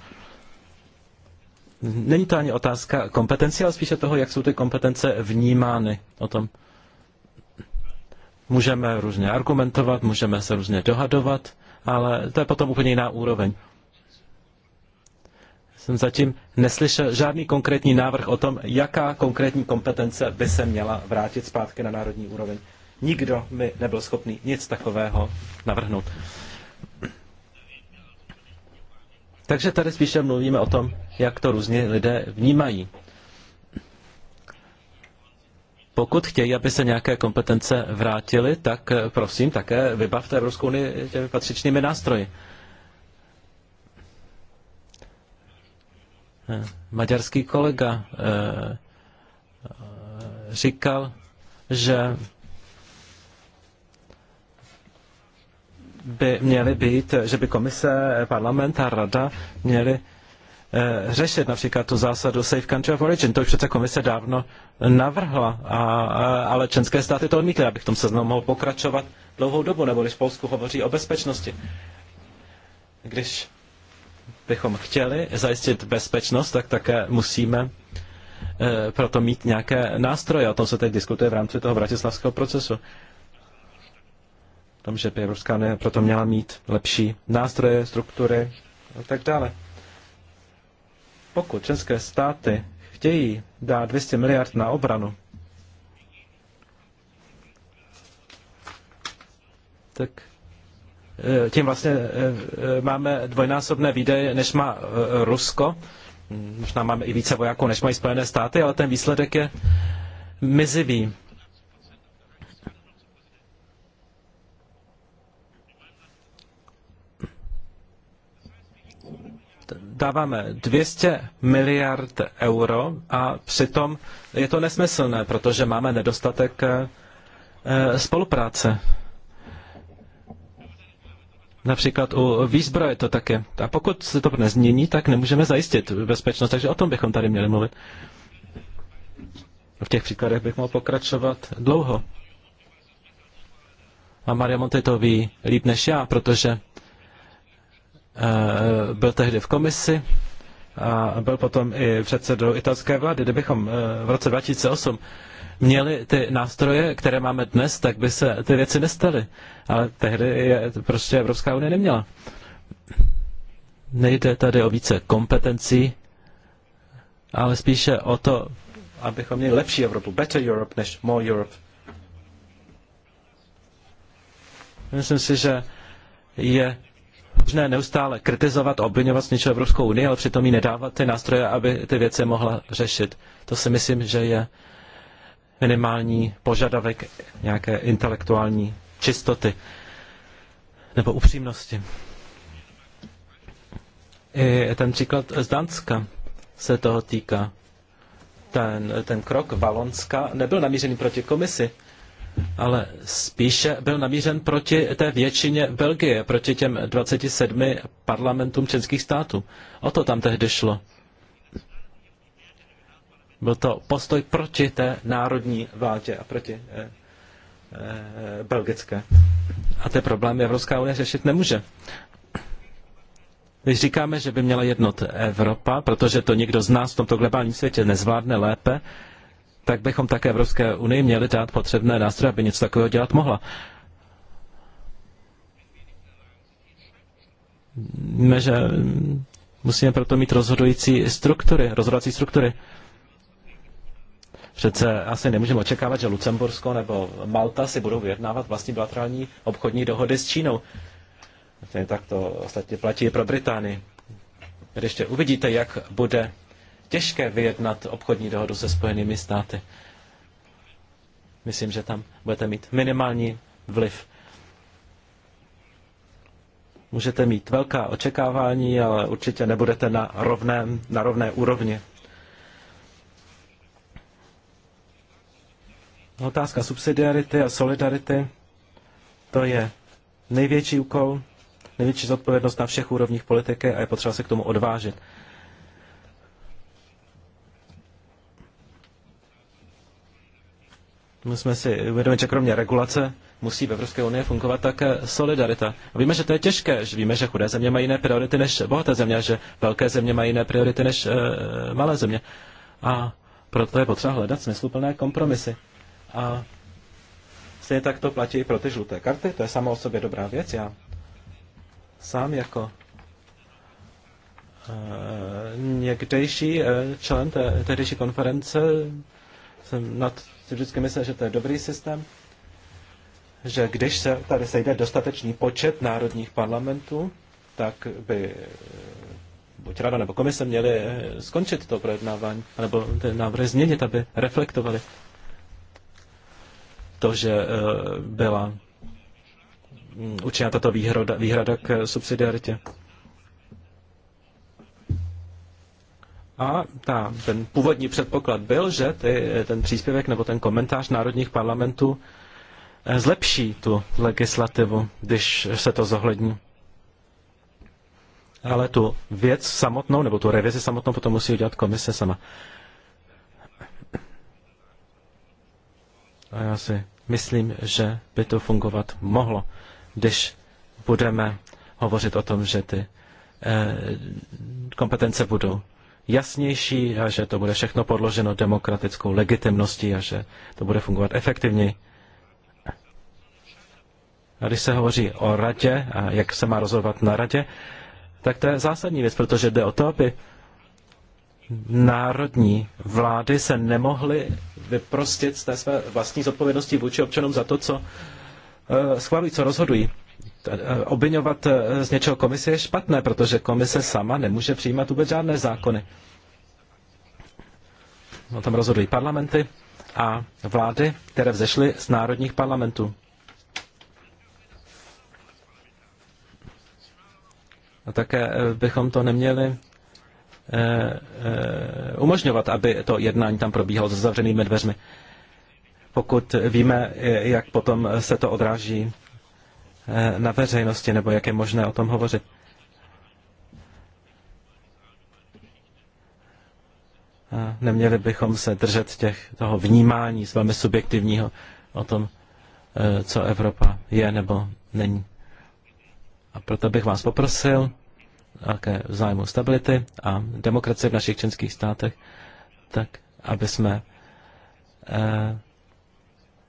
Není to ani otázka kompetencí, ale spíše toho, jak jsou ty kompetence vnímány. O tom můžeme různě argumentovat, můžeme se různě dohadovat, ale to je potom úplně jiná úroveň. Jsem zatím neslyšel žádný konkrétní návrh o tom, jaká konkrétní kompetence by se měla vrátit zpátky na národní úroveň. Nikdo mi nebyl schopný nic takového navrhnout. Takže tady spíše mluvíme o tom, jak to různě lidé vnímají. Pokud chtějí, aby se nějaké kompetence vrátily, tak eh, prosím také vybavte Evropskou unii těmi patřičnými nástroji. Eh, maďarský kolega eh, říkal, že by měly být, že by komise, parlament a rada měly eh, řešit například tu zásadu Safe Country of Origin. To už přece komise dávno navrhla, a, a, ale členské státy to odmítly, bych v tom seznamu mohl pokračovat dlouhou dobu, nebo když v Polsku hovoří o bezpečnosti. Když bychom chtěli zajistit bezpečnost, tak také musíme e, proto mít nějaké nástroje. O tom se teď diskutuje v rámci toho bratislavského procesu tom, že by Evropská unie proto měla mít lepší nástroje, struktury a tak dále. Pokud české státy chtějí dát 200 miliard na obranu, tak eh, tím vlastně eh, eh, máme dvojnásobné výdaje, než má Rusko. Hm, možná máme i více vojáků, než mají Spojené státy, ale ten výsledek je mizivý. dáváme 200 miliard euro a přitom je to nesmyslné, protože máme nedostatek eh, eh, spolupráce. Například u výzbroje to také. A pokud se to nezmění, tak nemůžeme zajistit bezpečnost. Takže o tom bychom tady měli mluvit. V těch příkladech bych mohl pokračovat dlouho. A Maria Monte to ví líp než já, protože Eh, byl tehdy v komisi a byl potom i předsedou italské vlády. Kdybychom eh, v roce 2008 měli ty nástroje, které máme dnes, tak by se ty věci nestaly. Ale tehdy je prostě Evropská unie neměla. Nejde tady o více kompetencí, ale spíše o to, abychom měli lepší Evropu, better Europe než more Europe. Myslím si, že je možné neustále kritizovat, obvinovat z něčeho Evropskou unii, ale přitom jí nedávat ty nástroje, aby ty věci mohla řešit. To si myslím, že je minimální požadavek nějaké intelektuální čistoty nebo upřímnosti. I ten příklad z Danska se toho týká. Ten, ten krok Valonska nebyl namířený proti komisi, ale spíše byl namířen proti té většině Belgie, proti těm 27 parlamentům českých států. O to tam tehdy šlo. Byl to postoj proti té národní vládě a proti eh, eh, belgické. A ty problémy Evropská unie řešit nemůže. Když říkáme, že by měla jednot Evropa, protože to někdo z nás v tomto globálním světě nezvládne lépe, eh, tak bychom také Evropské unii měli dát potřebné nástroje, aby něco takového dělat mohla. Víme, že musíme proto mít rozhodující struktury, rozhodovací struktury. Přece asi nemůžeme očekávat, že Lucembursko nebo Malta si budou vyjednávat vlastní bilaterální obchodní dohody s Čínou. Tak to ostatně platí i pro Británii. Když ještě uvidíte, jak bude těžké vyjednat obchodní dohodu se Spojenými státy. Myslím, že tam budete mít minimální vliv. Můžete mít velká očekávání, ale určitě nebudete na, rovném, na rovné úrovni. Otázka subsidiarity a solidarity, to je největší úkol, největší zodpovědnost na všech úrovních politiky a je potřeba se k tomu odvážit. My jsme si uvědomit, že kromě regulace musí v Evropské unii fungovat také solidarita. A víme, že to je těžké, že víme, že chudé země mají jiné priority než bohaté země, že velké země mají jiné priority než uh, malé země. A proto je potřeba hledat smysluplné kompromisy. A stejně tak to platí i pro ty žluté karty, to je sama o sobě dobrá věc. Já sám jako uh, někdejší uh, člen té, tehdejší konference jsem nad, si vždycky myslel, že to je dobrý systém, že když se tady sejde dostatečný počet národních parlamentů, tak by eh, buď rada nebo komise měly eh, skončit to projednávání, nebo ty návrhy změnit, aby reflektovali to, že eh, byla mm, učiněna tato výhrada, výhrada k subsidiaritě. A ta, ten původní předpoklad byl, že ty, ten příspěvek nebo ten komentář národních parlamentů eh, zlepší tu legislativu, když se to zohlední. Ale tu věc samotnou, nebo tu revizi samotnou potom musí udělat komise sama. A já si myslím, že by to fungovat mohlo, když budeme hovořit o tom, že ty eh, kompetence budou jasnější a že to bude všechno podloženo demokratickou legitimností a že to bude fungovat efektivněji. A když se hovoří o radě a jak se má rozhodovat na radě, tak to je zásadní věc, protože jde o to, aby národní vlády se nemohly vyprostit z té své vlastní zodpovědnosti vůči občanům za to, co eh, schvalují, co rozhodují. Eh, obvinovat eh, z něčeho komise je špatné, protože komise sama nemůže přijímat vůbec žádné zákony. O tom rozhodují parlamenty a vlády, které vzešly z národních parlamentů. A také eh, bychom to neměli umožňovat, aby to jednání tam probíhalo s zavřenými dveřmi. Pokud víme, jak potom se to odráží Eh, na veřejnosti, nebo jak je možné o tom hovořit. A neměli bychom se držet těch, toho vnímání s vámi subjektivního o tom, eh, co Evropa je nebo není. A proto bych vás poprosil také v zájmu stability a demokracie v našich členských státech, tak aby jsme eh,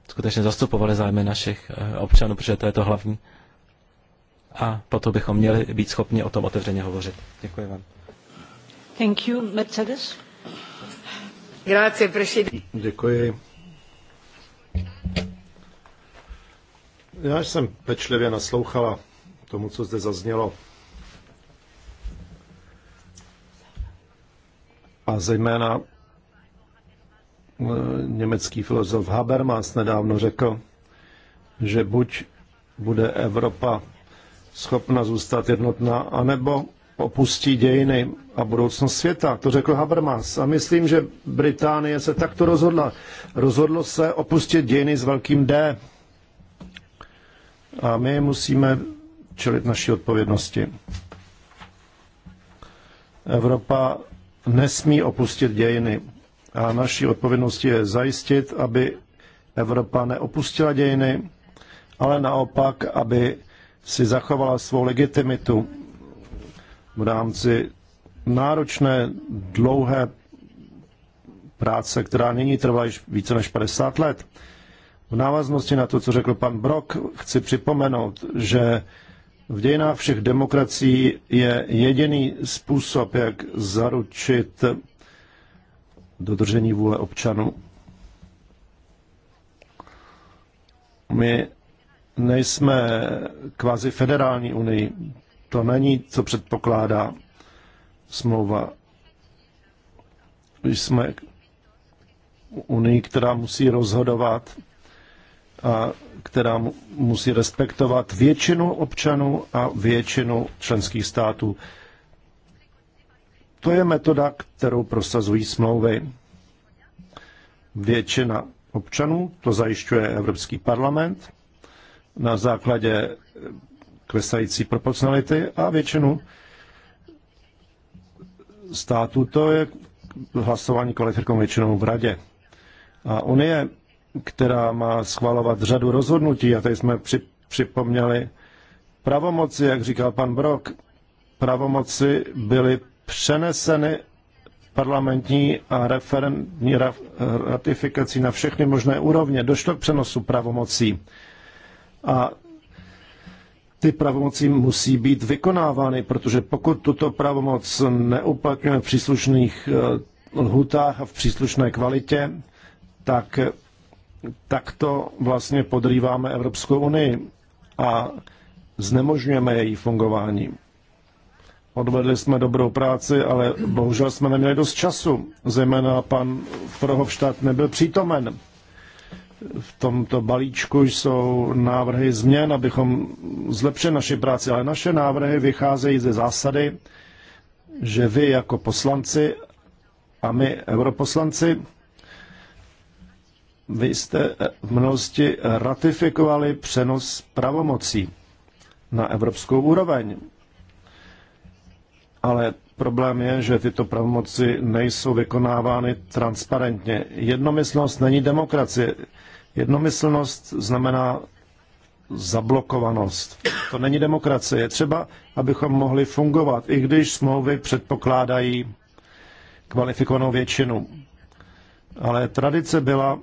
skutečně zastupovali zájmy našich eh, občanů, protože to je to hlavní. A potom bychom měli být schopni o tom otevřeně hovořit. Děkuji vám. Thank you, Mercedes. Grazie, Děkuji. Já jsem pečlivě naslouchala tomu, co zde zaznělo. A zejména Eh, německý filozof Habermas nedávno řekl, že buď bude Evropa schopna zůstat jednotná, anebo opustí dějiny a budoucnost světa. To řekl Habermas. A myslím, že Británie se takto rozhodla. Rozhodlo se opustit dějiny s velkým D. A my musíme čelit naší odpovědnosti. Evropa nesmí opustit dějiny. A naší odpovědností je zajistit, aby Evropa neopustila dějiny, ale naopak, aby si zachovala svou legitimitu v rámci náročné, dlouhé práce, která nyní trvá již více než 50 let. V návaznosti na to, co řekl pan Brok, chci připomenout, že v dějinách všech demokracií je jediný způsob, jak zaručit dodržení vůle občanů. My nejsme kvázi federální unii. To není, co předpokládá smlouva. Jsme unii, která musí rozhodovat a která musí respektovat většinu občanů a většinu členských států. To je metoda, kterou prosazují smlouvy. Většina občanů, to zajišťuje Evropský parlament na základě klesající proporcionality a většinu států, to je hlasování kvalifikovanou většinou v radě. A Unie, která má schvalovat řadu rozhodnutí, a tady jsme při, připomněli pravomoci, jak říkal pan Brok, pravomoci byly přeneseny parlamentní a referendní ratifikací na všechny možné úrovně. Došlo k přenosu pravomocí. A ty pravomocí musí být vykonávány, protože pokud tuto pravomoc neuplatňujeme v příslušných eh, lhutách a v příslušné kvalitě, tak tak to vlastně podrýváme Evropskou unii a znemožňujeme její fungování. Odvedli jsme dobrou práci, ale bohužel jsme neměli dost času. Zejména pan Frohovštát nebyl přítomen. V tomto balíčku jsou návrhy změn, abychom zlepšili naši práci, ale naše návrhy vycházejí ze zásady, že vy jako poslanci a my europoslanci, vy jste v minulosti ratifikovali přenos pravomocí na evropskou úroveň ale problém je, že tyto pravomoci nejsou vykonávány transparentně. Jednomyslnost není demokracie. Jednomyslnost znamená zablokovanost. To není demokracie. Je třeba, abychom mohli fungovat, i když smlouvy předpokládají kvalifikovanou většinu. Ale tradice byla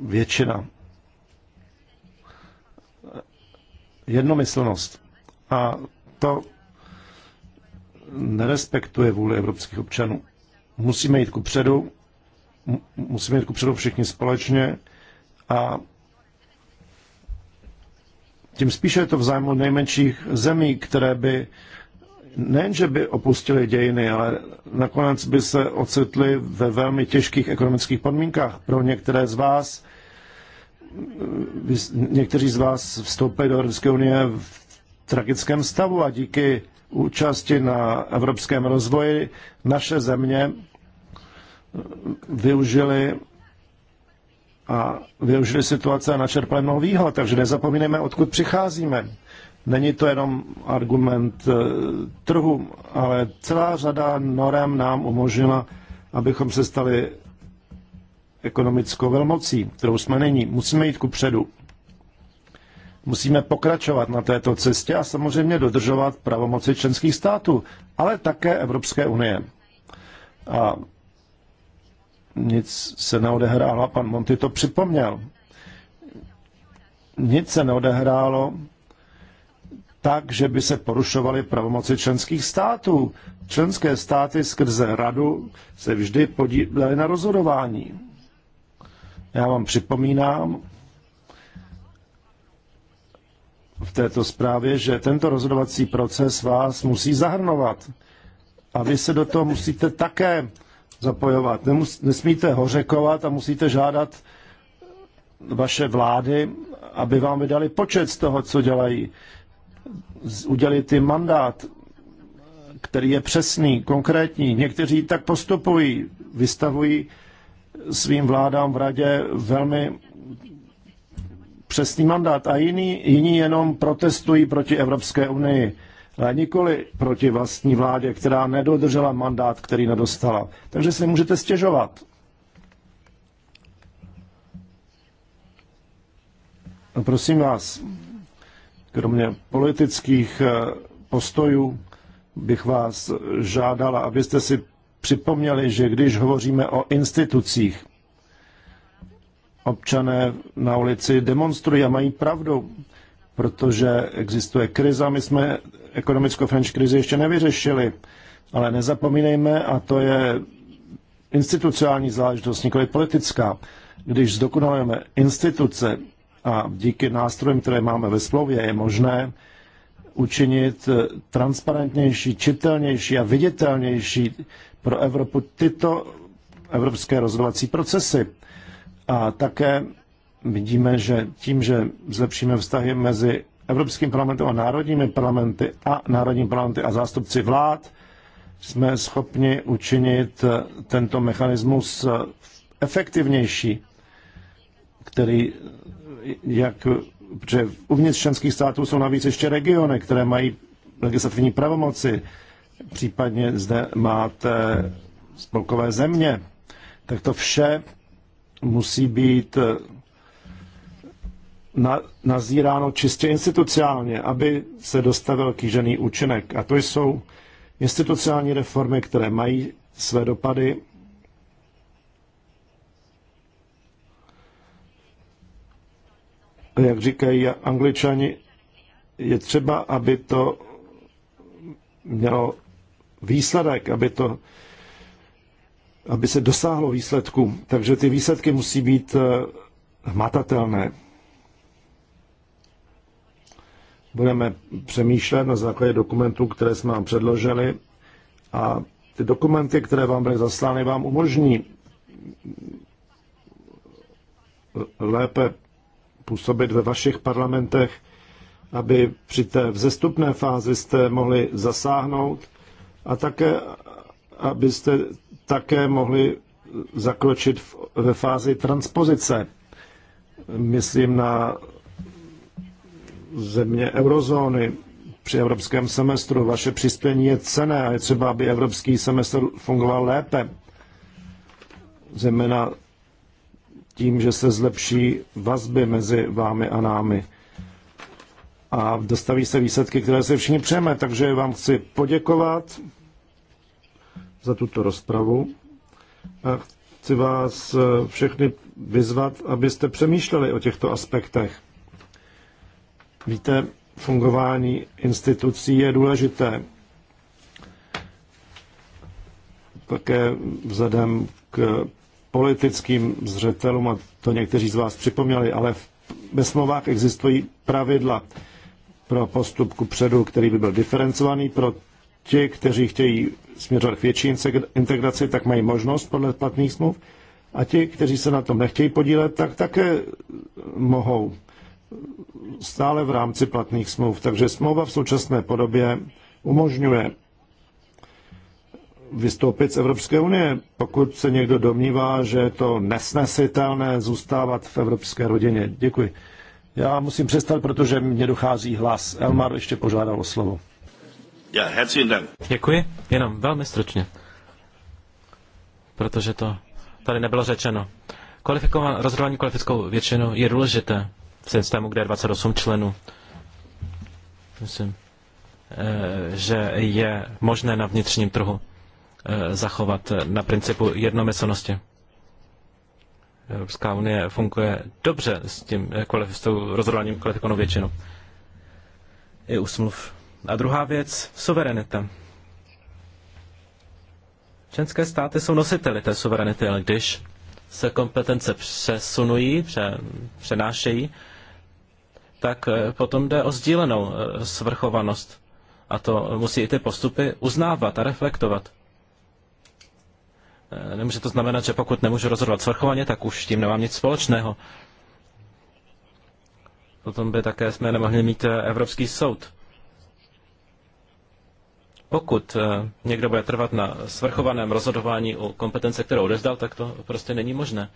většina. Jednomyslnost. A to nerespektuje vůli evropských občanů. Musíme jít ku předu, musíme jít ku předu všichni společně a tím spíše je to v zájmu nejmenších zemí, které by nejenže by opustili dějiny, ale nakonec by se ocitli ve velmi těžkých ekonomických podmínkách. Pro některé z vás, někteří z vás vstoupili do Evropské unie v tragickém stavu a díky účasti na evropském rozvoji naše země využili a využili situace a načerpali mnoho výhod, takže nezapomínejme, odkud přicházíme. Není to jenom argument eh, trhu, ale celá řada norem nám umožnila, abychom se stali ekonomickou velmocí, kterou jsme není. Musíme jít ku předu. Musíme pokračovat na této cestě a samozřejmě dodržovat pravomoci členských států, ale také Evropské unie. A nic se neodehrálo, pan Monty to připomněl. Nic se neodehrálo tak, že by se porušovaly pravomoci členských států. Členské státy skrze radu se vždy podílely na rozhodování. Já vám připomínám, v této zprávě, že tento rozhodovací proces vás musí zahrnovat. A vy se do toho musíte také zapojovat. Nemus, nesmíte hořekovat a musíte žádat vaše vlády, aby vám vydali počet z toho, co dělají. Udělit jim mandát, který je přesný, konkrétní. Někteří tak postupují, vystavují svým vládám v radě velmi přesný mandát a jiní, jiní jenom protestují proti Evropské unii, ale nikoli proti vlastní vládě, která nedodržela mandát, který nedostala. Takže si můžete stěžovat. No prosím vás, kromě politických eh, postojů bych vás žádala, abyste si připomněli, že když hovoříme o institucích, občané na ulici demonstrují a mají pravdu, protože existuje kriza, my jsme ekonomicko french krizi ještě nevyřešili, ale nezapomínejme, a to je institucionální záležitost, nikoli politická. Když zdokonalujeme instituce a díky nástrojům, které máme ve slově, je možné učinit transparentnější, čitelnější a viditelnější pro Evropu tyto evropské rozhodovací procesy. A také vidíme, že tím, že zlepšíme vztahy mezi Evropským parlamentem a národními parlamenty a národní parlamenty a zástupci vlád, jsme schopni učinit tento mechanismus efektivnější, který, jak, že uvnitř členských států jsou navíc ještě regiony, které mají legislativní pravomoci, případně zde máte spolkové země, tak to vše musí být eh, na, nazíráno čistě institucionálně, aby se dostavil kýžený účinek. A to jsou institucionální reformy, které mají své dopady jak říkají angličani, je třeba, aby to mělo výsledek, aby to aby se dosáhlo výsledku. Takže ty výsledky musí být eh, hmatatelné. Budeme přemýšlet na základě dokumentů, které jsme vám předložili a ty dokumenty, které vám byly zaslány, vám umožní lépe působit ve vašich parlamentech, aby při té vzestupné fázi jste mohli zasáhnout a také, abyste také mohli zakročit ve fázi transpozice. Myslím na země eurozóny při evropském semestru. Vaše přispění je cené a je třeba, aby evropský semestr fungoval lépe. Zejména tím, že se zlepší vazby mezi vámi a námi. A dostaví se výsledky, které se všichni přejeme. Takže vám chci poděkovat za tuto rozpravu a chci vás všechny vyzvat, abyste přemýšleli o těchto aspektech. Víte, fungování institucí je důležité. Také vzhledem k politickým zřetelům, a to někteří z vás připomněli, ale ve smlouvách existují pravidla pro postup ku předu, který by byl diferencovaný pro ti, kteří chtějí směřovat k větší integraci, tak mají možnost podle platných smluv. A ti, kteří se na tom nechtějí podílet, tak také mohou stále v rámci platných smluv. Takže smlouva v současné podobě umožňuje vystoupit z Evropské unie. Pokud se někdo domnívá, že je to nesnesitelné zůstávat v evropské rodině. Děkuji. Já musím přestat, protože mě dochází hlas. Elmar ještě požádal o slovo. Ja, herzlichen Dank. Děkuji, jenom velmi stručně, protože to tady nebylo řečeno. Kvalifikován, rozhodování kvalifickou většinou je důležité v systému, kde je 28 členů. Myslím, eh, že je možné na vnitřním trhu eh, zachovat eh, na principu jednomyslnosti. Evropská unie funguje dobře s tím kvalifikovaným rozhodováním kvalifikovanou většinou. I u smluv a druhá věc, suverenita. Členské státy jsou nositeli té suverenity, ale když se kompetence přesunují, pře, přenášejí, tak eh, potom jde o sdílenou eh, svrchovanost. A to musí i ty postupy uznávat a reflektovat. Eh, nemůže to znamenat, že pokud nemůžu rozhodovat svrchovaně, tak už s tím nemám nic společného. Potom by také jsme nemohli mít Evropský soud. Pokud eh, někdo bude trvat na svrchovaném rozhodování o kompetence, kterou odezdal, tak to prostě není možné.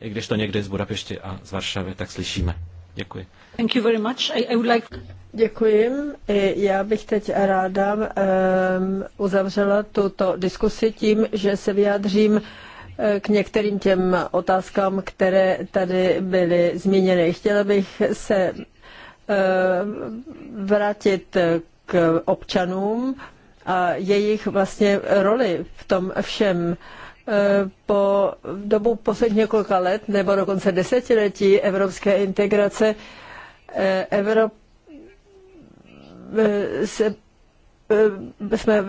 I když to někdy z Budapešti a z Varšavy tak slyšíme. Děkuji. Thank you very much. I, I would like... Děkuji. Já bych teď ráda um, uzavřela tuto diskusi tím, že se vyjádřím eh, k některým těm otázkám, které tady byly zmíněny. Chtěla bych se eh, vrátit k občanům a jejich vlastně roli v tom všem. E, po dobu posledních několika let nebo dokonce desetiletí evropské integrace e, evrop e, se jsme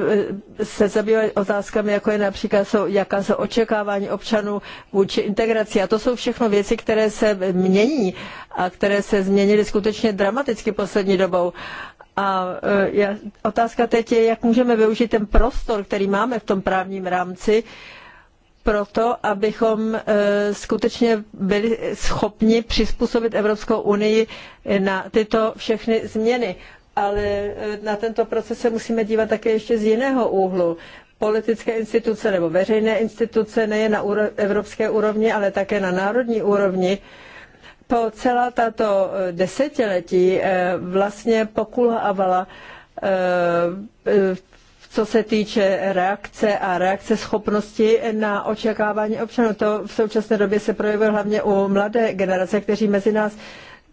se zabývali otázkami, jako je například, jsou, jaká jsou očekávání občanů vůči integraci. A to jsou všechno věci, které se mění a které se změnily skutečně dramaticky poslední dobou. A e, otázka teď je, jak můžeme využít ten prostor, který máme v tom právním rámci, proto, abychom e, skutečně byli schopni přizpůsobit Evropskou unii na tyto všechny změny. Ale e, na tento proces se musíme dívat také ještě z jiného úhlu. Politické instituce nebo veřejné instituce nejen na evropské úrovni, ale také na národní úrovni po celá tato eh, desetiletí eh, vlastně pokulhávala eh, co se týče reakce a reakce schopnosti na očekávání občanů. To v současné době se projevuje hlavně u mladé generace, kteří mezi nás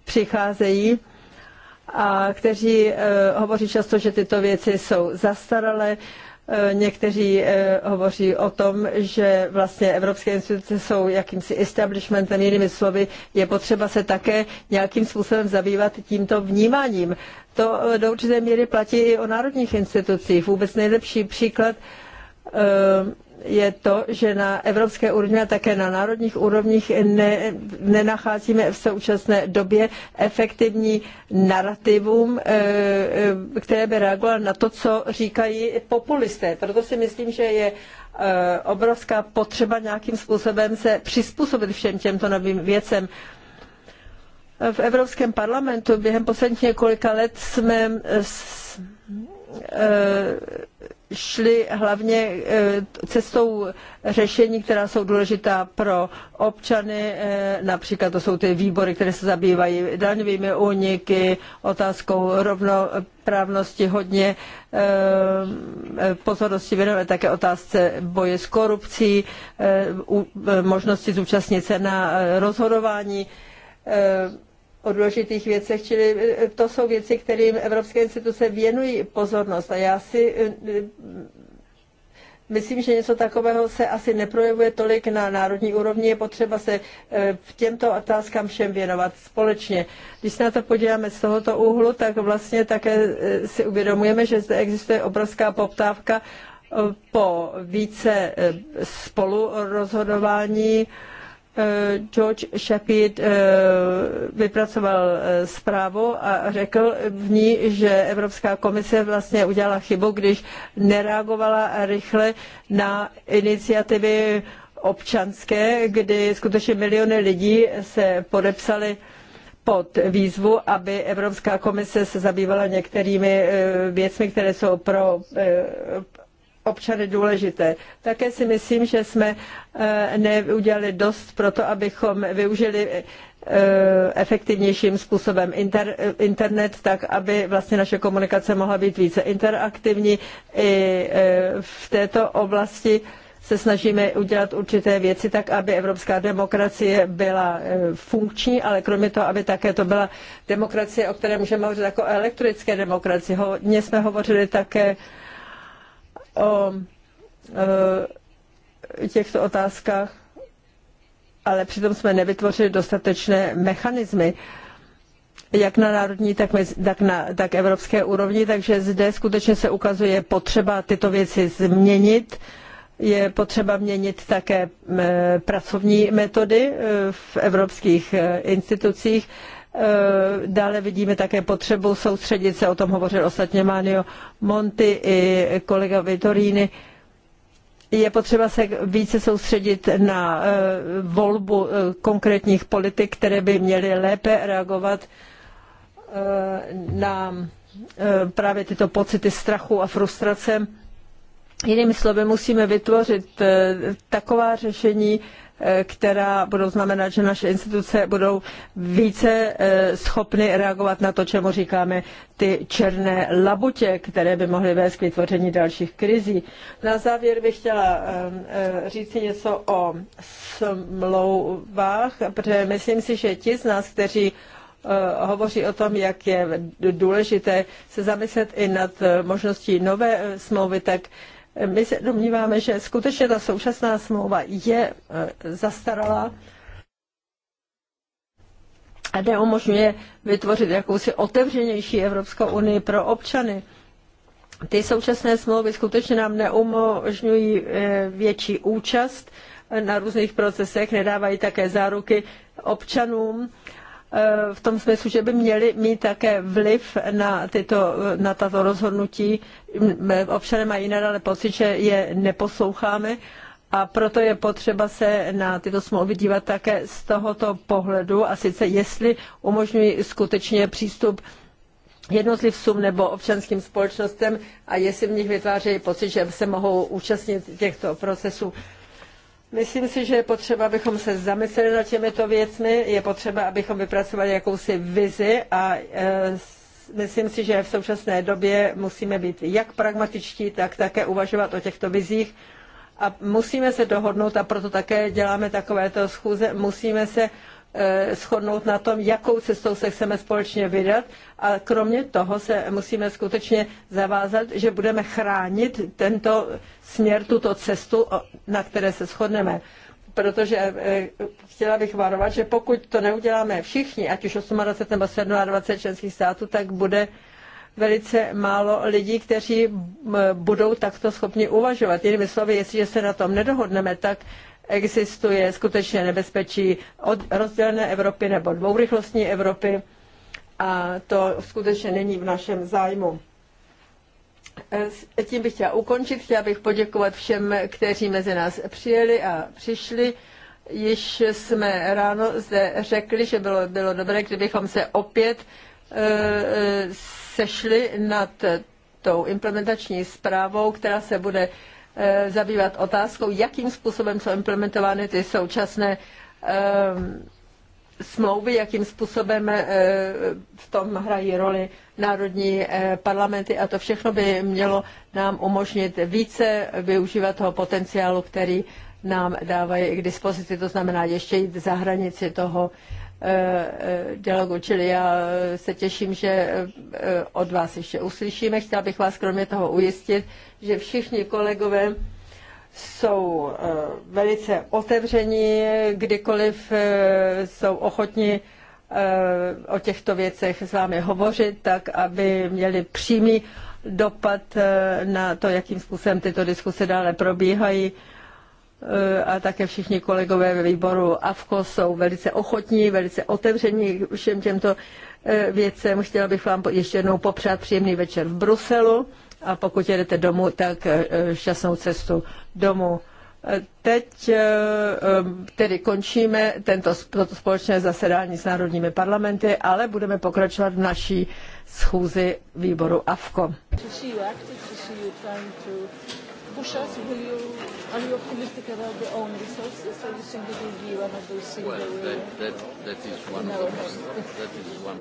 přicházejí a kteří hovoří často, že tyto věci jsou zastaralé, Eh, někteří eh, hovoří o tom, že vlastně evropské instituce jsou jakýmsi establishmentem, jinými slovy, je potřeba se také nějakým způsobem zabývat tímto vnímáním. To eh, do určité míry platí i o národních institucích. Vůbec nejlepší příklad je to, že na evropské úrovni a také na národních úrovních ne, nenacházíme v současné době efektivní narrativum, eh, eh, které by reagovalo na to, co říkají populisté. Proto si myslím, že je eh, obrovská potřeba nějakým způsobem se přizpůsobit všem těmto novým věcem. V Evropském parlamentu během posledních několika let jsme s, e, šli hlavně eh, cestou řešení, která jsou důležitá pro občany, eh, například to jsou ty výbory, které se zabývají daňovými úniky, otázkou rovnoprávnosti hodně eh, pozornosti věnové také otázce boje s korupcí, možnosti zúčastnit se na rozhodování o důležitých věcech, čili e, e, to jsou věci, kterým evropské instituce věnují pozornost. A já si e, myslím, že něco takového se asi neprojevuje tolik na národní úrovni. Je potřeba se v těmto otázkám všem věnovat společně. Když se na to podíváme z tohoto úhlu, tak vlastně také si uvědomujeme, že zde existuje obrovská poptávka po více spolurozhodování rozhodování Eh, George Shepard eh, vypracoval eh, zprávu a řekl v ní, že Evropská komise vlastně udělala chybu, když nereagovala rychle na iniciativy občanské, kdy skutečně miliony lidí se podepsali pod výzvu, aby Evropská komise se zabývala některými věcmi, které jsou pro občany důležité. Také si myslím, že jsme eh, neudělali dost pro to, abychom využili eh, efektivnějším způsobem inter, internet, tak aby vlastně naše komunikace mohla být více interaktivní. I eh, v této oblasti se snažíme udělat určité věci tak, aby evropská demokracie byla funkční, ale kromě toho, aby také to byla demokracie, o které můžeme hovořit jako elektrické demokracie. Hodně jsme hovořili také o e, těchto otázkách, ale přitom jsme nevytvořili dostatečné mechanismy jak na národní, tak, mezi, tak, na, tak evropské úrovni, takže zde skutečně se ukazuje potřeba tyto věci změnit. Je potřeba měnit také e, pracovní metody e, v evropských institucích. Eh, dále vidíme také potřebu soustředit se, o tom hovořil ostatně Manio Monti i kolega Vitorini. Je potřeba se více soustředit na eh, volbu eh, konkrétních politik, které by měly lépe reagovat na právě tyto pocity strachu a frustrace. Jinými slovy, musíme vytvořit taková řešení, Eh, která budou znamenat, že naše instituce budou více eh, schopny reagovat na to, čemu říkáme ty černé labutě, které by mohly vést k vytvoření dalších krizí. Na závěr bych chtěla ehm, eh, říct něco o smlouvách, protože myslím si, že ti z nás, kteří hovoří o tom, jak je důležité se zamyslet i nad možností nové smlouvy, tak my se domníváme, že skutečně ta současná smlouva je e, zastarala a neumožňuje vytvořit jakousi otevřenější Evropskou unii pro občany. Ty současné smlouvy skutečně nám neumožňují e, větší účast na různých procesech, nedávají také záruky občanům Eh, v tom smyslu, že by měli mít také vliv na, tyto, na tato rozhodnutí. Eh, občané mají nadále pocit, že je neposloucháme a proto je potřeba se na tyto smlouvy dívat také z tohoto pohledu a sice jestli umožňují skutečně přístup jednotlivcům nebo občanským společnostem a jestli v nich vytvářejí pocit, že se mohou účastnit těchto procesů. Myslím si, že je potřeba, abychom se zamysleli nad těmito věcmi, je potřeba, abychom vypracovali jakousi vizi a e, myslím si, že v současné době musíme být jak pragmatičtí, tak také uvažovat o těchto vizích a musíme se dohodnout a proto také děláme takovéto schůze, musíme se Eh, shodnout na tom, jakou cestou se chceme společně vydat a kromě toho se musíme skutečně zavázat, že budeme chránit tento směr, tuto cestu, na které se shodneme. Protože eh, chtěla bych varovat, že pokud to neuděláme všichni, ať už 28 nebo 27 členských států, tak bude velice málo lidí, kteří budou takto schopni uvažovat. Jinými slovy, jestliže se na tom nedohodneme, tak existuje skutečně nebezpečí od rozdělené Evropy nebo dvourychlostní Evropy a to skutečně není v našem zájmu. E, tím bych chtěla ukončit. Chtěla bych poděkovat všem, kteří mezi nás přijeli a přišli. Již jsme ráno zde řekli, že bylo, bylo dobré, kdybychom se opět e, e sešli nad tou implementační zprávou, která se bude Eh, zabývat otázkou, jakým způsobem jsou implementovány ty současné eh, smlouvy, jakým způsobem eh, v tom hrají roli národní parlamenty a to všechno by mělo nám umožnit více využívat toho potenciálu, který nám dávají k dispozici, to znamená ještě jít za hranici toho, Eh, eh, dialogu, čili já eh, se těším, že od vás ještě uslyšíme. Chtěla bych vás kromě toho ujistit, že všichni kolegové jsou velice otevření, kdykoliv jsou ochotni o těchto věcech s vámi hovořit, tak aby měli přímý dopad na to, jakým způsobem tyto diskuse dále probíhají. Eh, a také všichni kolegové ve výboru AFKO jsou velice ochotní, velice otevření všem těmto eh, věcem. Chtěla bych vám ještě jednou popřát příjemný večer v Bruselu a pokud jedete domů, tak eh, šťastnou cestu domů. Teď tedy končíme tento, toto společné zasedání s národními parlamenty, ale budeme pokračovat v naší schůzi výboru AFKO push us? Will you, are you optimistic about the own resources, or do you think it will be one of those things well, that, that, that, that is one of the most, that is one.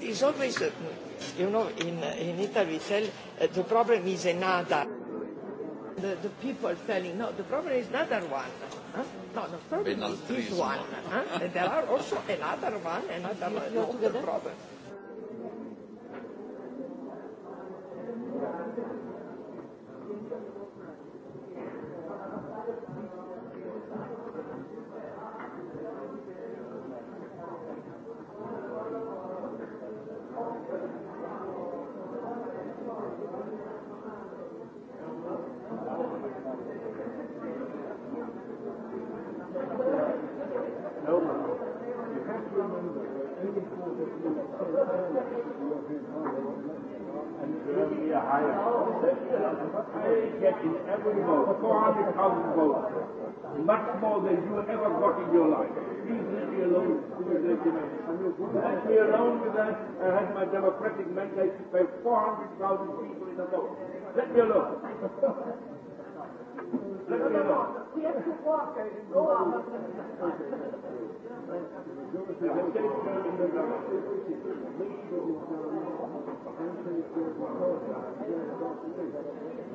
It's always, you know, in, in Italy we tell uh, eh, the problem is another. The, the people telling, no, the problem is another one. Huh? Eh? No, the problem is this one. huh? Eh? and there are also another one, another one, another problem. thousand votes. Much more than you ever got in your life. Please leave me alone Let me alone with that. I had my democratic mandate to pay 400,000 people in a vote. Let me alone. Let me alone. We have to walk go on. Thank you.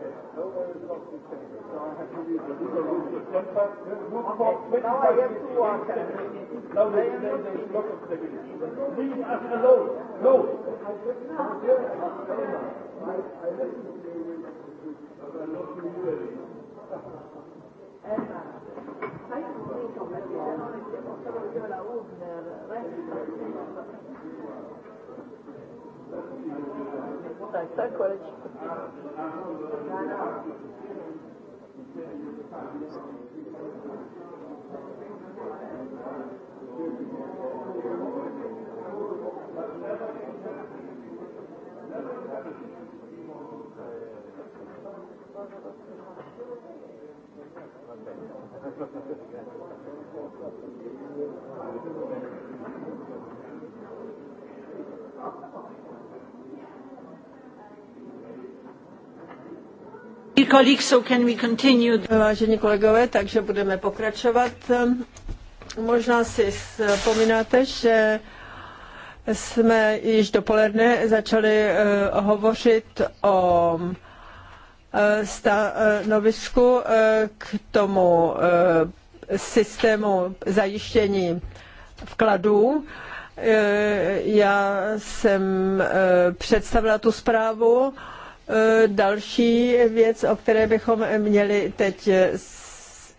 Nobody lost his temper. So I have to use the legal rules of temper. Okay. Now I have to walk. Now there is a block of seconds. Leave us alone. No. I listen to you with, but I'm not really. Emma, sai che non mi sono messo, non è che posso vedere la Ubner, tak takhle. Thank you. Vážení kolegové, takže budeme pokračovat. Možná si vzpomínáte, že jsme již dopoledne začali eh, hovořit o eh, stanovisku eh, k tomu systému zajištění vkladů. Já jsem představila tu zprávu Eh, další věc, o které bychom měli teď eh,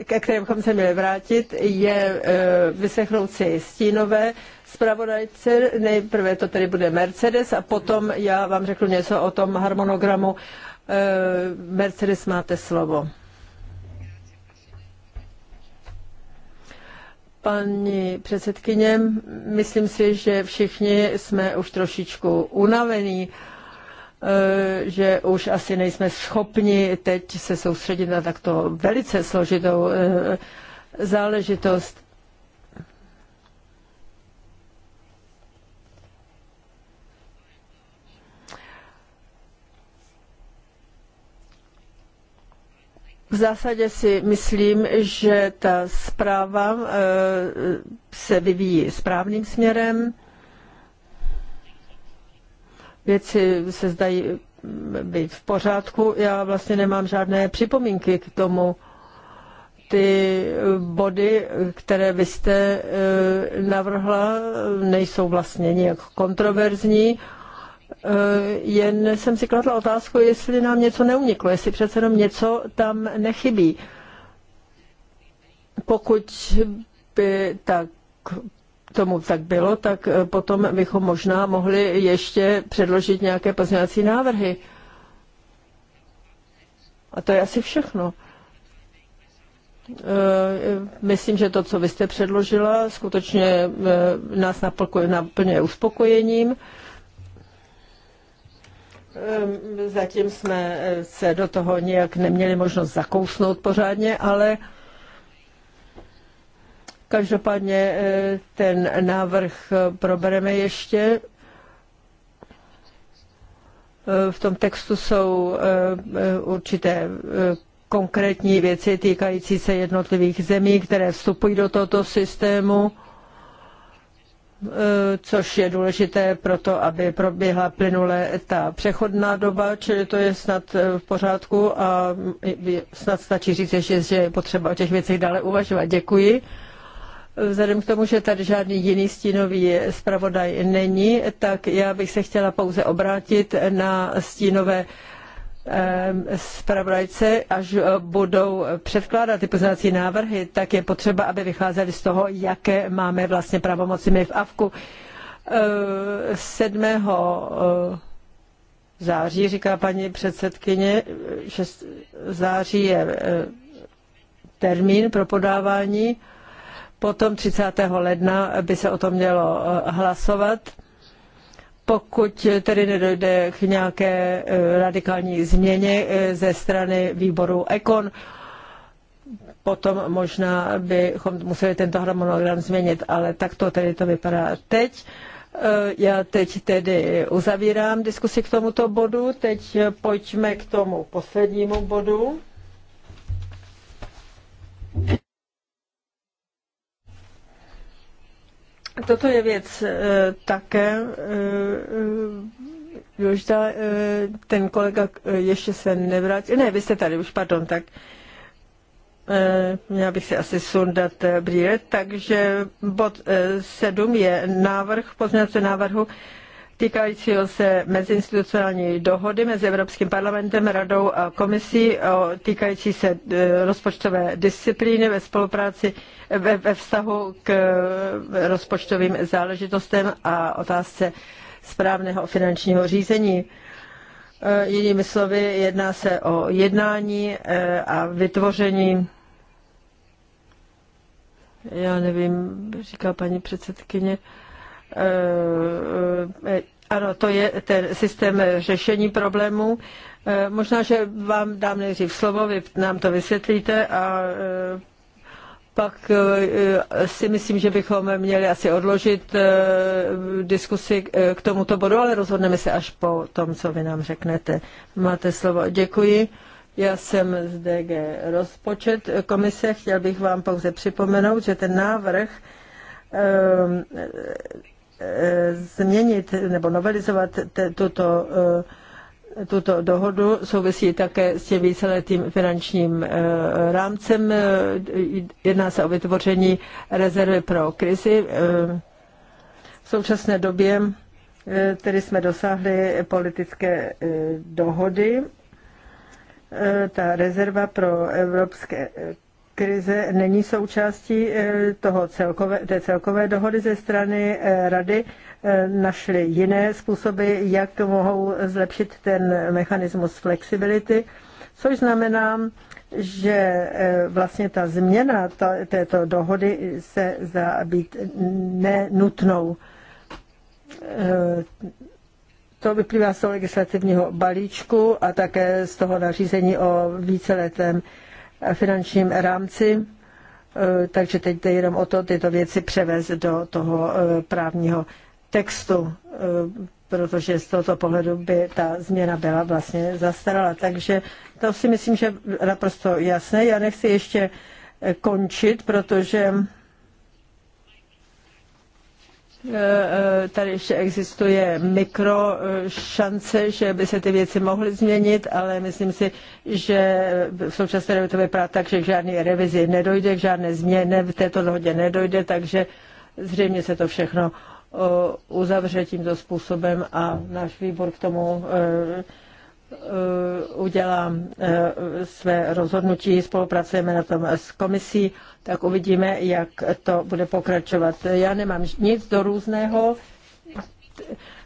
ke které bychom se měli vrátit, je eh, vyslechnout si stínové zpravodajce. Nejprve to tedy bude Mercedes a potom já vám řeknu něco o tom harmonogramu. Mercedes, máte slovo. Paní předsedkyně, myslím si, že všichni jsme už trošičku unavení. Eh, že už asi nejsme schopni teď se soustředit na takto velice složitou eh, záležitost. V zásadě si myslím, že ta zpráva eh, se vyvíjí správným směrem věci se zdají eh, být v pořádku. Já vlastně nemám žádné připomínky k tomu. Ty eh, body, které vy jste eh, navrhla, nejsou vlastně nějak kontroverzní. Jen jsem si kladla otázku, jestli nám něco neuniklo, jestli přece jenom něco tam nechybí. Pokud by tak tomu tak bylo, tak eh, potom bychom možná mohli ještě předložit nějaké pozměňovací návrhy. A to je asi všechno. Eh, myslím, že to, co vy jste předložila, skutečně eh, nás naplňuje uspokojením. Ehm, zatím jsme se do toho nějak neměli možnost zakousnout pořádně, ale Každopádně eh, ten návrh probereme ještě. Eh, v tom textu jsou eh, určité konkrétní věci týkající se jednotlivých zemí, které vstupují do tohoto systému, což je důležité pro to, aby proběhla plynule ta přechodná doba, čili to je snad v pořádku a mm, snad stačí říct ještě, že je potřeba o těch věcech dále uvažovat. Děkuji. Vzhledem k tomu, že tady žádný jiný stínový zpravodaj není, tak já bych se chtěla pouze obrátit na stínové zpravodajce, až budou předkládat ty poznávací návrhy, tak je potřeba, aby vycházeli z toho, jaké máme vlastně pravomoci my v AVKu. 7. září, říká paní předsedkyně, 6. září je termín pro podávání Potom 30. ledna by se o tom mělo eh, hlasovat. Pokud tedy nedojde k nějaké eh, radikální změně eh, ze strany výboru EKON, potom možná bychom museli tento harmonogram změnit, ale takto tedy to vypadá teď. Já teď tedy uzavírám diskusi k tomuto bodu. Teď pojďme k tomu poslednímu bodu. Toto je věc eh, také eh, eh, důležitá. Ten kolega ještě se nevrátil. Ne, vy jste tady už, pardon, tak měla bych si asi sundat brýle, takže bod sedm je návrh, pozměňovací návrhu týkajícího se mezinstitucionální dohody mezi Evropským parlamentem, radou a komisí týkající se e, rozpočtové disciplíny ve spolupráci ve, ve vztahu k e, rozpočtovým záležitostem a otázce správného finančního řízení. E, jinými slovy, jedná se o jednání a vytvoření já nevím, říká paní předsedkyně, Eh, eh, ano, to je ten systém řešení problémů. Eh, možná, že vám dám nejdřív slovo, vy nám to vysvětlíte a pak si myslím, že bychom měli asi odložit diskusi k tomuto bodu, ale rozhodneme se až po tom, co vy nám řeknete. Máte slovo. Děkuji. Já jsem z DG rozpočet komise. Chtěl bych vám pouze připomenout, že ten návrh změnit nebo novelizovat tuto, eh, tuto dohodu. Souvisí také s tím víceletým finančním eh, rámcem. Eh, jedná se o vytvoření rezervy pro krizi. V současné době tedy jsme dosáhli politické dohody. Ta rezerva pro evropské krize není součástí eh, toho celkové, té celkové dohody ze strany eh, rady, eh, našli jiné způsoby, jak mohou zlepšit ten mechanismus flexibility, což znamená, že vlastně ta změna této dohody se zdá být nenutnou. To vyplývá z toho legislativního balíčku a také z toho nařízení o víceletém finančním rámci. E, takže teď jde jenom o to tyto věci převést do toho e, právního textu, e, protože z tohoto pohledu by ta změna byla vlastně zastarala. Takže to si myslím, že naprosto jasné. Já nechci ještě končit, protože Eh, eh, tady ještě existuje mikro eh, šance, že by se ty věci mohly změnit, ale myslím si, že v současné době to vypadá tak, že k žádné revizi nedojde, k žádné změně v této dohodě nedojde, takže zřejmě se to všechno uzavře tímto způsobem a náš výbor k tomu Eh, udělám eh, své rozhodnutí, spolupracujeme na tom s komisí, tak uvidíme, jak to bude pokračovat. Já nemám nic do různého.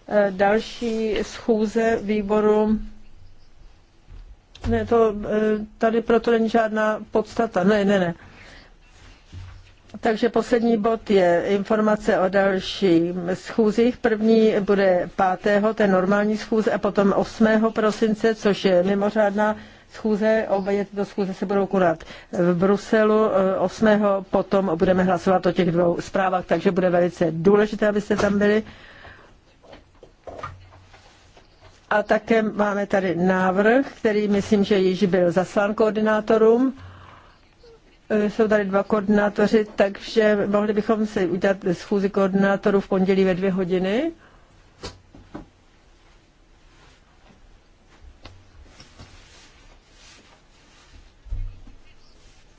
Eh, další schůze výboru. Ne, to, tady proto není žádná podstata. Ne, ne, ne. Takže poslední bod je informace o dalších schůzích. První bude 5. to je normální schůze, a potom 8. prosince, což je mimořádná schůze. Obě tyto schůze se budou konat v Bruselu. 8. Eh, potom budeme hlasovat o těch dvou zprávách, takže bude velice důležité, abyste tam byli. A také máme tady návrh, který myslím, že již byl zaslán koordinátorům Eh, jsou tady dva koordinátoři, takže mohli bychom si udělat schůzi koordinátorů v pondělí ve dvě hodiny.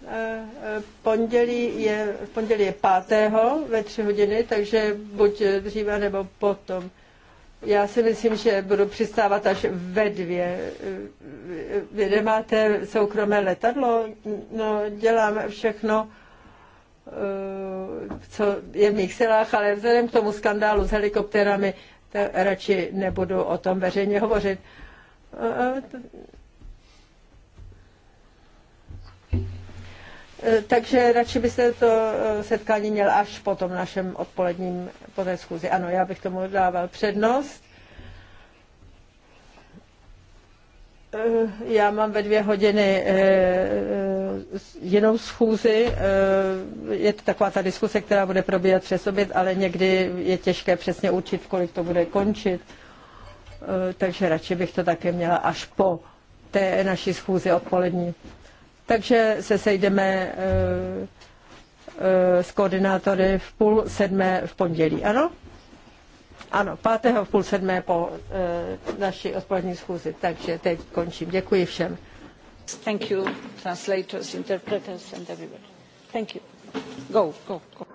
Eh, eh, pondělí je, pondělí je pátého ve tři hodiny, takže buď dříve nebo potom. Já si myslím, že budu přistávat až ve dvě. Vy nemáte soukromé letadlo? No, děláme všechno, eh, co je v mých silách, ale vzhledem k tomu skandálu s helikoptérami, radši nebudu o tom veřejně hovořit. Eh, E, takže radši byste to e, setkání měl až po tom našem odpoledním, po té schůzi. Ano, já bych tomu dával přednost. E, já mám ve dvě hodiny jinou schůzi. Je to taková ta diskuse, která bude probíhat přes oběd, ale někdy je těžké přesně určit, kolik to bude končit. Takže radši bych to také měla až po té naší schůzi odpolední. Takže se sejdeme eh, eh, s koordinátory v půl sedmé v pondělí, ano? Ano, pátého v půl sedmé po eh, naší odpolední schůzi. Takže teď končím. Děkuji všem. Thank you, translators, interpreters and everybody. Thank you. Go, go, go.